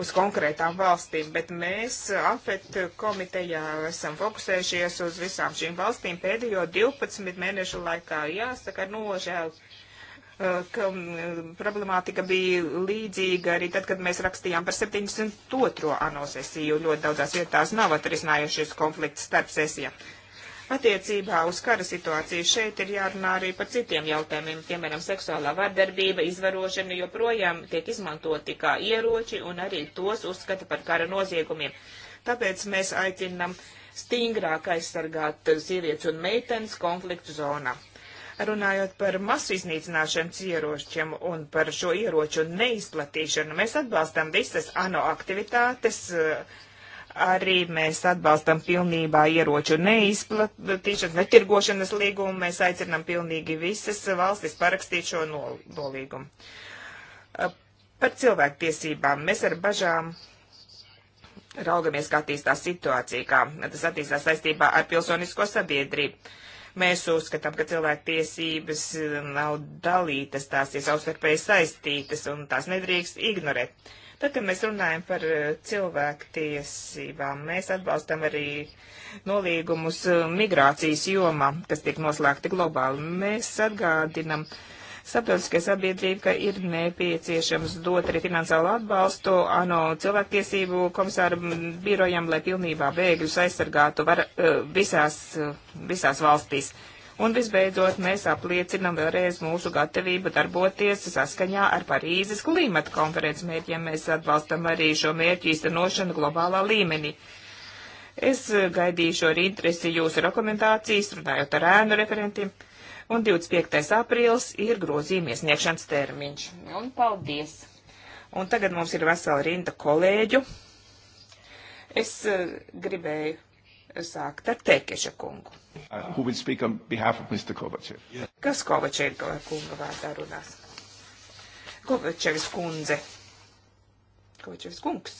uz konkrētām valstīm, bet mēs AFET komitejā esam fokusējušies uz visām šīm valstīm pēdējo 12 mēnešu laikā. Jāsaka, nožēl, nu, eh, ka mm, problemātika bija līdzīga arī tad, kad mēs rakstījām par 72. ANO sesiju. Ļoti daudzās vietās nav atrisinājušies konflikts starp sesijām. Attiecībā uz kara situāciju šeit ir jārunā arī par citiem jautājumiem, piemēram, seksuālā vardarbība, izvarošana joprojām tiek izmantoti kā ieroči un arī tos uzskata par kara noziegumiem. Tāpēc mēs aicinam stingrāk aizsargāt sievietes un meitenes konfliktu zonā. Runājot par masu iznīcināšanas ieročiem un par šo ieroču neizplatīšanu, mēs atbalstam visas ANO aktivitātes, uh, arī mēs atbalstam pilnībā ieroču neizplatīšanas, netirgošanas līgumu. Mēs aicinām pilnīgi visas valstis parakstīt šo nolīgumu. Par cilvēktiesībām mēs ar bažām raugamies, kā attīstās situācija, kā tas attīstās saistībā ar pilsonisko sabiedrību. Mēs uzskatām, ka cilvēktiesības nav dalītas, tās ir savstarpēji saistītas un tās nedrīkst ignorēt. Tad, kad mēs runājam par eh, cilvēku tiesībām, mēs atbalstam arī nolīgumus eh, migrācijas jomā, kas tiek noslēgti globāli. Mēs atgādinam starptautiskai sabiedrībai, ka ir nepieciešams dot arī finansiālu atbalstu ANO cilvēktiesību komisāra birojam, lai pilnībā bēgļus aizsargātu var, eh, visās, visās valstīs. Un visbeidzot, mēs apliecinam vēlreiz mūsu gatavību darboties saskaņā ar Parīzes klimata konferences mērķiem. Mēs atbalstam arī šo mērķu īstenošanu globālā līmenī. Es gaidīšu ar interesi jūsu rekomendācijas, runājot ar ēnu referentiem. Un 25. aprīls ir grozījuma iesniegšanas termiņš. Un paldies! Un tagad mums ir vesela rinda kolēģu. Es eh, gribēju sākt ar Tekeša kungu. Uh, Kas Kovačenko kunga vārdā runās? Kovačevs kundze. Kovačevs kungs.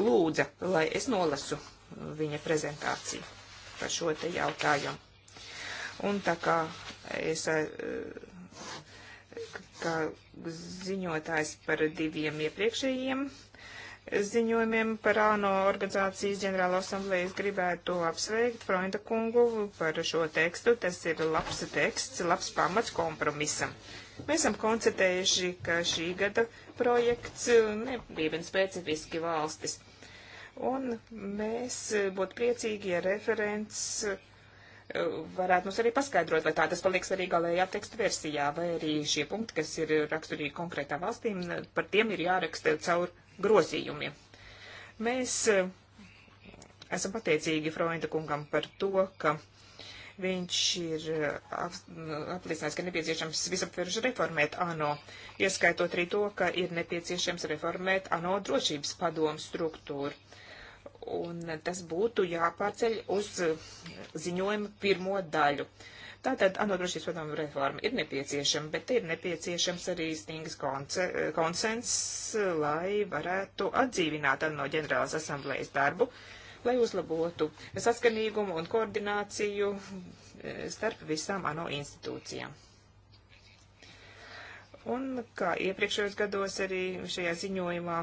Lūdza, lai es nolasu viņa prezentāciju par šo te jautājumu. Un tā kā es uh, kā ziņotājs par diviem iepriekšējiem ziņojumiem par ANO organizācijas ģenerālo asamblējas gribētu apsveikt Freunda kungu par šo tekstu. Tas ir labs teksts, labs pamats kompromisam. Mēs esam konstatējuši, ka šī gada projekts mm, nepievien specifiski valstis. Un mēs būtu priecīgi, ja referents mm, varētu mums arī paskaidrot, vai tā tas paliks arī galējā teksta versijā, vai arī šie punkti, kas ir raksturīgi konkrētām valstīm, par tiem ir jāraksta caur grozījumi. Mēs eh, esam pateicīgi Freunda kungam par to, ka viņš ir eh, apliecinājis, ka nepieciešams visaptveruši reformēt ANO, ieskaitot arī to, ka ir nepieciešams reformēt ANO drošības padomu struktūru. Un tas būtu jāpārceļ uz eh, ziņojuma pirmo daļu. Uh, Tātad ANO drošības padomu reforma ir nepieciešama, bet ir nepieciešams arī stingas konsens, lai varētu atdzīvināt ANO ģenerālas asamblējas darbu, lai uzlabotu saskanīgumu un koordināciju e, starp visām ANO institūcijām. Un kā iepriekšējos gados arī šajā ziņojumā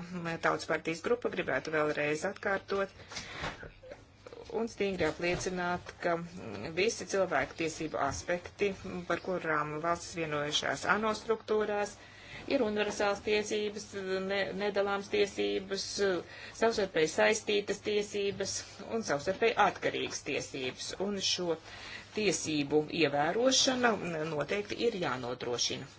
Tautas partijas grupa gribētu vēlreiz atkārtot, un stingri apliecināt, ka visi cilvēku tiesību aspekti, par kurām valsts vienojušās ANO struktūrās, ir universāls tiesības, ne, nedalāms tiesības, savstarpēji saistītas tiesības un savstarpēji atkarīgas tiesības. Un šo tiesību ievērošana noteikti ir jānodrošina.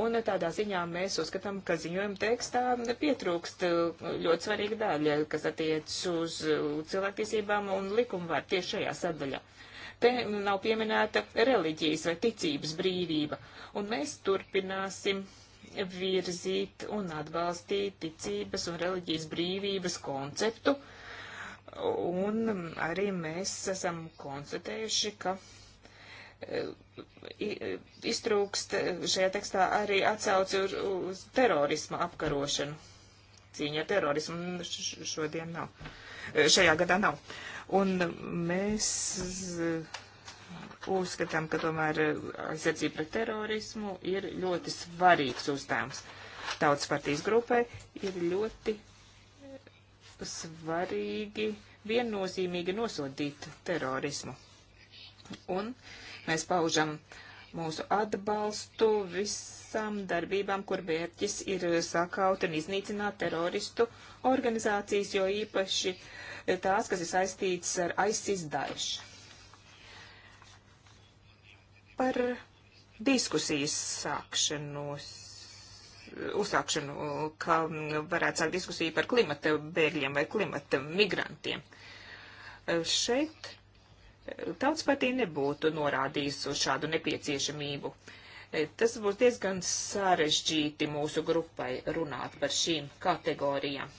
Un tādā ziņā mēs uzskatām, ka ziņojuma tekstā pietrūkst uh, ļoti svarīga daļa, kas attiec uz uh, cilvēktiesībām un likumvaru tieši šajā sadaļā. Te nav pieminēta reliģijas vai ticības brīvība. Un mēs turpināsim virzīt un atbalstīt ticības un reliģijas brīvības konceptu. Un arī mēs esam konstatējuši, ka iztrūkst šajā tekstā arī atsauci uz, uz terorisma apkarošanu. Cīņa ar terorismu šodien nav. Šajā gadā nav. Un mēs uzskatām, ka tomēr aizsardzība pret terorismu ir ļoti svarīgs uzdevums. Tautas partijas grupai ir ļoti svarīgi viennozīmīgi nosodīt terorismu. Un uh, Mēs paužam mūsu atbalstu visām darbībām, kur mērķis ir sakaut un iznīcināt teroristu organizācijas, jo īpaši tās, kas ir saistītas ar ISIS Daesh. Par diskusijas sākšanos, uzsākšanu, kā varētu sākt diskusiju par klimata bēgļiem vai klimata migrantiem. Šeit Tautas partija nebūtu norādījusi uz šādu nepieciešamību. E, tas būs diezgan sarežģīti mūsu grupai runāt par šīm kategorijām.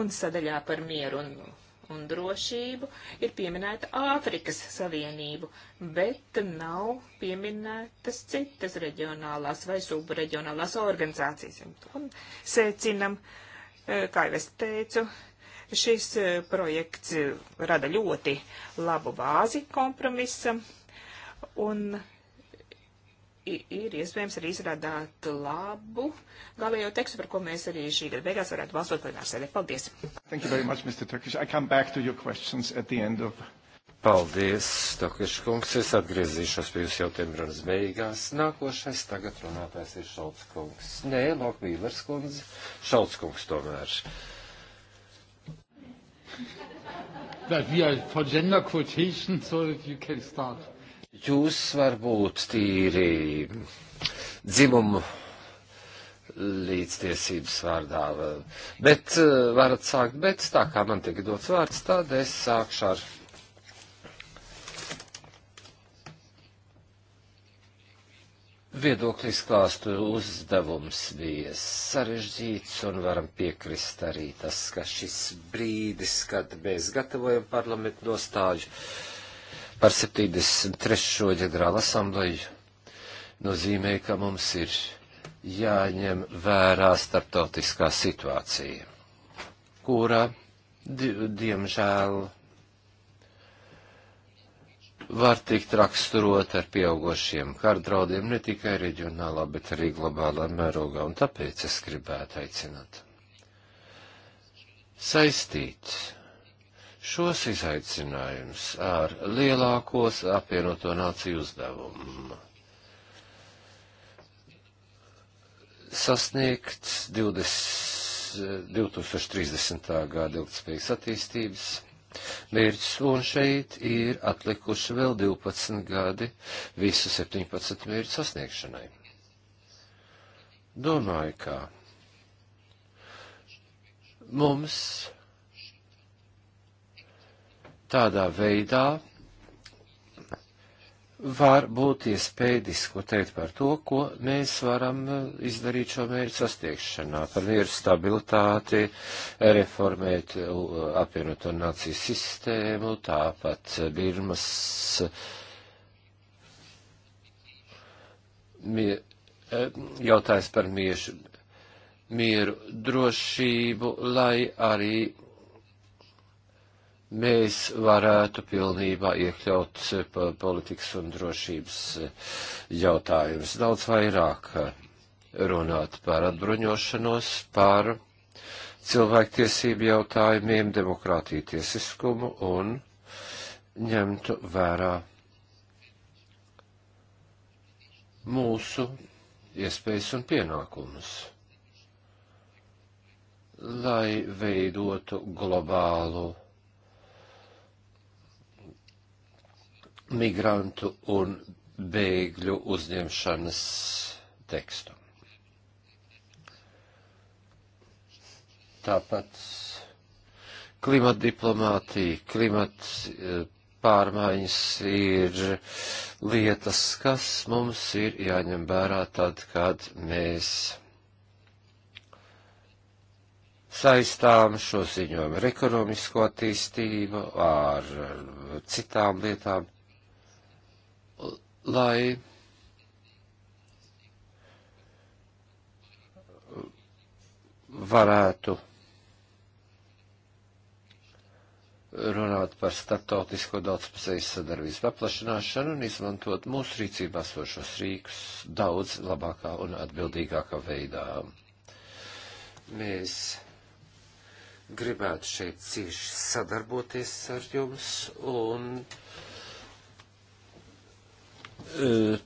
Un sadaļā par mieru un, un drošību ir pieminēta Āfrikas Savienību, bet nav pieminētas citas reģionālās vai subreģionālās organizācijas. Un secinam, e, kā jau es teicu, Šis eh, projekts eh, rada ļoti labu bāzi kompromisam un ir iespējams arī izrādāt labu galējo tekstu, par ko mēs arī šī gada beigās varētu balsot plenārsēdē. Paldies! Thank you very much, Mr. Turkish. I come back to your questions at the end of. Paldies, Turkish kungs. Es atgriezīšos pie jūsu jautājuma runas beigās. Nākošais tagad runātājs ir Šalts kungs. Nē, Lokvīlers kundze. Šalts kungs tomēr that we are for gender quotation so that you can start. Jūs varbūt tīri dzimumu līdztiesības vārdā, bet eh, varat sākt, bet tā kā man tiek dots vārds, tad es sākšu ar viedokļu izklāstu uzdevums bija sarežģīts, un varam piekrist arī tas, ka šis brīdis, kad mēs gatavojam parlamentu nostāju par 73. ģenerālu asambleju, nozīmē, ka mums ir jāņem vērā starptautiskā situācija, kura, di diemžēl, var tikt raksturot ar pieaugošiem kardraudiem ne tikai reģionālā, bet arī globālā mērogā, un tāpēc es gribētu aicināt saistīt šos izaicinājumus ar lielākos apvienoto nāciju uzdevumu. Sasniegt 20, 2030. gada ilgspējas attīstības mērķus, un šeit ir atlikuši vēl 12 gadi visu 17 mērķu sasniegšanai. Domāju, ka mums tādā veidā var būt iespēja diskutēt par to, ko mēs varam eh, izdarīt šo mērķu sasniegšanā, par mieru stabilitāti, reformēt eh, apvienoto nāciju sistēmu, tāpat Birmas mie, eh, jautājums par miešu, mieru drošību, lai arī mēs varētu pilnībā iekļaut eh, politikas un drošības eh, jautājumus. Daudz vairāk eh, runāt par atbruņošanos, par cilvēktiesību jautājumiem, demokrātiju tiesiskumu un ņemtu vērā mūsu iespējas un pienākumus lai veidotu globālu migrantu un bēgļu uzņemšanas tekstu. Tāpat klimata diplomātija, klimata e, pārmaiņas ir lietas, kas mums ir jāņem vērā tad, kad mēs saistām šo ziņojumu ar ekonomisko attīstību, ar citām lietām, lai varētu runāt par starptautisko daudzpusējas sadarbības paplašināšanu un izmantot mūsu rīcībā sošos rīkus daudz labākā un atbildīgākā veidā. Mēs gribētu šeit cieši sadarboties ar jums un uh, Eh,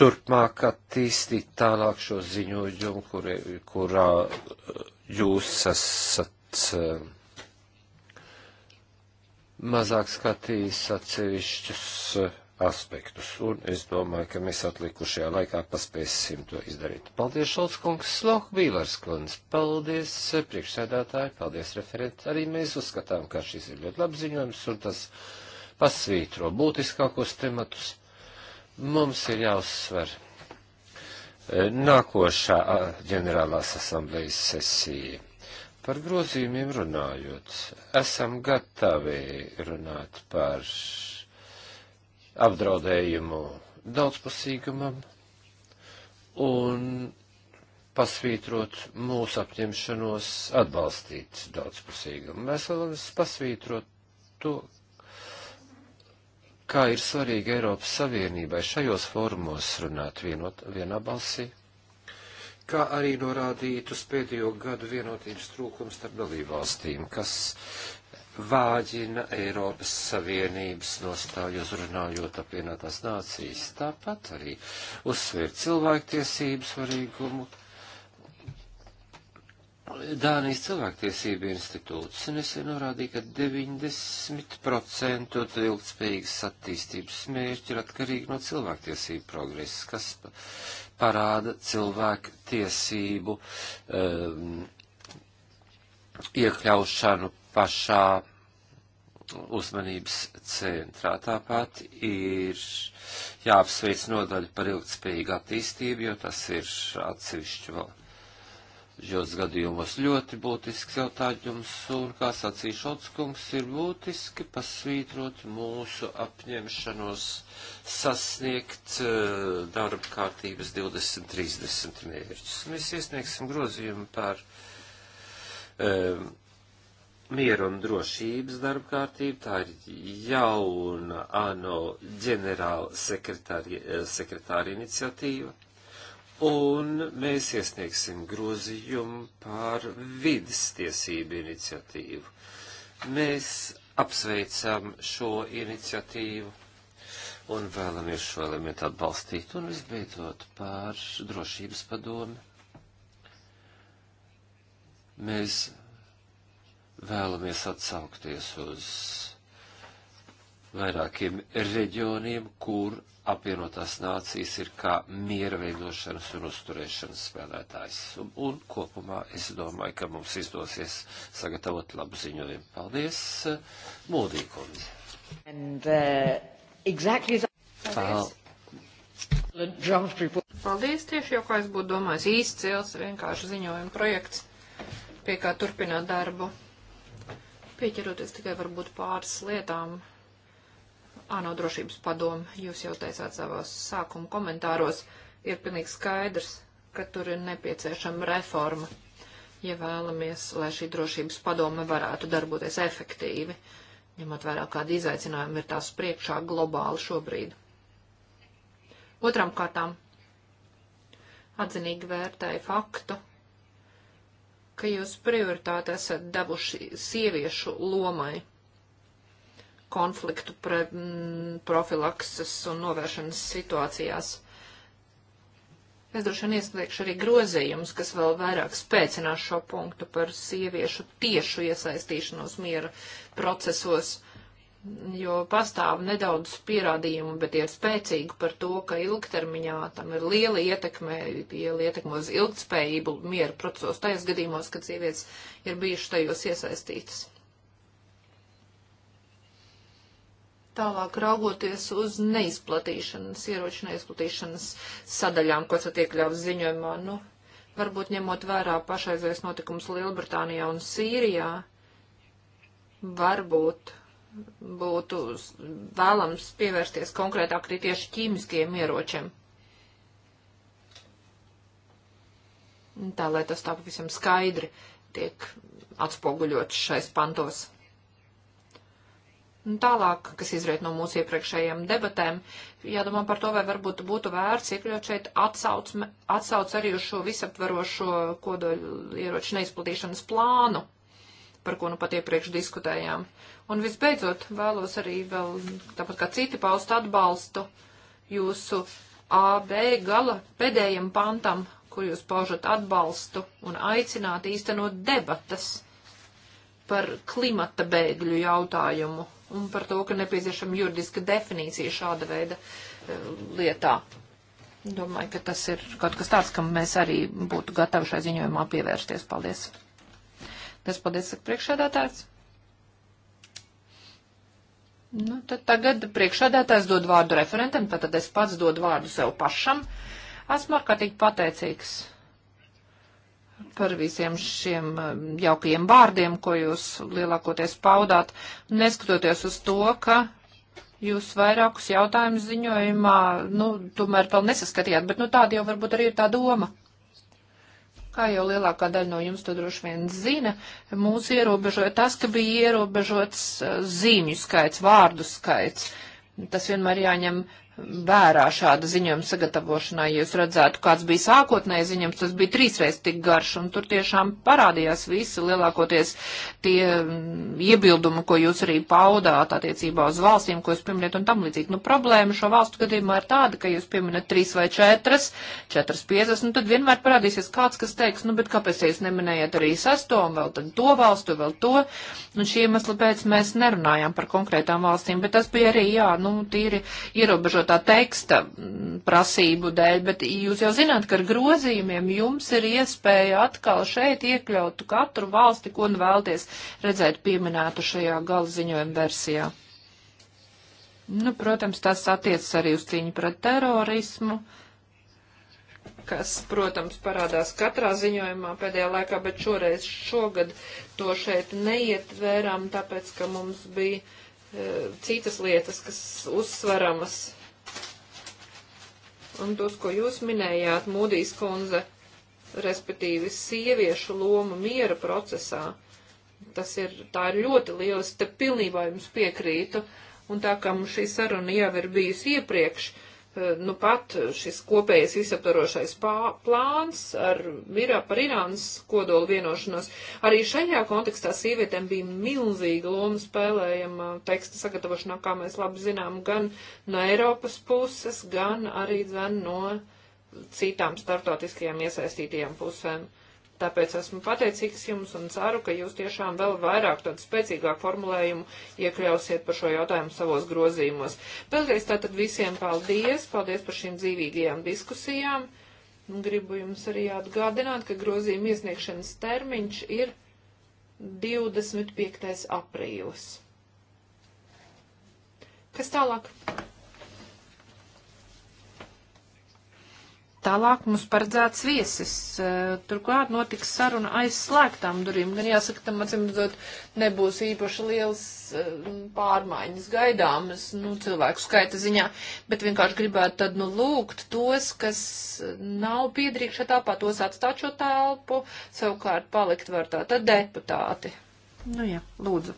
turpmāk attīstīt tālāk šo ziņojumu, kur, kurā eh, jūs esat eh, mazāk skatījis atsevišķus aspektus, un es domāju, ka mēs atlikušajā laikā paspēsim to izdarīt. Paldies, Šalts kungs, Slauk Bīlars kungs, paldies, priekšsēdētāji, paldies, referenti. Arī mēs uzskatām, ka šis ir ļoti labs ziņojums, un tas pasvītro būtiskākos tematus Mums ir jāuzsver e, nākošā ģenerālās asamblejas sesija. Par grozījumiem runājot, esam gatavi runāt par apdraudējumu daudzpusīgumam un pasvītrot mūsu apņemšanos atbalstīt daudzpusīgumu. Mēs vēlamies pasvītrot to, kā ir svarīgi Eiropas Savienībai šajos formos runāt vienot, vienā balsī, kā arī norādīt uz pēdējo gadu vienotības trūkums starp dalībvalstīm, kas vāģina Eiropas Savienības nostāju uzrunājot apvienotās nācijas. Tāpat arī uzsver cilvēktiesību svarīgumu Dānijas cilvēktiesība institūts nesen norādīja, ka 90% ilgtspējīgas attīstības mērķi ir atkarīgi no cilvēktiesību progresa, kas parāda cilvēktiesību um, iekļaušanu pašā uzmanības centrā. Tāpat ir jāapsveic nodaļa par ilgtspējīgu attīstību, jo tas ir atsevišķi vēl šos gadījumos ļoti būtisks jautājums, un, kā sacīja Šotskungs, ir būtiski pasvītrot mūsu apņemšanos sasniegt uh, darba kārtības 2030 mērķus. Mēs iesniegsim grozījumu par um, mieru un drošības darba kārtību, tā ir jauna ANO ģenerāla eh, sekretāra iniciatīva un mēs iesniegsim grozījumu pār vidas tiesību iniciatīvu. Mēs apsveicam šo iniciatīvu un vēlamies šo elementu atbalstīt un visbeidzot pār drošības padomi. Mēs vēlamies atsaukties uz vairākiem reģioniem, kur apvienotās nācijas ir kā miera veidošanas un uzturēšanas spēlētājs. Un, un kopumā es domāju, ka mums izdosies sagatavot labu ziņojumu. Paldies, Mūdī kundze. And, uh, exactly that... Paldies. Paldies, tieši jau kā es būtu domājis, īsts, vienkārši ziņojuma projekts, pie kā turpināt darbu. Pieķeroties tikai varbūt pāris lietām, ANO drošības padomu, jūs jau teicāt savos sākuma komentāros, ir pilnīgi skaidrs, ka tur ir nepieciešama reforma, ja vēlamies, lai šī drošības padome varētu darboties efektīvi, ņemot vērā, kāda izaicinājuma ir tās priekšā globāli šobrīd. Otram kārtām atzinīgi vērtēja faktu, ka jūs prioritāti esat devuši sieviešu lomai konfliktu pre, m, mm, profilakses un novēršanas situācijās. Es droši vien ieslēgšu arī grozījumus, kas vēl vairāk spēcinās šo punktu par sieviešu tiešu iesaistīšanos miera procesos, jo pastāv nedaudz pierādījumu, bet ir spēcīgi par to, ka ilgtermiņā tam ir liela ietekme, liela ietekme uz ilgtspējību miera procesos, tajos gadījumos, kad sievietes ir bijušas tajos iesaistītas. Tālāk raugoties uz neizplatīšanas, ieroču neizplatīšanas sadaļām, kas atiekļauts ziņojumā, nu, varbūt ņemot vērā pašreizējais notikums Lielbritānijā un Sīrijā, varbūt būtu vēlams pievērsties konkrētāk arī tieši ķīmiskiem ieročiem. Tā, lai tas tā pavisam skaidri tiek atspoguļots šais pantos. Un tālāk, kas izriet no mūsu iepriekšējiem debatēm, jādomā par to, vai varbūt būtu vērts iekļaut šeit atsauc, atsauc arī uz šo visaptverošo kodoļu ieroču neizplatīšanas plānu, par ko nu pat iepriekš diskutējām. Un visbeidzot, vēlos arī vēl, tāpat kā citi, paust atbalstu jūsu AB gala pēdējiem pantam, kur jūs paužat atbalstu un aicināt īstenot debatas par klimata bēgļu jautājumu un par to, ka nepieciešama juridiska definīcija šāda veida e, lietā. Domāju, ka tas ir kaut kas tāds, kam mēs arī būtu gatavi šai ziņojumā pievērsties. Paldies! Tas paldies, saka priekšsēdētājs. Nu, tad tagad priekšsēdētājs dod vārdu referentam, tad es pats dodu vārdu sev pašam. Esmu ārkārtīgi pateicīgs par visiem šiem eh, jaukajiem vārdiem, ko jūs lielākoties paudāt, neskatoties uz to, ka jūs vairākus jautājumus ziņojumā, nu, tomēr vēl nesaskatījāt, bet, nu, tāda jau varbūt arī ir tā doma. Kā jau lielākā daļa no jums to droši vien zina, mūs ierobežoja tas, ka bija ierobežots eh, zīmju skaits, vārdu skaits. Tas vienmēr jāņem vērā šāda ziņojuma sagatavošanā. Ja jūs redzētu, kāds bija sākotnēji ziņojums, tas bija trīsreiz tik garš, un tur tiešām parādījās visi lielākoties tie mm, iebildumi, ko jūs arī paudāt attiecībā uz valstīm, ko jūs pieminat un tam līdzīgi. Nu, problēma šo valstu gadījumā ir tāda, ka jūs pieminat trīs vai četras, četras piecas, nu tad vienmēr parādīsies kāds, kas teiks, nu, bet kāpēc jūs neminējat arī sesto, un vēl tad to valstu, vēl to, un nu, šī iemesla pēc mēs nerunājām par konkrētām valstīm, bet tas bija arī, jā, nu, tīri ierobežot sagatavotā teksta mm, prasību dēļ, bet jūs jau zināt, ka ar grozījumiem jums ir iespēja atkal šeit iekļaut katru valsti, ko nu vēlties redzēt pieminētu šajā gala ziņojuma versijā. Nu, protams, tas attiecas arī uz cīņu pret terorismu, kas, protams, parādās katrā ziņojumā pēdējā laikā, bet šoreiz šogad to šeit neietvērām, tāpēc, ka mums bija eh, citas lietas, kas uzsveramas un tos, ko jūs minējāt, Mūdīs kundze, respektīvi sieviešu loma miera procesā. Tas ir, tā ir ļoti lieliski, te pilnībā jums piekrītu, un tā kā mums šī saruna jau ir bijusi iepriekš, uh, Eh, nu pat šis kopējais visaptarošais pā, plāns ar virā par Irānas kodolu vienošanos. Arī šajā kontekstā sievietēm bija milzīga loma spēlējama teksta sagatavošanā, kā mēs labi zinām, gan no Eiropas puses, gan arī gan no citām startautiskajām iesaistītajām pusēm. Uh, Tāpēc esmu pateicīgs jums un ceru, ka jūs tiešām vēl vairāk tādu spēcīgāku formulējumu iekļausiet par šo jautājumu savos grozījumos. Vēlreiz tātad visiem paldies, paldies par šīm dzīvīgajām diskusijām. Gribu jums arī atgādināt, ka grozījuma iesniegšanas termiņš ir 25. aprīlis. Kas tālāk? Tālāk mums paredzēts viesis. Eh, turklāt notiks saruna aizslēgtām durīm. Gan jāsaka, tam atsimredzot nebūs īpaši liels eh, pārmaiņas gaidāmas, nu, cilvēku skaita ziņā, bet vienkārši gribētu tad, nu, lūgt tos, kas nav piedrīkšā tāpā, tos atstāt šo telpu, savukārt palikt var tātad deputāti. Nu jā, lūdzu.